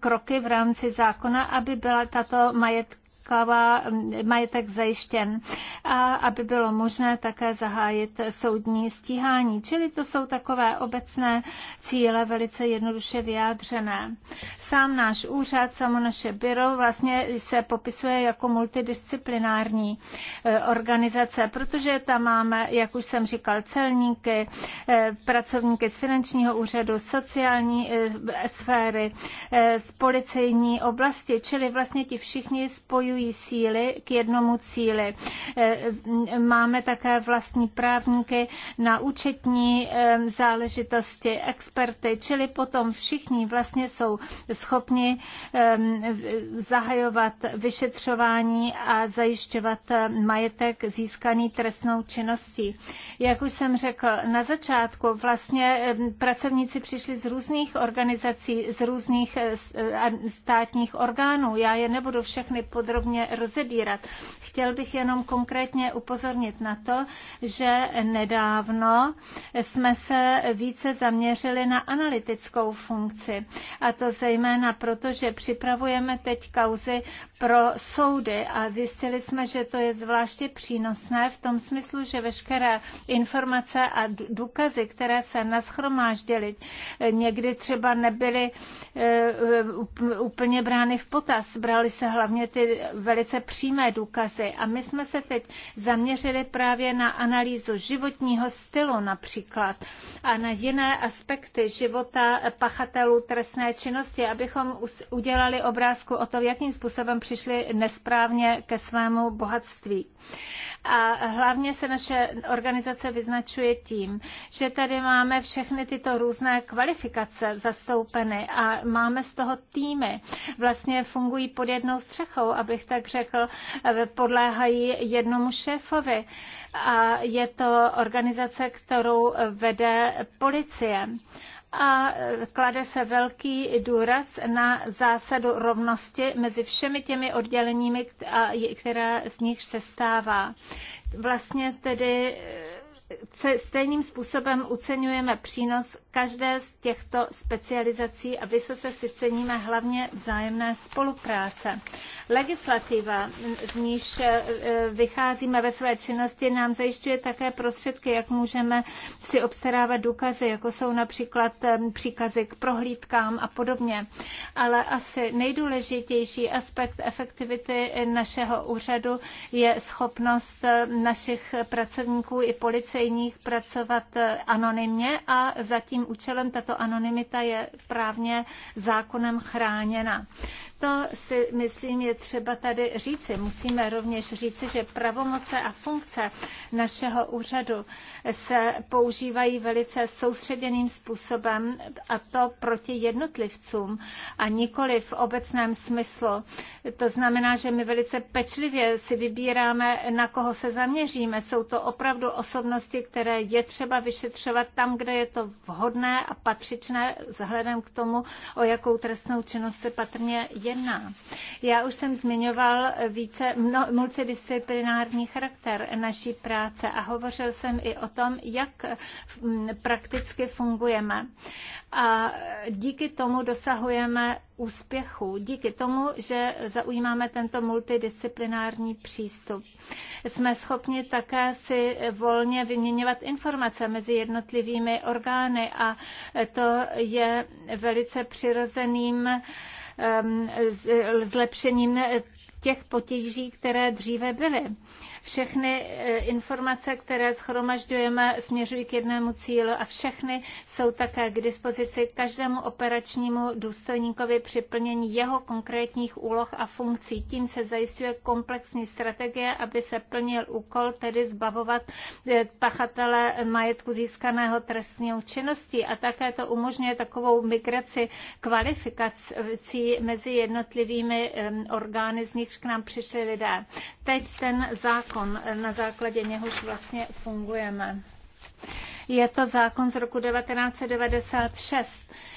kroky v rámci zákona, aby byla tato majetka získává majetek zajištěn a aby bylo možné také zahájit soudní stíhání. Čili to jsou takové obecné cíle, velice jednoduše vyjádřené. Sám náš úřad, samo naše byro vlastně se popisuje jako multidisciplinární eh, organizace, protože tam máme, jak už jsem říkal, celníky, eh, pracovníky z finančního úřadu, sociální eh, sféry, z policejní oblasti, čili vlastně ti všichni spojí spojují síly k jednomu cíli. Eh, máme také vlastní právníky na účetní eh, záležitosti, experty, čili potom všichni vlastně jsou schopni ehm, zahajovat vyšetřování a zajišťovat eh, majetek získaný trestnou činností. Jak už jsem řekl na začátku, vlastně ehm, pracovníci přišli z různých organizací, z různých státních orgánů. Já je nebudu všechny podrobně podrobně rozebírat. Chtěl bych jenom konkrétně upozornit na to, že nedávno jsme se více zaměřili na analytickou funkci. A to zejména proto, že připravujeme teď kauzy pro soudy a zjistili jsme, že to je zvláště přínosné v tom smyslu, že veškeré informace a důkazy, které se naschromáždily, někdy třeba nebyly eh, eh, úplně brány v potaz. Brali se hlavně ty velice přímé důkazy. A my jsme se teď zaměřili právě na analýzu životního stylu například a na jiné aspekty života pachatelů trestné činnosti, abychom udělali obrázku o to, jakým způsobem přišli nesprávně ke svému bohatství. A hlavně se naše organizace vyznačuje tím, že tady máme všechny tyto různé kvalifikace zastoupeny a máme z toho týmy. Vlastně fungují pod jednou střechou, abych tak řekl, podléhají jednomu šéfovi. A je to organizace, kterou vede policie a klade se velký důraz na zásadu rovnosti mezi všemi těmi odděleními, která z nich se stává. Vlastně tedy stejným způsobem uceňujeme přínos každé z těchto specializací a vysoce si ceníme hlavně vzájemné spolupráce. Legislativa, z níž e, e, vycházíme ve své činnosti, nám zajišťuje také prostředky, jak můžeme si obstarávat důkazy, jako jsou například e, příkazy k prohlídkám a podobně. Ale asi nejdůležitější aspekt efektivity našeho úřadu je schopnost našich pracovníků i policie veřejných pracovat eh, anonymně a za tím účelem tato anonymita je právně zákonem chráněna to si myslím je třeba tady říci. Musíme rovněž říci, že pravomoce a funkce našeho úřadu se používají velice soustředěným způsobem a to proti jednotlivcům a nikoli v obecném smyslu. To znamená, že my velice pečlivě si vybíráme, na koho se zaměříme. Jsou to opravdu osobnosti, které je třeba vyšetřovat tam, kde je to vhodné a patřičné, vzhledem k tomu, o jakou trestnou činnost se patrně je jedná. Já už jsem zmiňoval více no, multidisciplinární charakter naší práce a hovořil jsem i o tom, jak mm, prakticky fungujeme. A díky tomu dosahujeme úspěchu díky tomu, že zaujímáme tento multidisciplinární přístup. Jsme schopni také si volně vyměňovat informace mezi jednotlivými orgány a to je velice přirozeným Um, zlepšením těch potíží, které dříve byly. Všechny eh, informace, které schromažďujeme, směřují k jednému cílu a všechny jsou také k dispozici každému operačnímu důstojníkovi při plnění jeho konkrétních úloh a funkcí. Tím se zajišťuje komplexní strategie, aby se plnil úkol, tedy zbavovat eh, pachatele majetku získaného trestnou činností a také to umožňuje takovou migraci kvalifikací mezi jednotlivými eh, orgány, z nichž k nám přišli lidé. Teď ten zákon zákon, na základě něhož vlastně fungujeme. Je to zákon z roku 1996.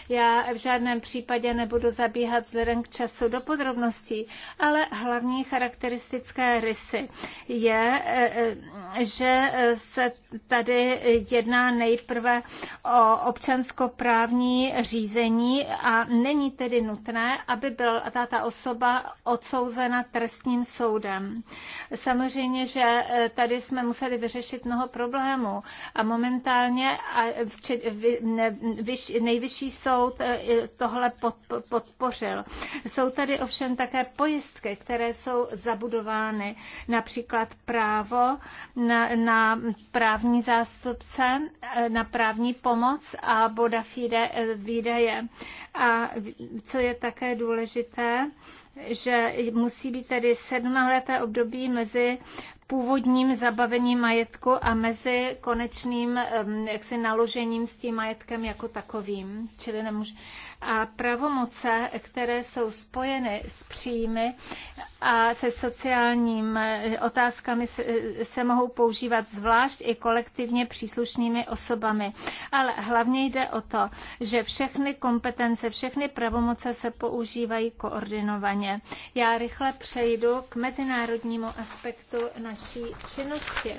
Já v žádném případě nebudu zabíhat vzhledem k času do podrobností, ale hlavní charakteristické rysy je, eh, že se tady jedná nejprve o občanskoprávní řízení a není tedy nutné, aby byla ta osoba odsouzena trestním soudem. Samozřejmě, že eh, tady jsme museli vyřešit mnoho problémů a momentálně nejvyšší soud soud eh, tohle podpořil. Jsou tady ovšem také pojistky, které jsou zabudovány, například právo na, na právní zástupce, eh, na právní pomoc a boda fide, eh, výdaje. A co je také důležité, že musí být tedy sedmileté období mezi původním zabavením majetku a mezi konečným jaksi naložením s tím majetkem jako takovým. Čili nemůžu a pravomoce, které jsou spojeny s příjmy a se sociálním eh, otázkami eh, se mohou používat zvlášť i kolektivně příslušnými osobami. Ale hlavně jde o to, že všechny kompetence, všechny pravomoce se používají koordinovaně. Já rychle přejdu k mezinárodnímu aspektu naší činnosti.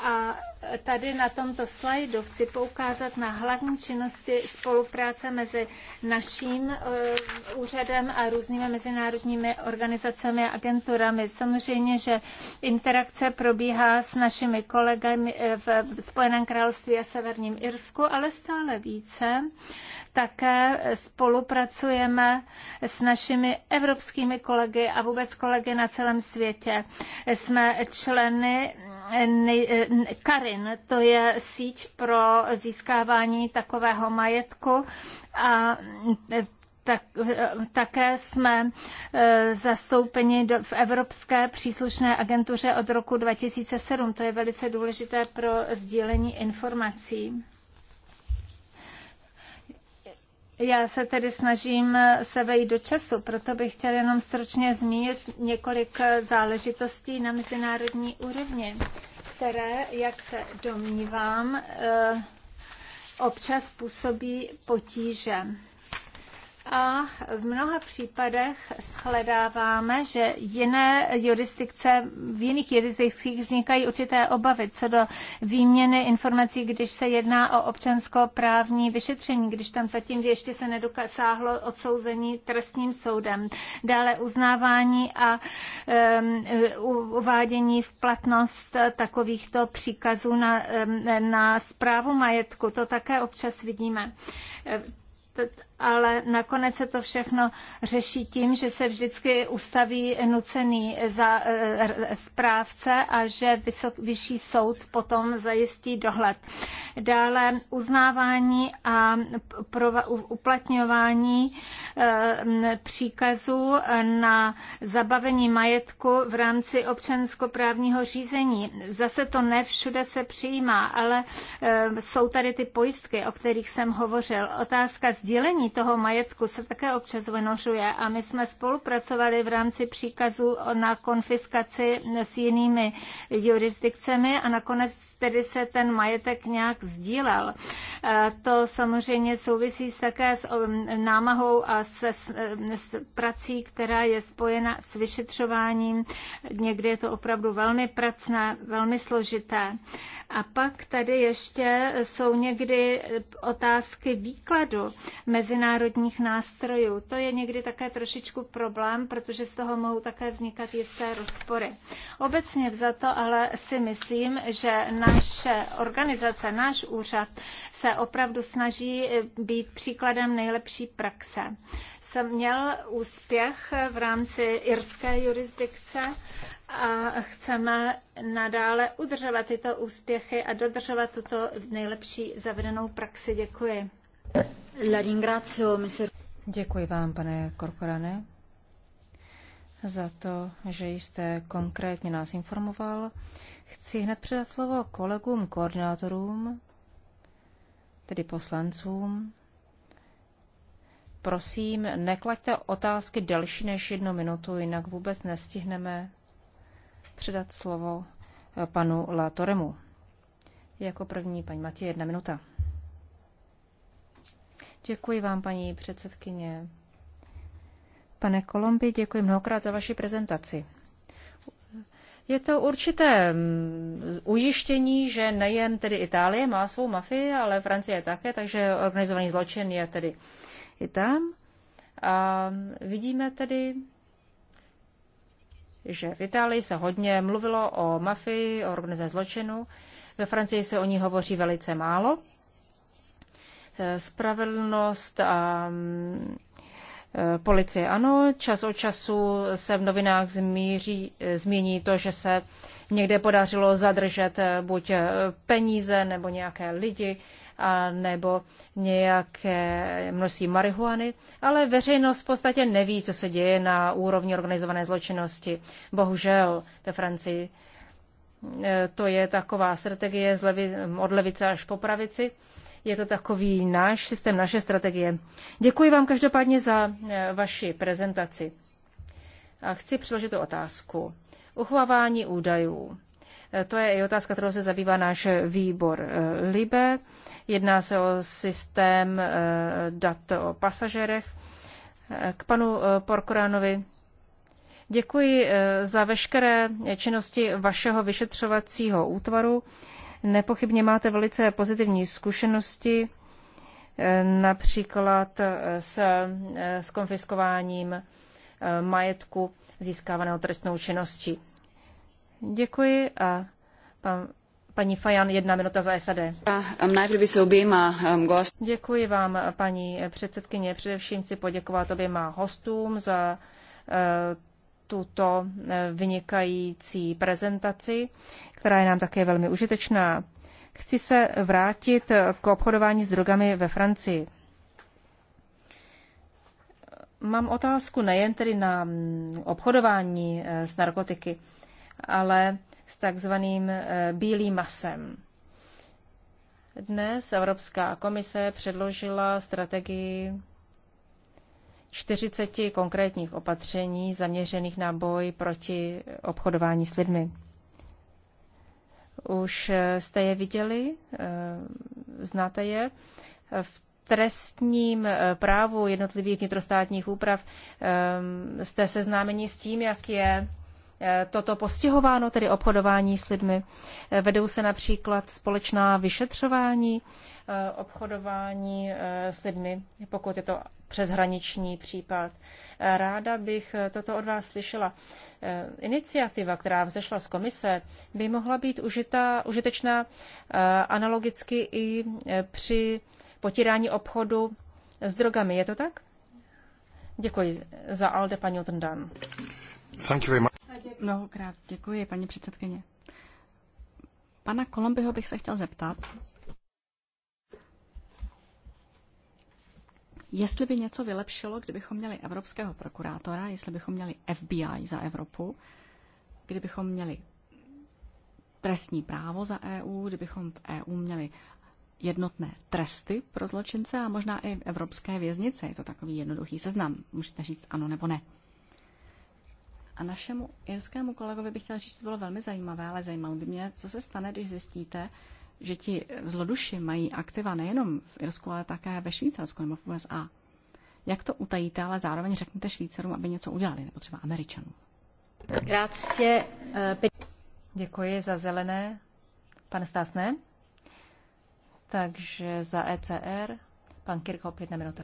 A tady na tomto slajdu chci poukázat na hlavní činnosti spolupráce mezi naším eh, úřadem a různými mezinárodními organizacemi a agenturami. Samozřejmě, že interakce probíhá s našimi kolegami eh, v Spojeném království a Severním Irsku, ale stále více také spolupracujeme s našimi evropskými kolegy a vůbec kolegy na celém světě. Jsme členy Eh, Karin, to je síť pro získávání takového majetku a eh, tak, eh, také jsme zastoupeni do, v Evropské příslušné agentuře od roku 2007. To je velice důležité pro sdílení informací. Já se tedy snažím se vejít do času, proto bych chtěl jenom stručně zmínit několik záležitostí na mezinárodní úrovni, které, jak se domnívám, eh, občas působí potíže a v mnoha případech shledáváme, že jiné jurisdikce, v jiných jurisdikcích vznikají určité obavy co do výměny informací, když se jedná o občanskoprávní vyšetření, když tam zatím že ještě se nedosáhlo odsouzení trestním soudem. Dále uznávání a um, uvádění v platnost takovýchto příkazů na, na zprávu majetku. To také občas vidíme e, ale nakonec se to všechno řeší tím, že se vždycky ustaví nucený za eh, správce a že vysok, vyšší soud potom zajistí dohled. Dále uznávání a uplatňování eh, příkazů na zabavení majetku v rámci občanskoprávního řízení. Zase to ne všude se přijímá, ale eh, jsou tady ty pojistky, o kterých jsem hovořil. Otázka sdílení toho majetku se také občas vynořuje a my jsme spolupracovali v rámci příkazu na konfiskaci s jinými jurisdikcemi a nakonec tedy se ten majetek nějak sdílel. Eh, to samozřejmě souvisí také s námahou a se, eh, s prací, která je spojena s vyšetřováním. Někdy je to opravdu velmi pracné, velmi složité. A pak tady ještě jsou někdy otázky výkladu mezinárodních nástrojů. To je někdy také trošičku problém, protože z toho mohou také vznikat jisté rozpory. Obecně za to, ale si myslím, že naše organizace, náš úřad se opravdu snaží eh, být příkladem nejlepší praxe. Jsem měl úspěch v rámci irské jurisdikce a chceme nadále udržovat tyto úspěchy a dodržovat tuto nejlepší zavedenou praxi. Děkuji. La ringrazio, Děkuji vám, pane Korporane, za to, že jste konkrétně nás informoval. Chci hned předat slovo kolegům koordinátorům, tedy poslancům. Prosím, neklaďte otázky delší než jednu minutu, jinak vůbec nestihneme předat slovo eh, panu Latoremu. Jako první paní Matěj, jedna minuta. Děkuji vám, paní předsedkyně. Pane Kolombi, děkuji mnohokrát za vaši prezentaci je to určité mm, ujištění, že nejen tedy Itálie má svou mafii, ale Francie také, takže organizovaný zločin je tedy i tam. A vidíme tedy, že v Itálii se hodně mluvilo o mafii, o organizovaném zločinu. Ve Francii se o ní hovoří velice málo. Eh, spravedlnost a mm, Eh, policie. Ano, čas od času se v novinách zmíří, eh, změní to, že se někde podařilo zadržet eh, buď peníze nebo nějaké lidi, a nebo nějaké množství marihuany, ale veřejnost v podstatě neví, co se děje na úrovni organizované zločinnosti. Bohužel ve Francii to je taková strategie od levice až po pravici je to takový náš systém, naše strategie. Děkuji vám každopádně za eh, vaši prezentaci. A chci přiložit tu otázku. Uchovávání údajů. Eh, to je i otázka, kterou se zabývá náš výbor eh, LIBE. Jedná se o systém dat o pasažerech. K panu Porkoránovi. Děkuji za veškeré činnosti vašeho vyšetřovacího útvaru. Nepochybně máte velice pozitivní zkušenosti, eh, například eh, s, eh, s konfiskováním majetku získávaného trestnou činností. Děkuji a pan, paní Fajan, jedna minuta za SAD. Děkuji vám, paní předsedkyně. Především chci poděkovat oběma hostům za tuto e, vynikající prezentaci, která je nám také velmi užitečná. Chci se vrátit k obchodování s drogami ve Francii. Mám otázku nejen tedy na mm, obchodování e, s narkotiky, ale s takzvaným e, bílým masem. Dnes Evropská komise předložila strategii 40 konkrétních opatření zaměřených na boj proti obchodování s lidmi. Už eh, jste je viděli, eh, znáte je. V trestním eh, právu jednotlivých vnitrostátních úprav jste seznámeni s tím, jak je toto postihováno, tedy obchodování s lidmi. Vedou se například společná vyšetřování Eh, obchodování eh, s lidmi, pokud je to přeshraniční případ. Eh, ráda bych toto od vás slyšela. Iniciativa, která vzešla z komise, by mohla být užita, užitečná analogicky i při potírání obchodu s drogami. Je to tak? Děkuji za Alde, paní Otrndan. Mnohokrát děkuji, paní předsedkyně. Pana Kolombyho bych se chtěl zeptat, jestli by něco vylepšilo, kdybychom měli evropského prokurátora, jestli bychom měli FBI za Evropu, kdybychom měli trestní právo za EU, kdybychom v EU měli jednotné tresty pro zločince a možná i evropské věznice. Je to takový jednoduchý seznam. Můžete říct ano nebo ne. A našemu irskému kolegovi bych chtěla říct, že to bylo velmi zajímavé, ale zajímalo by mě, co se stane, když zjistíte, že ti zloduši mají aktiva nejenom v Irsku, ale také ve Švýcarsku nebo v USA. Jak to utajíte, ale zároveň řeknete Švýcarům, aby něco udělali, nebo třeba Američanům? Grazie. Eh, děkuji za zelené. Pan Stásné. Takže za ECR pan Kirko, jedna na minutu.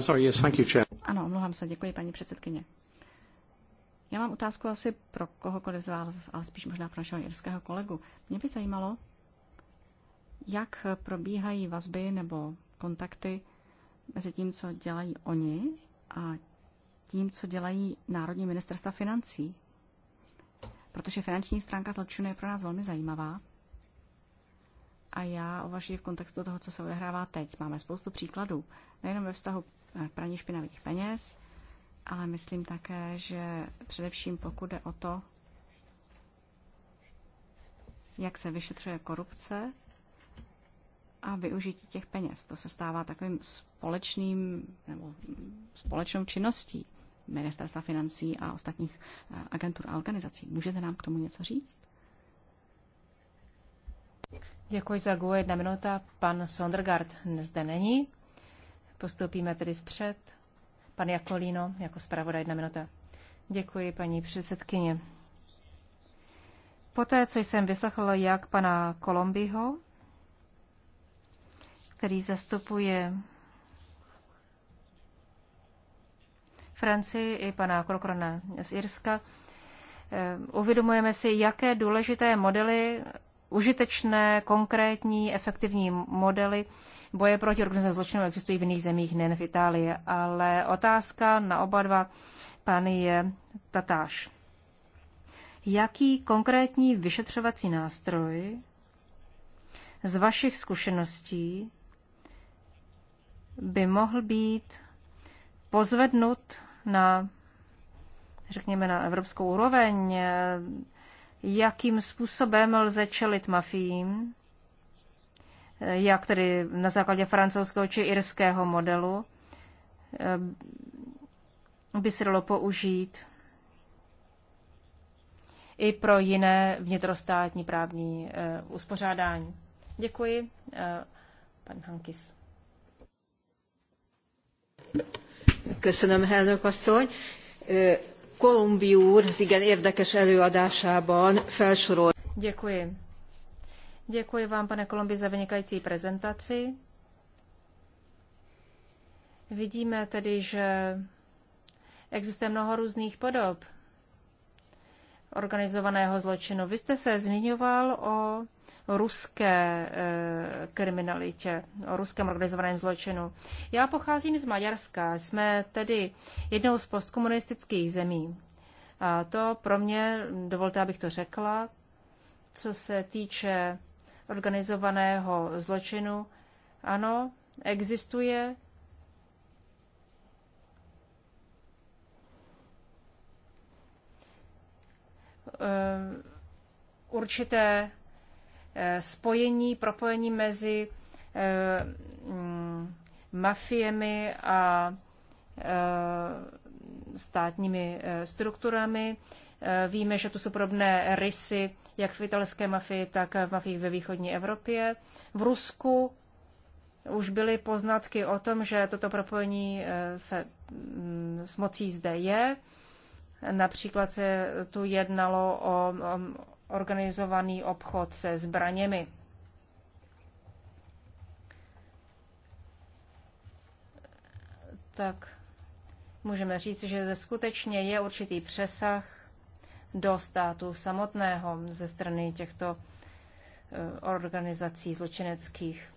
sorry, yes, thank you, chair. Ano, omlouvám se, děkuji, paní předsedkyně. Já mám otázku asi pro kohokoliv z vás, ale spíš možná pro našeho jirského kolegu. Mě by zajímalo, jak probíhají vazby nebo kontakty mezi tím, co dělají oni a tím, co dělají Národní ministerstva financí. Protože finanční stránka zločinu je pro nás velmi zajímavá. A já uvažuji v kontextu toho, co se odehrává teď. Máme spoustu příkladů. Nejenom ve vztahu praní špinavých peněz, ale myslím také, že především pokud jde o to, jak se vyšetřuje korupce a využití těch peněz. To se stává takovým společným nebo společnou činností ministerstva financí a ostatních eh, agentur a organizací. Můžete nám k tomu něco říct? Děkuji za GUE. Jedna minuta. Pan Sondergaard zde není. Postoupíme tedy vpřed. Pan Jakolíno jako zpravodaj jedna minuta. Děkuji, paní předsedkyně. Poté, co jsem vyslechla jak pana Kolombiho, který zastupuje Francii i pana Krokrona z Irska, eh, uvědomujeme si, jaké důležité modely užitečné, konkrétní, efektivní modely boje proti organizovanému zločinu existují v jiných zemích, nejen v Itálii. Ale otázka na oba dva pány je tatáž. Jaký konkrétní vyšetřovací nástroj z vašich zkušeností by mohl být pozvednut na, řekněme, na evropskou úroveň, jakým způsobem lze čelit mafiím, jak tedy na základě francouzského či irského modelu eh, by se dalo použít i pro jiné vnitrostátní právní eh, uspořádání. Děkuji. Eh, pan Hankis. Děkuji, elnök asszony. Kolumbi úr az igen érdekes előadásában Děkuji. Děkuji vám, pane Kolumbi, za vynikající prezentaci. Vidíme tedy, že existuje mnoho různých podob organizovaného zločinu. Vy jste se zmiňoval o ruské e, kriminalitě, o ruském organizovaném zločinu. Já pocházím z Maďarska, jsme tedy jednou z postkomunistických zemí. A to pro mě, dovolte, abych to řekla, co se týče organizovaného zločinu, ano, existuje Eh, určité eh, spojení, propojení mezi eh, mm, mafiemi a státními strukturami. Víme, že tu jsou podobné rysy jak v italské mafii, tak v mafiích ve východní Evropě. V Rusku už byly poznatky o tom, že toto propojení se mm, s mocí zde je. Například se tu jednalo o organizovaný obchod se zbraněmi. Tak můžeme říct, že skutečně je určitý přesah do státu samotného ze strany těchto e, organizací zločineckých.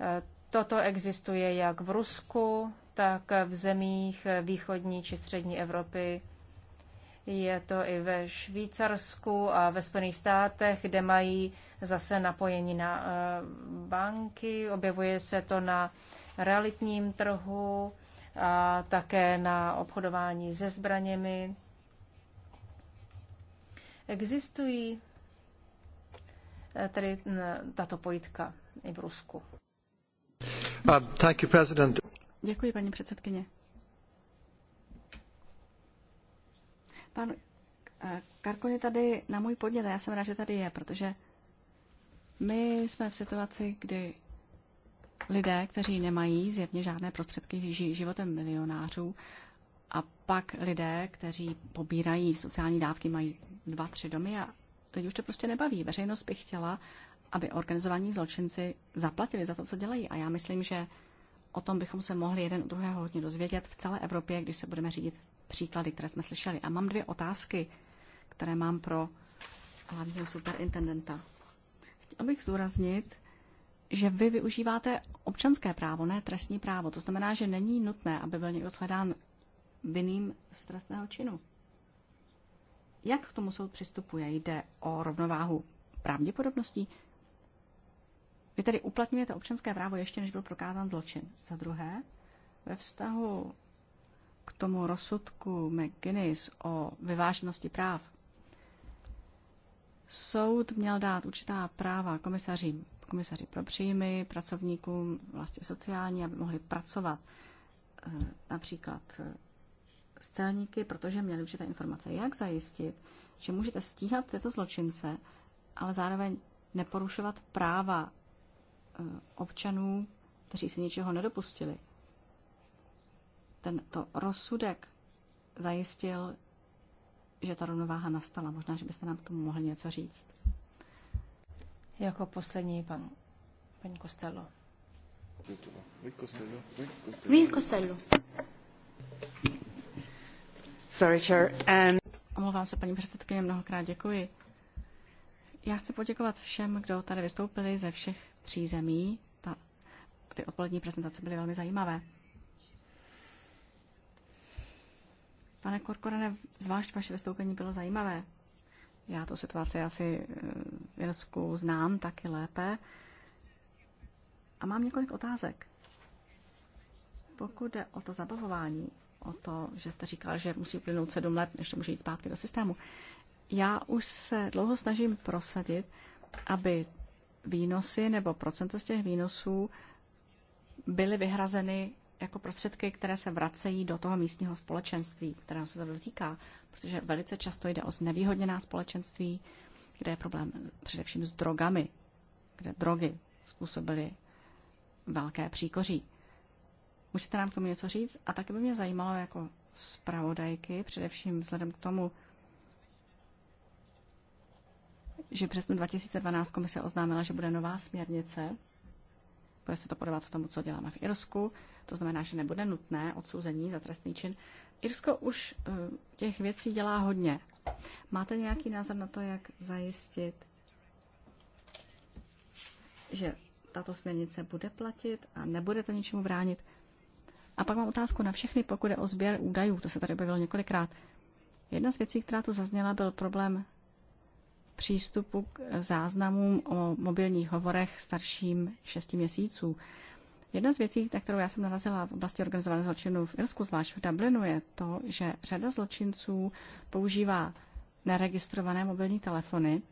E, toto existuje jak v Rusku, tak v zemích východní či střední Evropy. Je to i ve Švýcarsku a ve Spojených státech, kde mají zase napojení na eh, banky. Objevuje se to na realitním trhu a také na obchodování se zbraněmi. Existují eh, tedy tato pojitka i v Rusku. Uh, thank you, President. Děkuji, paní předsedkyně. Pan eh, Karkon je tady na můj podnět a já jsem rád, že tady je, protože my jsme v situaci, kdy lidé, kteří nemají zjevně žádné prostředky, žijí životem milionářů a pak lidé, kteří pobírají sociální dávky, mají dva, tři domy a lidi už to prostě nebaví. Veřejnost by chtěla, aby organizovaní zločinci zaplatili za to, co dělají. A já myslím, že o tom bychom se mohli jeden od druhého hodně dozvědět v celé Evropě, když se budeme řídit příklady, které jsme slyšeli. A mám dvě otázky, které mám pro hlavního superintendenta. Chtěl bych zdůraznit, že vy využíváte občanské právo, ne trestní právo. To znamená, že není nutné, aby byl někdo shledán vinným z trestného činu. Jak k tomu soud přistupuje? Jde o rovnováhu pravděpodobností? Vy tedy uplatňujete občanské právo ještě, než byl prokázán zločin. Za druhé, ve vztahu k tomu rozsudku McGuinness o vyváženosti práv, soud měl dát určitá práva komisaři, komisaři pro příjmy, pracovníkům vlastně sociální, aby mohli pracovat eh, například eh, s celníky, protože měli určité informace. Jak zajistit, že můžete stíhat tyto zločince, ale zároveň neporušovat práva Eh, občanů, kteří se ničeho nedopustili. Tento rozsudek zajistil, že ta rovnováha nastala. Možná, že byste nám k tomu mohli něco říct. Jako poslední pan, paní Costello. Vy Costello. Sorry, chair. Um... Omlouvám se, paní předsedkyně, mnohokrát děkuji. Já chci poděkovat všem, kdo tady vystoupili ze všech tří zemí. Ta, ty odpolední prezentace byly velmi zajímavé. Pane Korkorene, zvlášť vaše vystoupení bylo zajímavé. Já tu situaci asi eh, v Jirsku znám taky lépe. A mám několik otázek. Pokud jde o to zabavování, o to, že jste říkal, že musí uplynout sedm let, než to může jít zpátky do systému, já už se dlouho snažím prosadit, aby výnosy nebo procento z těch výnosů byly vyhrazeny jako prostředky, které se vracejí do toho místního společenství, kterého se to dotýká, protože velice často jde o znevýhodněná společenství, kde je problém především s drogami, kde drogy způsobily velké příkoří. Můžete nám k tomu něco říct? A taky by mě zajímalo jako zpravodajky, především vzhledem k tomu, že přesně 2012 komise oznámila, že bude nová směrnice, bude se to podobat tomu, co děláme v Irsku, to znamená, že nebude nutné odsouzení za trestný čin. Irsko už eh, těch věcí dělá hodně. Máte nějaký názor na to, jak zajistit, že tato směrnice bude platit a nebude to ničemu bránit? A pak mám otázku na všechny, pokud je o sběr údajů, to se tady objevilo několikrát. Jedna z věcí, která tu zazněla, byl problém přístupu k záznamům o mobilních hovorech starším 6 měsíců. Jedna z věcí, na kterou já jsem narazila v oblasti organizovaného zločinu v Irsku, zvlášť v Dublinu, je to, že řada zločinců používá neregistrované mobilní telefony,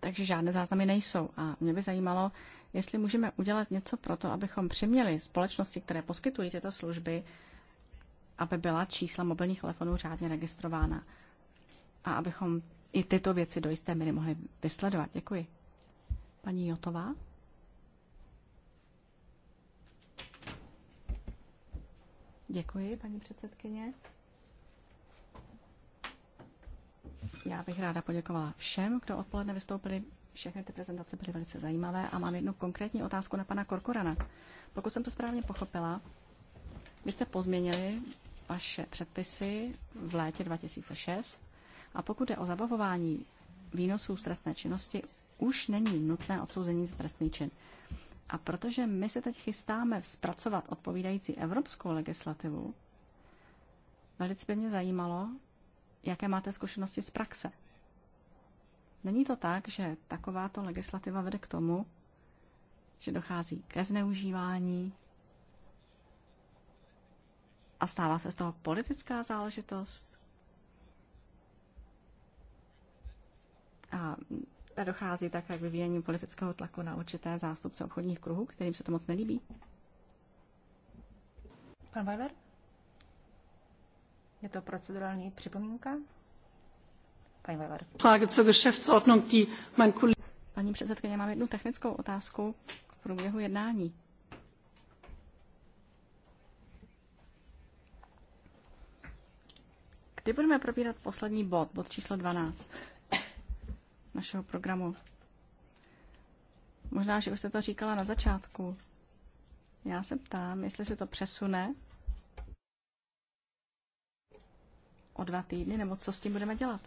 takže žádné záznamy nejsou. A mě by zajímalo, jestli můžeme udělat něco pro to, abychom přiměli společnosti, které poskytují tyto služby, aby byla čísla mobilních telefonů řádně registrována a abychom i tyto věci do jisté míry mohly vysledovat. Děkuji. Paní Jotová? Děkuji, paní předsedkyně. Já bych ráda poděkovala všem, kdo odpoledne vystoupili. Všechny ty prezentace byly velice zajímavé a mám jednu konkrétní otázku na pana Korkorana. Pokud jsem to správně pochopila, vy jste pozměnili vaše předpisy v létě 2006 a pokud je o zabavování výnosů z trestné činnosti, už není nutné odsouzení za trestný čin. A protože my se teď chystáme zpracovat odpovídající evropskou legislativu, velice by mě zajímalo, jaké máte zkušenosti z praxe. Není to tak, že takováto legislativa vede k tomu, že dochází ke zneužívání a stává se z toho politická záležitost? A ta dochází také k vyvíjení politického tlaku na určité zástupce obchodních kruhů, kterým se to moc nelíbí. Pan Weiler? Je to procedurální připomínka? Pan Weiler. Paní předsedkyně, mám jednu technickou otázku k průběhu jednání. Kdy budeme probírat poslední bod, bod číslo 12? našeho programu. Možná, že už jste to říkala na začátku. Já se ptám, jestli se to přesune o dva týdny, nebo co s tím budeme dělat.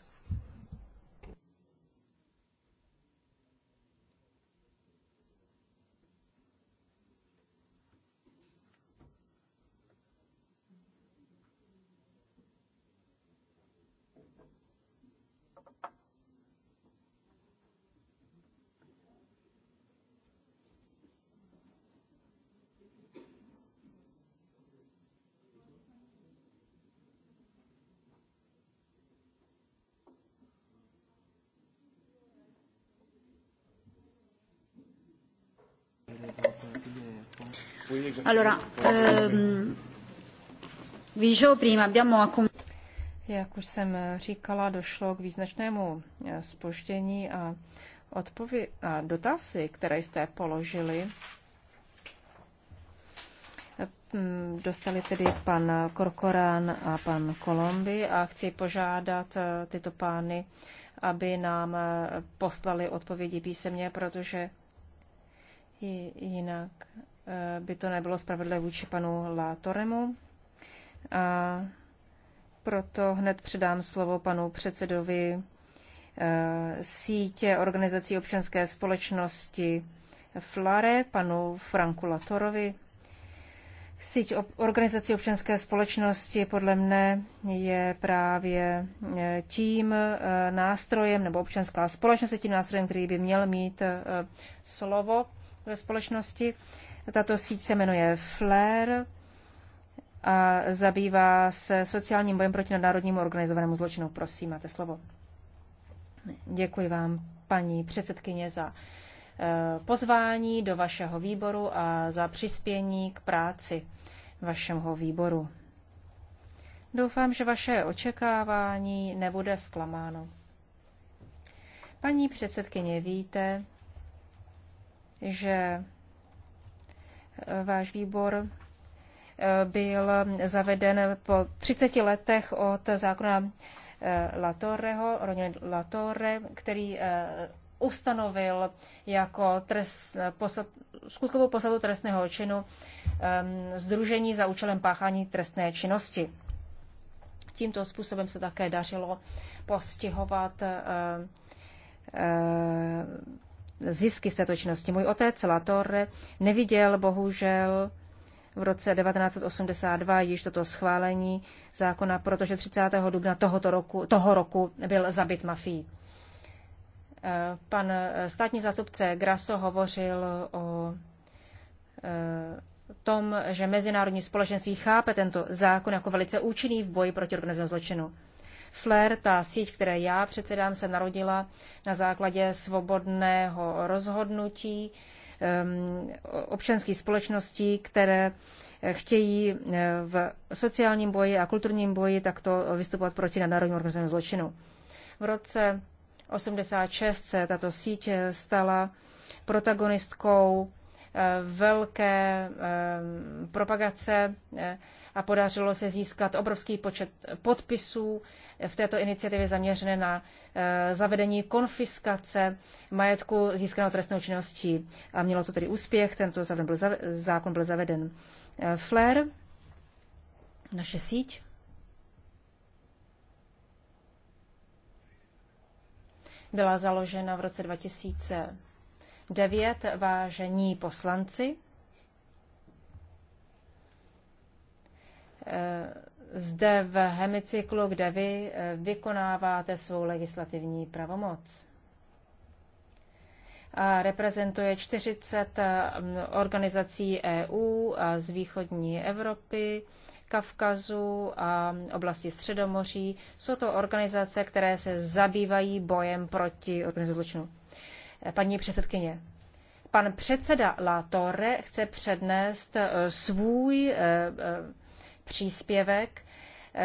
Allora, ehm, prima, abbiamo accumulato jak už jsem říkala, došlo k význačnému spoždění eh, a, odpově- a dotazy, které jste položili, eh, dostali tedy pan Korkorán a pan Kolomby a chci požádat eh, tyto pány, aby nám poslali odpovědi písemně, protože jinak by to nebylo spravedlivé vůči panu Látoremu. A proto hned předám slovo panu předsedovi eh, sítě organizací občanské společnosti FLARE, panu Franku Latorovi. Síť organizací občanské společnosti podle mne je právě eh, tím eh, nástrojem, nebo občanská společnost je tím nástrojem, který by měl mít slovo ve společnosti. Tato síť se jmenuje FLAIR a zabývá se sociálním bojem proti nadnárodnímu organizovanému zločinu. Prosím, máte slovo. Děkuji vám, paní předsedkyně, za eh, pozvání do vašeho výboru a za přispění k práci vašeho výboru. Doufám, že vaše očekávání nebude zklamáno. Paní předsedkyně, víte, že váš výbor eh, byl zaveden po 30 letech od zákona eh, Latorreho, Ronil Latorre, který eh, ustanovil jako trest, posad, skutkovou posadu trestného činu um, združení za účelem páchání trestné činnosti. Tímto způsobem se také dařilo postihovat uh, uh, zisky statočnosti. Můj otec Latorre neviděl bohužel v roce 1982 již toto schválení zákona, protože 30. dubna tohoto roku, toho roku byl zabit mafií. Eh, pan eh, státní zástupce Grasso hovořil o eh, tom, že mezinárodní společenství chápe tento zákon jako velice účinný v boji proti organizovanému zločinu. Flair, ta síť, které já předsedám, se narodila na základě svobodného rozhodnutí ehm, občanských společností, které eh, chtějí eh, v sociálním boji a kulturním boji takto vystupovat proti nadnárodním organizovanému zločinu. V roce 86 se tato síť eh, stala protagonistkou velké ehm, propagace a podařilo se získat obrovský počet podpisů v této iniciativě zaměřené na eh, zavedení konfiskace majetku získaného trestnou činností. A mělo to tedy úspěch, tento byl zákon byl zaveden. Eh, Flair, naše síť. Byla založena v roce 2009 vážení poslanci. Eh, zde v hemicyklu, kde vy eh, vykonáváte svou legislativní pravomoc. A reprezentuje 40 eh, organizací EU a z východní Evropy, Kavkazu a oblasti Středomoří. Jsou to organizace, které se zabývají bojem proti organizaci zločinu. Paní předsedkyně, pan předseda Latore chce přednést svůj příspěvek.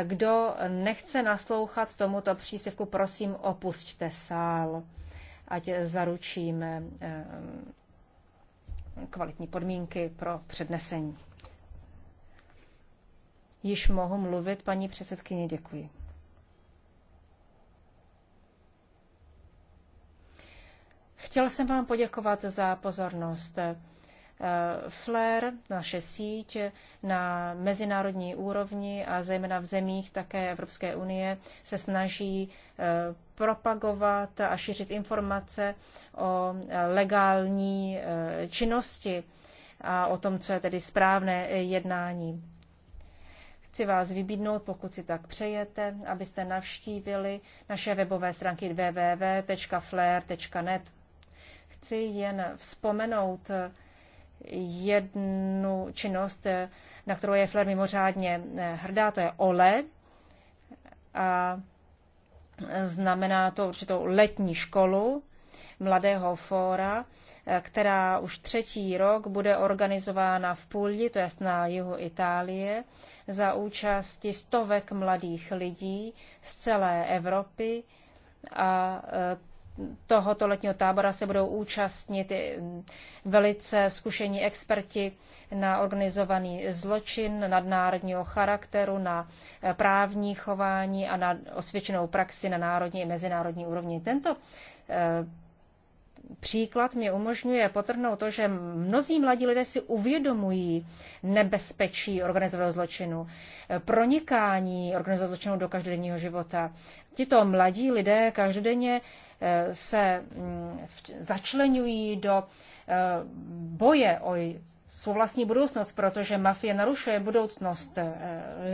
Kdo nechce naslouchat tomuto příspěvku, prosím opusťte sál, ať zaručíme eh, kvalitní podmínky pro přednesení. Již mohu mluvit, paní předsedkyně, děkuji. Chtěla jsem vám poděkovat za pozornost. Eh, FLAIR, naše síť na mezinárodní úrovni a zejména v zemích také Evropské unie se snaží eh, propagovat a šířit informace o eh, legální činnosti a o tom, co je tedy správné jednání. Chci vás vybídnout, pokud si tak přejete, abyste navštívili naše webové stránky www.flair.net. Chci jen vzpomenout, jednu činnost, na kterou je Flair mimořádně eh, hrdá, to je OLE. A znamená to určitou letní školu Mladého fóra, eh, která už třetí rok bude organizována v Půli, to je na jihu Itálie, za účasti stovek mladých lidí z celé Evropy. A eh, tohoto letního tábora se budou účastnit mm, velice zkušení experti na organizovaný zločin, nadnárodního charakteru, na eh, právní chování a na osvědčenou praxi na národní i mezinárodní úrovni. Tento eh, příklad mě umožňuje potrhnout to, že mnozí mladí lidé si uvědomují nebezpečí organizovaného zločinu, eh, pronikání organizovaného zločinu do každodenního života. Tito mladí lidé každodenně se mm, začlenují do eh, boje o svou vlastní budoucnost, protože mafie narušuje budoucnost eh,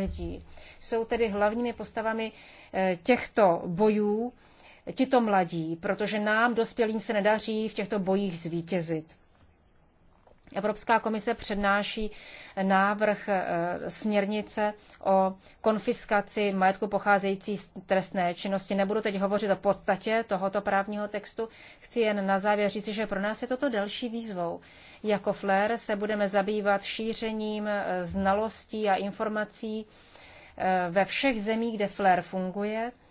lidí. Jsou tedy hlavními postavami eh, těchto bojů tito mladí, protože nám, dospělým, se nedaří v těchto bojích zvítězit. Evropská komise přednáší návrh eh, směrnice o konfiskaci majetku pocházející z trestné činnosti. Nebudu teď hovořit o podstatě tohoto právního textu. Chci jen na závěr říci, že pro nás je toto další výzvou. Jako FLER se budeme zabývat šířením eh, znalostí a informací eh, ve všech zemích, kde FLER funguje –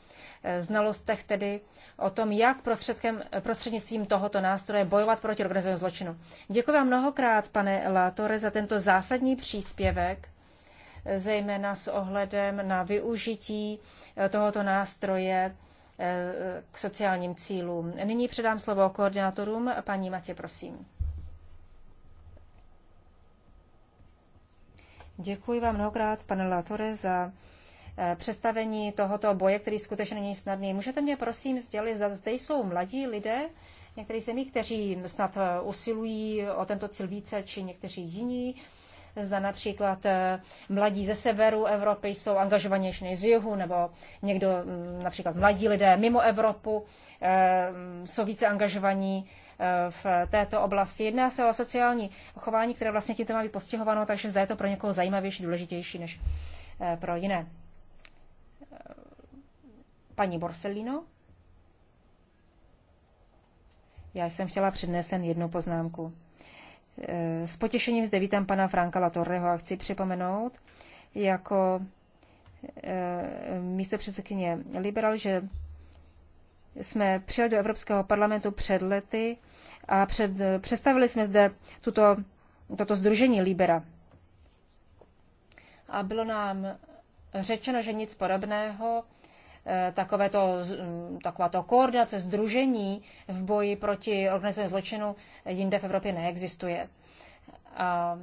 Eh, znalostech tedy o tom, jak prostředkem, prostřednictvím tohoto nástroje bojovat proti organizovanému zločinu. Děkuji vám mnohokrát, pane Látore, za tento zásadní příspěvek, eh, zejména s ohledem na využití eh, tohoto nástroje k sociálním cílům. Nyní předám slovo koordinátorům. Paní Matě, prosím. Děkuji vám mnohokrát, pane Latore, za Eh, představení tohoto boje, který skutečně není snadný. Můžete mě prosím sdělit, zda zde jsou mladí lidé, někteří zemí, kteří snad eh, usilují o tento cíl více, či někteří jiní, zda například eh, mladí ze severu Evropy jsou angažovanější než z jihu, nebo někdo, mm, například mladí lidé mimo Evropu, jsou více angažovaní v této oblasti. Jedná se o sociální chování, které vlastně tímto má být postihováno, takže zda je to pro někoho zajímavější, důležitější než pro jiné. Paní Borsellino? Já jsem chtěla přednesen jednu poznámku. E, s potěšením zde vítám pana Franka Latorreho a chci připomenout jako e, místo předsedkyně Liberal, že jsme přijeli do Evropského parlamentu před lety a před, představili jsme zde tuto, toto združení Libera. A bylo nám řečeno, že nic podobného Eh, takovéto, mm, to koordinace, združení v boji proti organizovanému zločinu jinde v Evropě neexistuje. A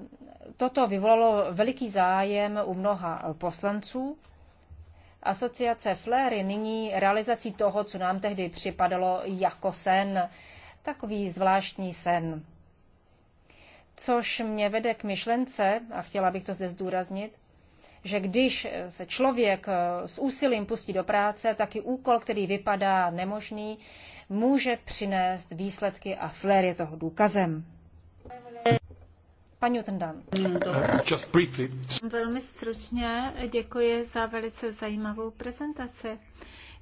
toto vyvolalo veliký zájem u mnoha poslanců. Asociace Fléry nyní realizací toho, co nám tehdy připadalo jako sen, takový zvláštní sen. Což mě vede k myšlence, a chtěla bych to zde zdůraznit, že když se člověk eh, s úsilím pustí do práce, tak i úkol, který vypadá nemožný, může přinést výsledky a flair je toho důkazem. Pan Newton uh, Velmi stručně děkuji za velice zajímavou prezentaci.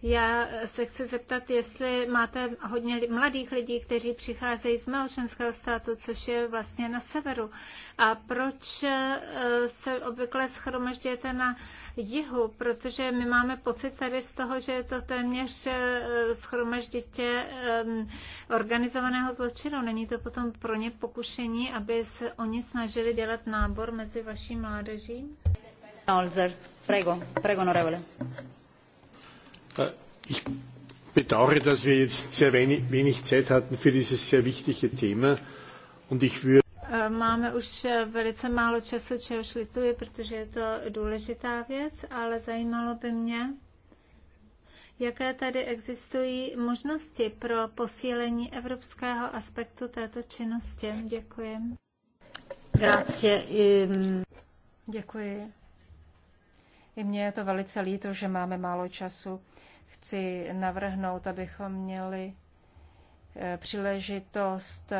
Já se chci zeptat, jestli máte hodně mladých lidí, kteří přicházejí z mého státu, což je vlastně na severu. A proč eh, se obvykle schromažďujete na jihu? Protože my máme pocit tady z toho, že je to téměř eh, schromažditě ehm, organizovaného zločinu. Není to potom pro ně pokušení, aby se oni snažili dělat nábor mezi vaší mládeží? prego, prego, onorevole. Äh, ich bedauere, dass wir jetzt sehr wenig, wenig Zeit hatten für dieses sehr wichtige Thema und ich würde äh, Máme už äh, velice málo času, čehož lituji, protože je to důležitá věc, ale zajímalo by mě, jaké tady existují možnosti pro posílení evropského aspektu této činnosti. Děkuji. Grazie. Ehm. Děkuji. I mně je to velice líto, že máme málo času chci navrhnout, abychom měli eh, příležitost eh,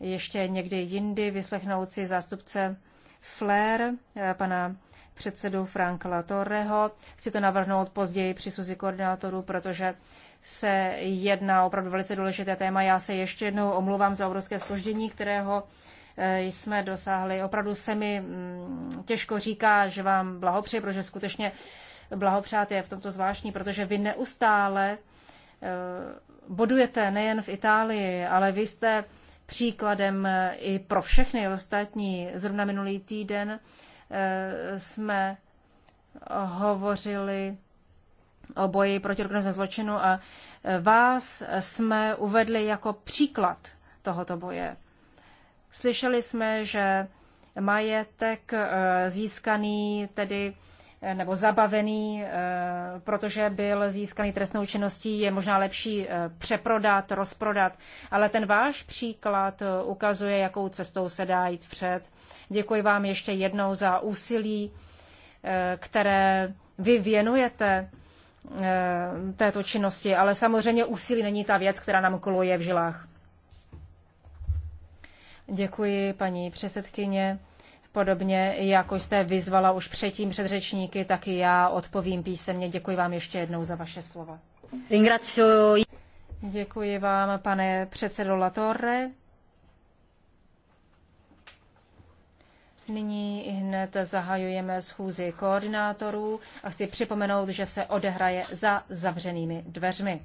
eh, ještě někdy jindy vyslechnout si zástupce Flair, pana předsedu Franka Torreho. Chci to navrhnout později při suzi koordinátorů, protože se jedná opravdu velice důležité téma. Já se ještě jednou omluvám za obrovské zpoždění, kterého jsme dosáhli. Opravdu se mi mm, těžko říká, že vám blahopřeji, protože skutečně blahopřát je v tomto zvláštní, protože vy neustále eh, bodujete nejen v Itálii, ale vy jste příkladem eh, i pro všechny ostatní. Zrovna minulý týden eh, jsme hovořili o boji proti organizovanému zločinu a vás jsme uvedli jako příklad tohoto boje. Slyšeli jsme, že majetek získaný tedy Eh, nebo zabavený, eh, protože byl získaný trestnou činností, je možná lepší eh, přeprodat, rozprodat. Ale ten váš příklad ukazuje, jakou cestou se dá jít vpřed. Děkuji vám ještě jednou za úsilí, které vy věnujete této činnosti, ale samozřejmě úsilí není ta věc, která nám koluje v žilách. Děkuji, paní předsedkyně. Podobně, jako jste vyzvala už předtím předřečníky, tak i já odpovím písemně. Děkuji vám ještě jednou za vaše slova. Děkuji vám, pane předsedo Latorre. Nyní hned zahajujeme schůzi koordinátorů a chci připomenout, že se odehraje za zavřenými dveřmi.